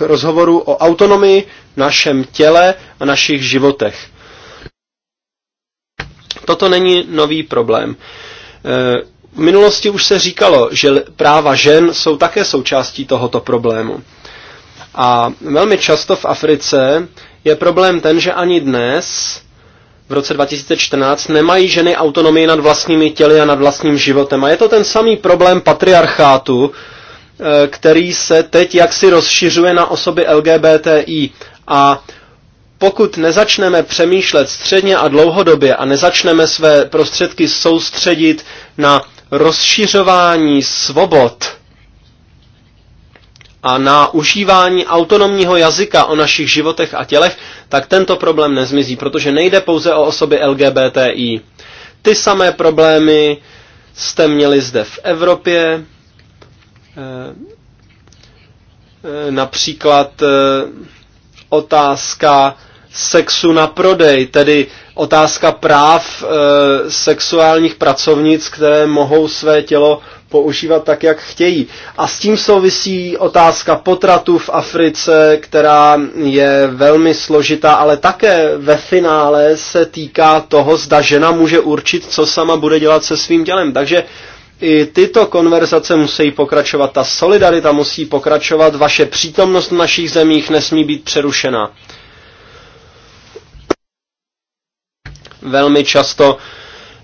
rozhovorů o autonomii, našem těle a našich životech. Toto není nový problém. E, v minulosti už se říkalo, že práva žen jsou také součástí tohoto problému. A velmi často v Africe je problém ten, že ani dnes, v roce 2014, nemají ženy autonomii nad vlastními těly a nad vlastním životem. A je to ten samý problém patriarchátu, e, který se teď jaksi rozšiřuje na osoby LGBTI. A pokud nezačneme přemýšlet středně a dlouhodobě a nezačneme své prostředky soustředit na rozšiřování svobod a na užívání autonomního jazyka o našich životech a tělech, tak tento problém nezmizí, protože nejde pouze o osoby LGBTI. Ty samé problémy jste měli zde v Evropě, eh, eh, například eh, otázka sexu na prodej, tedy otázka práv e, sexuálních pracovnic, které mohou své tělo používat tak, jak chtějí. A s tím souvisí otázka potratů v Africe, která je velmi složitá, ale také ve finále se týká toho, zda žena může určit, co sama bude dělat se svým tělem. Takže i tyto konverzace musí pokračovat, ta solidarita musí pokračovat, vaše přítomnost v našich zemích nesmí být přerušena. Velmi často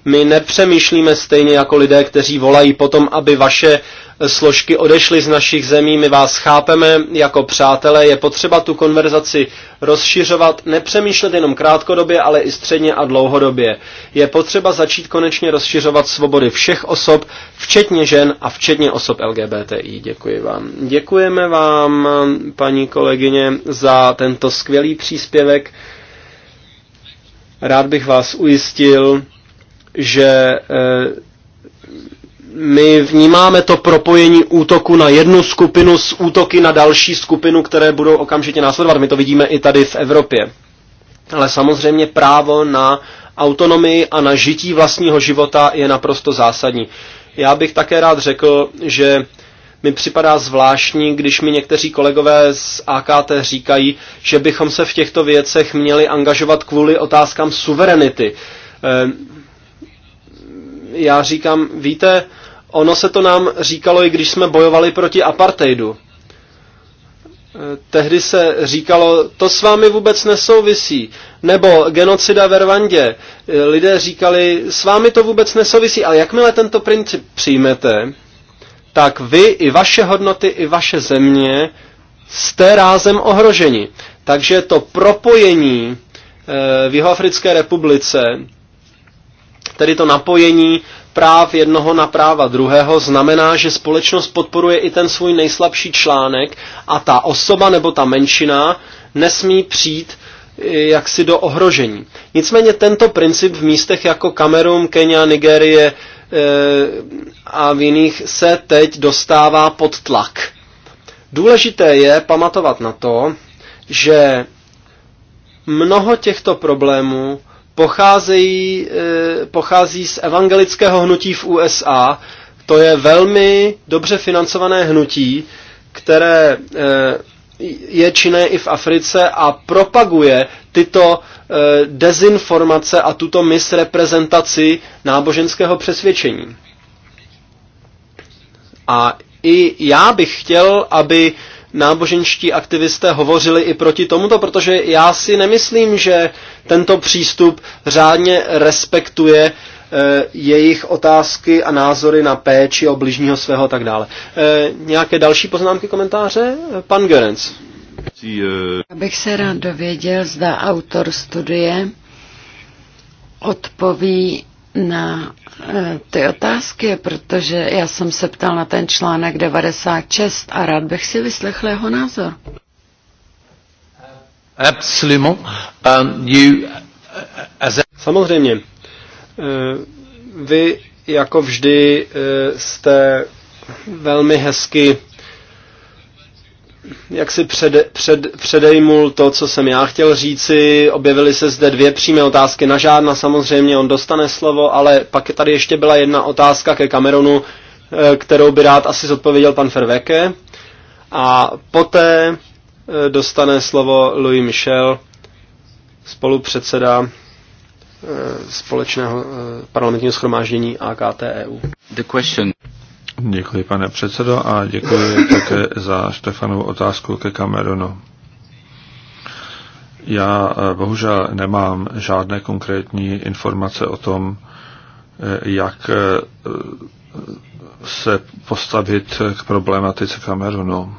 my nepřemýšlíme stejně jako lidé, kteří volají potom, aby vaše složky odešly z našich zemí. My vás chápeme jako přátelé. Je potřeba tu konverzaci rozšiřovat, nepřemýšlet jenom krátkodobě, ale i středně a dlouhodobě. Je potřeba začít konečně rozšiřovat svobody všech osob, včetně žen a včetně osob LGBTI. Děkuji vám. Děkujeme vám, paní kolegyně, za tento skvělý příspěvek. Rád bych vás ujistil, že eh, my vnímáme to propojení útoku na jednu skupinu s útoky na další skupinu, které budou okamžitě následovat. My to vidíme i tady v Evropě. Ale samozřejmě právo na autonomii a na žití vlastního života je naprosto zásadní. Já bych také rád řekl, že mi připadá zvláštní, když mi někteří kolegové z AKT říkají, že bychom se v těchto věcech měli angažovat kvůli otázkám suverenity. Ehm, já říkám, víte, ono se to nám říkalo, i když jsme bojovali proti apartheidu. Ehm, tehdy se říkalo, to s vámi vůbec nesouvisí. Nebo genocida ve Rwandě. Lidé říkali, s vámi to vůbec nesouvisí, ale jakmile tento princip přijmete, tak vy i vaše hodnoty, i vaše země jste rázem ohroženi. Takže to propojení eh, v Jihoafrické republice, tedy to napojení práv jednoho na práva druhého, znamená, že společnost podporuje i ten svůj nejslabší článek a ta osoba nebo ta menšina nesmí přijít eh, jaksi do ohrožení. Nicméně tento princip v místech jako Kamerun, Kenia, Nigérie, Eh, a v jiných se teď dostává pod tlak. Důležité je pamatovat na to, že mnoho těchto problémů pocházejí, eh, pochází z evangelického hnutí v USA. To je velmi dobře financované hnutí, které eh, je činné i v Africe a propaguje tyto Eh, dezinformace a tuto misreprezentaci náboženského přesvědčení. A i já bych chtěl, aby náboženští aktivisté hovořili i proti tomuto, protože já si nemyslím, že tento přístup řádně respektuje eh, jejich otázky a názory na péči o bližního svého a tak dále. Eh, nějaké další poznámky, komentáře? Pan Görenc. Eh, Abych se rád dověděl, zda autor studie odpoví na eh, ty otázky, protože já jsem se ptal na ten článek 96 a rád bych si vyslechl jeho názor. Um, uh, Samozřejmě. Eh, vy jako vždy jste velmi hezky jak si před, před, předejmul to, co jsem já chtěl říci. Objevily se zde dvě přímé otázky na žádná, samozřejmě on dostane slovo, ale pak tady ještě byla jedna otázka ke Cameronu, eh, kterou by rád asi zodpověděl pan Ferveke. A poté eh, dostane slovo Louis Michel, spolupředseda eh, společného parlamentního schromáždění AKTEU. The question. Děkuji, pane předsedo, a děkuji také za Štefanovu otázku ke Cameronu. Já eh, bohužel nemám žádné konkrétní informace o tom, eh, jak eh, se postavit k problematice Kamerunu.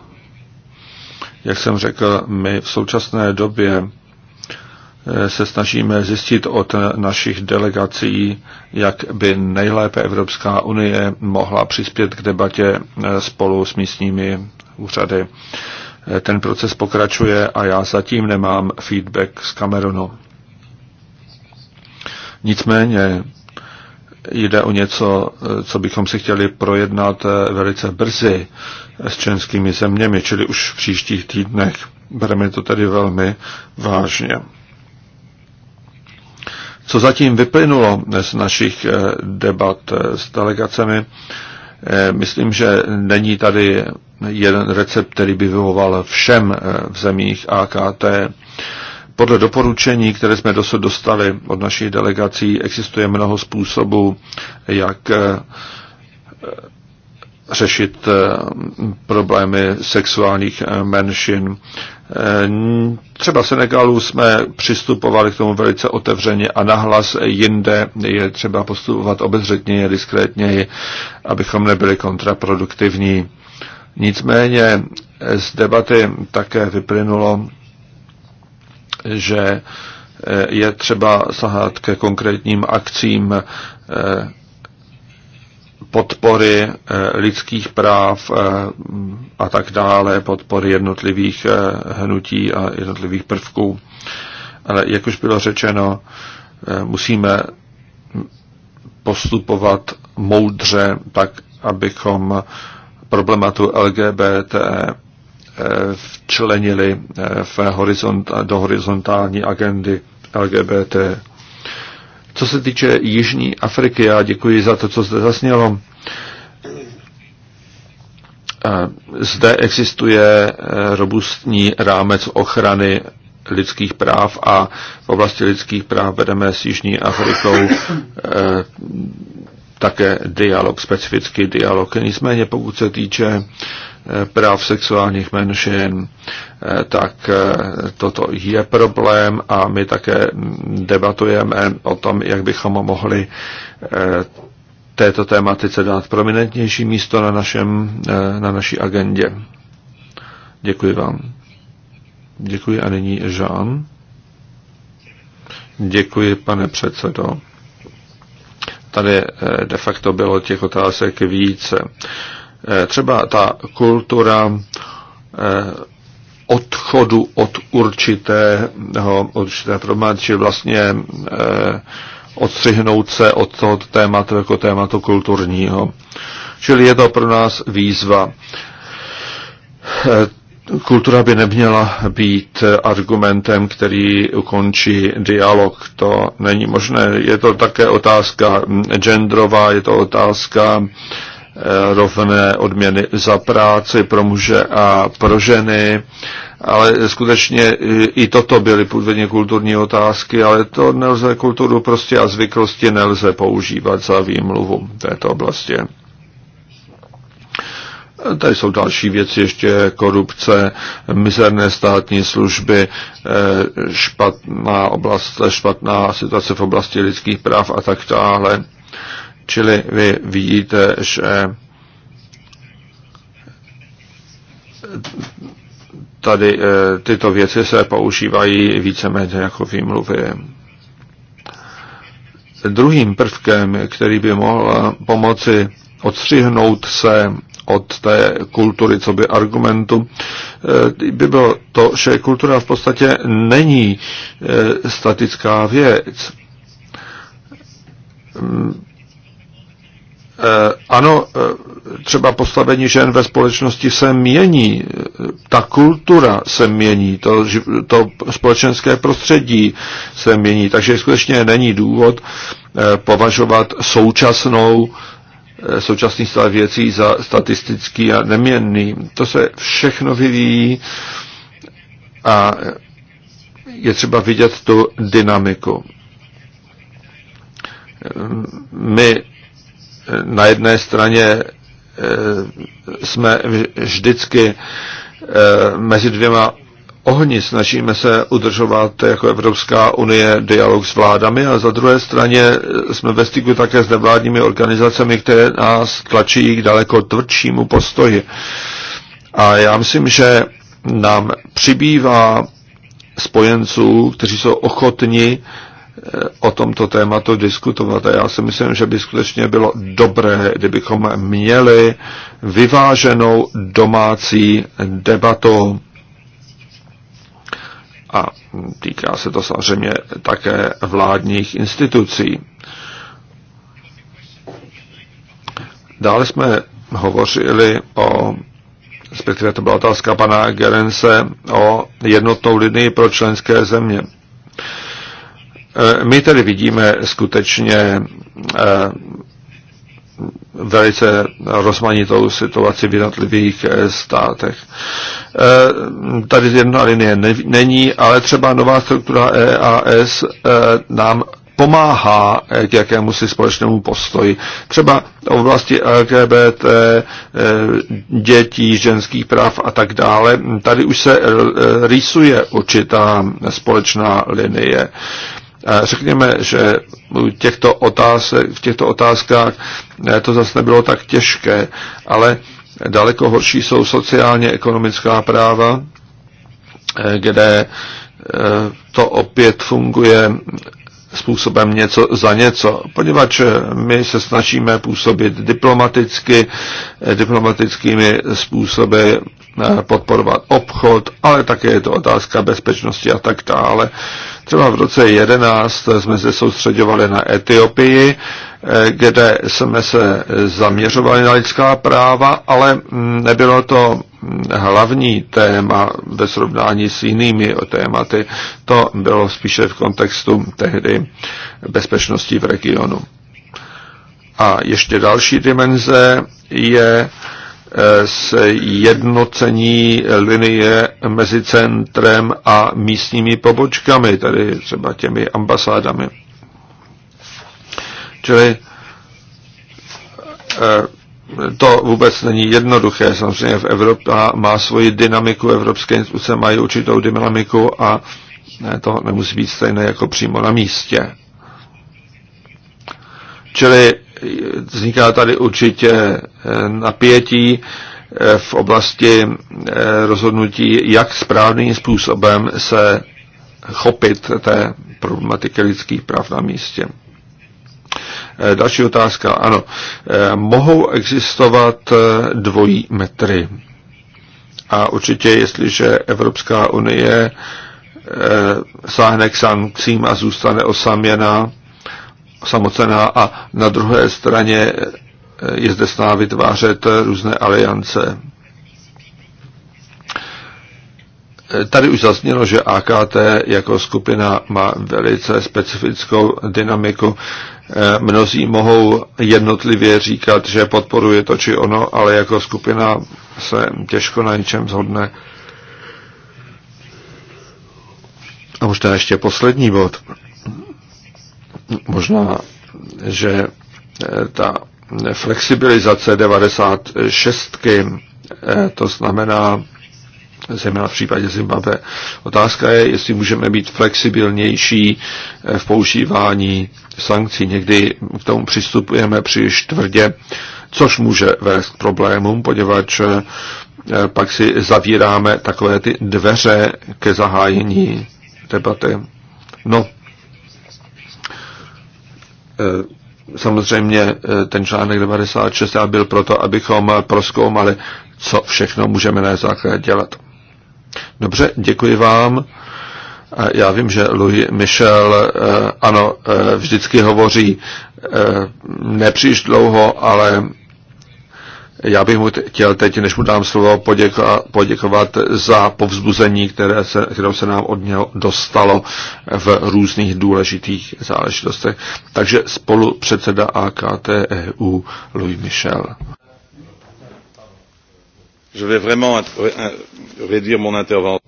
Jak jsem řekl, my v současné době Eh, se snažíme zjistit od našich delegací, jak by nejlépe Evropská unie mohla přispět k debatě eh, spolu s místními úřady. Eh, ten proces pokračuje a já zatím nemám feedback z Cameronu. Nicméně jde o něco, co bychom si chtěli projednat velice brzy s členskými zeměmi, čili už v příštích týdnech. Bereme to tedy velmi vážně. Co zatím vyplynulo z našich eh, debat eh, s delegacemi, eh, myslím, že není tady jeden recept, který by vyhovoval všem v zemích AKT. Podle doporučení, které jsme dosud dostali od našich delegací, existuje mnoho způsobů, jak řešit eh, problémy sexuálních eh, menšin. Eh, třeba v Senegalu jsme přistupovali k tomu velice otevřeně a nahlas jinde je třeba postupovat obezřetněji, diskrétněji, abychom nebyli kontraproduktivní. Nicméně z debaty také vyplynulo, že je třeba sahat ke konkrétním akcím podpory eh, lidských práv eh, a tak dále, podpory jednotlivých eh, hnutí a jednotlivých prvků. Ale jak už bylo řečeno, musíme postupovat moudře, tak abychom problematu LGBT včlenili v horizont, do horizontální agendy LGBT. Co se týče Jižní Afriky, já děkuji za to, co zde zasnělo. Eh, zde existuje eh, robustní rámec ochrany lidských práv a v oblasti lidských práv vedeme s Jižní Afrikou eh, také dialog, specifický dialog. Nicméně pokud se týče eh, práv sexuálních menšin, eh, tak eh, toto je problém a my také debatujeme o tom, jak bychom mohli této tématice dát prominentnější místo na, našem, na naší agendě. Děkuji vám. Děkuji a nyní Jean. Děkuji, pane předsedo. Tady eh, de facto bylo těch otázek více. Eh, třeba ta kultura eh, odchodu od určitého, od určité problematiky, či vlastně odstřihnout se od tohoto tématu jako tématu kulturního. Čili je to pro nás výzva. Kultura by neměla být argumentem, který ukončí dialog. To není možné. Je to také otázka genderová, je to otázka eh, rovné odměny za práci pro muže a pro ženy, ale skutečně i toto byly původně kulturní otázky, ale to nelze kulturu prostě a zvyklosti nelze používat za výmluvu v této oblasti. Tady jsou další věci, ještě korupce, mizerné státní služby, eh, špatná, oblast, špatná situace v oblasti lidských práv a tak dále. Čili vy vidíte, že tady eh, tyto věci se používají víceméně jako výmluvy. Druhým prvkem, který by mohl pomoci odstřihnout se od té kultury, co by argumentu, e, by bylo to, že kultura v podstatě není e, statická věc. Mm. E, ano, třeba postavení žen ve společnosti se mění, ta kultura se mění, to, to společenské prostředí se mění, takže skutečně není důvod považovat současnou Eh, současný stav věcí za statistický a neměnný. To se všechno vyvíjí a je třeba vidět tu dynamiku. My eh, na jedné straně eh, jsme vždycky mezi dvěma ohni. Snažíme se udržovat jako Evropská unie dialog s vládami a za druhé straně jsme ve styku také s nevládními organizacemi, které nás tlačí k daleko tvrdšímu postoji. A já myslím, že nám přibývá spojenců, kteří jsou ochotni eh, o tomto tématu diskutovat. A já si myslím, že by skutečně bylo dobré, kdybychom měli vyváženou domácí debatu a týká se to samozřejmě také vládních institucí. Dále jsme hovořili o, respektive to byla otázka pana Gerence, o jednotnou linii pro členské země. E, my tedy vidíme skutečně e, velice rozmanitou situaci v jednotlivých eh, státech. Eh, tady jedna linie není, ale třeba nová struktura EAS eh, nám pomáhá k jakému si společnému postoji. Třeba v oblasti LGBT, dětí, ženských práv a tak dále. Tady už se rýsuje určitá společná linie. Řekněme, že v těchto otázek, v těchto otázkách eh, to zase nebylo tak těžké, ale daleko horší jsou sociálně-ekonomická práva, eh, kde eh, to opět funguje způsobem něco za něco, poněvadž my se snažíme působit diplomaticky, eh, diplomatickými způsoby eh, podporovat obchod, ale také je to otázka bezpečnosti a tak dále. Třeba v roce 11 jsme se soustředovali na Etiopii, eh, kde jsme se zaměřovali na lidská práva, ale mm, nebylo to hlavní téma ve srovnání s jinými tématy, to bylo spíše v kontextu tehdy bezpečnosti v regionu. A ještě další dimenze je e, sjednocení linie mezi centrem a místními pobočkami, tedy třeba těmi ambasádami. Čili e, to vůbec není jednoduché. Samozřejmě v Evropě má svoji dynamiku, evropské instituce mají určitou dynamiku a ne, to nemusí být stejné jako přímo na místě. Čili vzniká tady určitě e, napětí e, v oblasti e, rozhodnutí, jak správným způsobem se chopit té problematiky lidských práv na místě. Eh, další otázka, ano. Eh, mohou existovat eh, dvojí metry. A určitě, jestliže Evropská unie sáhne k sankcím a zůstane osaměná, samocená a na druhé straně je zde sná vytvářet různé aliance. Tady už zaznělo, že AKT jako skupina má velice specifickou dynamiku. E, mnozí mohou jednotlivě říkat, že podporuje to či ono, ale jako skupina se těžko na ničem zhodne. A možná ještě poslední bod. Možná, že e, ta flexibilizace 96, e, to znamená zejména v případě Zimbabwe. Otázka je, jestli můžeme být flexibilnější eh, v používání sankcí. Někdy k tomu přistupujeme příliš tvrdě, což může vést k problémům, poněvadž eh, pak si zavíráme takové ty dveře ke zahájení debaty. No, eh, samozřejmě ten článek 96 byl proto, abychom proskoumali, co všechno můžeme na základě dělat. Dobře, děkuji vám. Já vím, že Louis Michel, eh, ano, eh, vždycky hovoří eh, nepříliš dlouho, ale já bych mu chtěl teď, než mu dám slovo, poděkovat za povzbuzení, které se, kterou se nám od něho dostalo v různých důležitých záležitostech. Takže spolu předseda AKT EU Louis Michel. Je vais vraiment réduire mon intervention.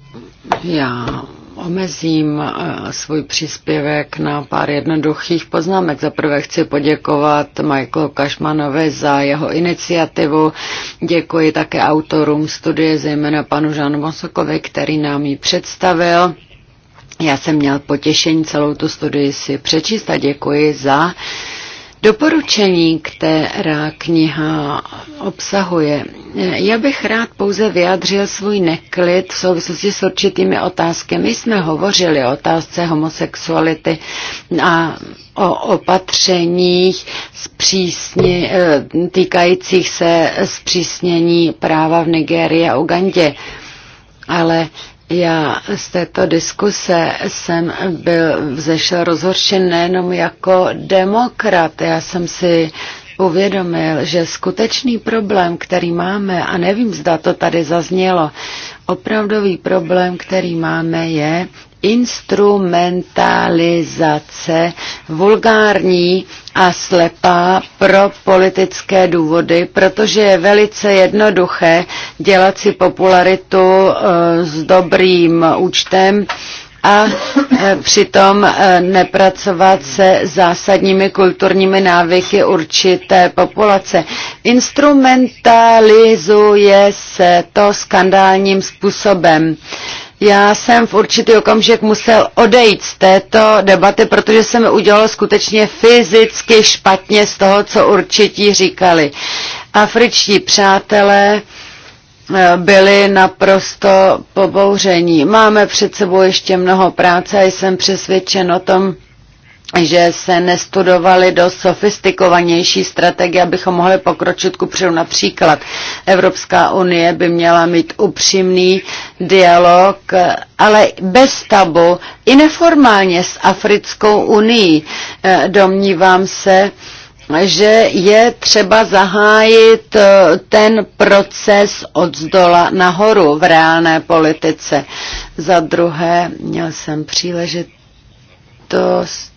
Já omezím eh, svůj příspěvek na pár jednoduchých poznámek. Za prvé chci poděkovat Michaelu Kašmanovi za jeho iniciativu. Děkuji také autorům studie, zejména panu Žánu Mosokovi, který nám ji představil. Já jsem měl potěšení celou tu studii si přečíst a děkuji za uh, Doporučení, která kniha obsahuje, já bych rád pouze vyjádřil svůj neklid v souvislosti s určitými otázkami. My jsme hovořili o otázce homosexuality a o opatřeních zpřísně, eh, týkajících se zpřísnění práva v Nigérii a Ugandě. Ale já z této diskuse jsem byl vzešel rozhorčen nejenom jako demokrat. Já jsem si uvědomil, že skutečný problém, který máme, a nevím, zda to tady zaznělo, opravdový problém, který máme, je, instrumentalizace vulgární a slepá pro politické důvody, protože je velice jednoduché dělat si popularitu eh, s dobrým účtem a eh, přitom eh, nepracovat se zásadními kulturními návyky určité populace. Instrumentalizuje se to skandálním způsobem já jsem v určitý okamžik musel odejít z této debaty, protože se mi udělalo skutečně fyzicky špatně z toho, co určití říkali. Afričtí přátelé eh, byli naprosto pobouření. Máme před sebou ještě mnoho práce a jsem přesvědčen o tom, že se nestudovaly do sofistikovanější strategie, abychom mohli pokročit ku předu. Například Evropská unie by měla mít upřímný dialog, ale bez tabu, i neformálně s Africkou unii. Eh, domnívám se, že je třeba zahájit eh, ten proces od zdola nahoru v reálné politice. Za druhé, měl jsem příležitost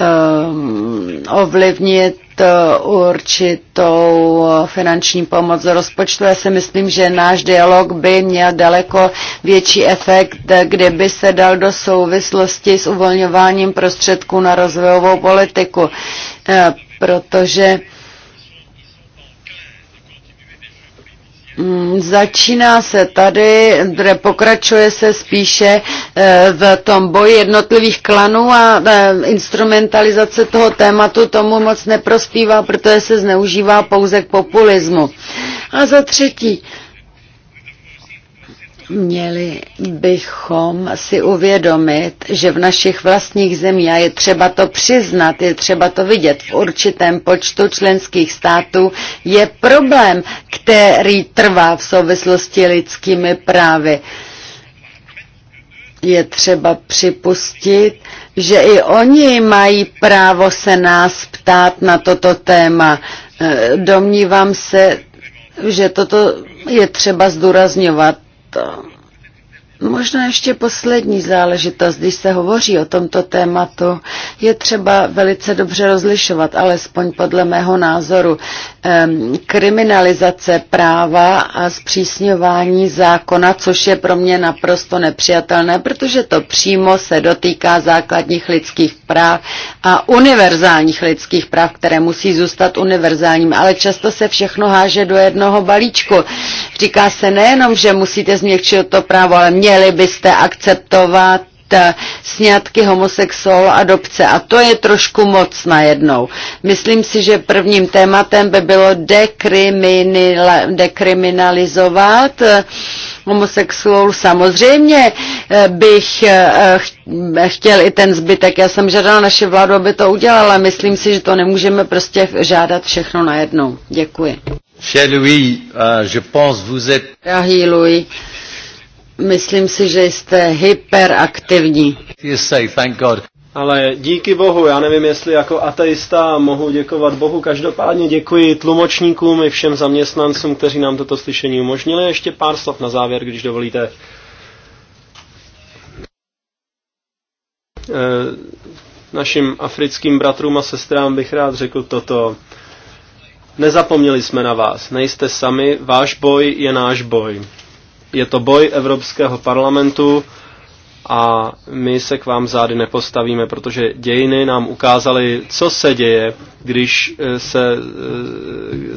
Eh, ovlivnit eh, určitou finanční pomoc z rozpočtu. Já si myslím, že náš dialog by měl daleko větší efekt, kdyby se dal do souvislosti s uvolňováním prostředků na rozvojovou politiku, eh, protože Mm, začíná se tady, pokračuje se spíše eh, v tom boji jednotlivých klanů a eh, instrumentalizace toho tématu tomu moc neprospívá, protože se zneužívá pouze k populismu. A za třetí, Měli bychom si uvědomit, že v našich vlastních zemích, a je třeba to přiznat, je třeba to vidět, v určitém počtu členských států je problém, který trvá v souvislosti lidskými právy. Je třeba připustit, že i oni mají právo se nás ptát na toto téma. E, domnívám se, že toto je třeba zdůrazňovat to Možná ještě poslední záležitost, když se hovoří o tomto tématu, je třeba velice dobře rozlišovat, alespoň podle mého názoru, kriminalizace práva a zpřísňování zákona, což je pro mě naprosto nepřijatelné, protože to přímo se dotýká základních lidských práv a univerzálních lidských práv, které musí zůstat univerzálním, ale často se všechno háže do jednoho balíčku. Říká se nejenom, že musíte změkčit to právo, ale mě Měli byste akceptovat eh, sňatky homosexuál a dobce. A to je trošku moc najednou. Myslím si, že prvním tématem by bylo dekriminalizovat eh, homosexuál. Samozřejmě eh, bych chtěl i ten zbytek. Já jsem žádala naše vládu, aby to udělala. Myslím si, že to nemůžeme prostě žádat všechno najednou. Děkuji. Cher Louis, uh, je pense vous êtes... Drahý Louis, Myslím si, že jste hyperaktivní. Ale díky Bohu, já nevím, jestli jako ateista mohu děkovat Bohu. Každopádně děkuji tlumočníkům i všem zaměstnancům, kteří nám toto slyšení umožnili. Ještě pár slov na závěr, když dovolíte. Eh, našim africkým bratrům a sestrám bych rád řekl toto. Nezapomněli jsme na vás, nejste sami, váš boj je náš boj je to boj Evropského parlamentu a my se k vám zády nepostavíme, protože dějiny nám ukázaly, co se děje, když eh, se eh,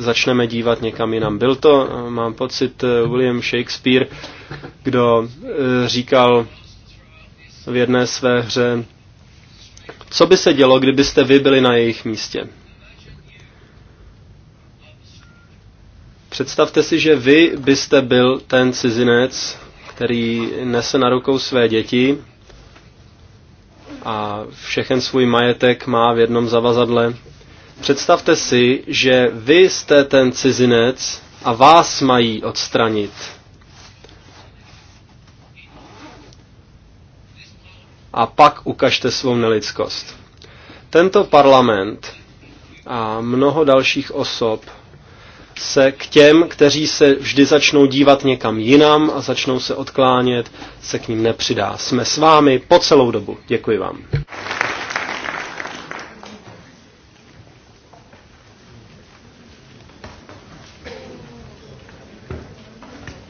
začneme dívat někam jinam. Byl to, eh, mám pocit, William Shakespeare, kdo říkal v jedné své hře, co by se dělo, kdybyste vy byli na jejich místě. Představte si, že vy byste byl ten cizinec, který nese na rukou své děti a všechen svůj majetek má v jednom zavazadle. Představte si, že vy jste ten cizinec a vás mají odstranit. A pak ukažte svou nelidskost. Tento parlament a mnoho dalších osob se k těm, kteří se vždy začnou dívat někam jinam a začnou se odklánět, se k ním nepřidá. Jsme s vámi po celou dobu. Děkuji vám.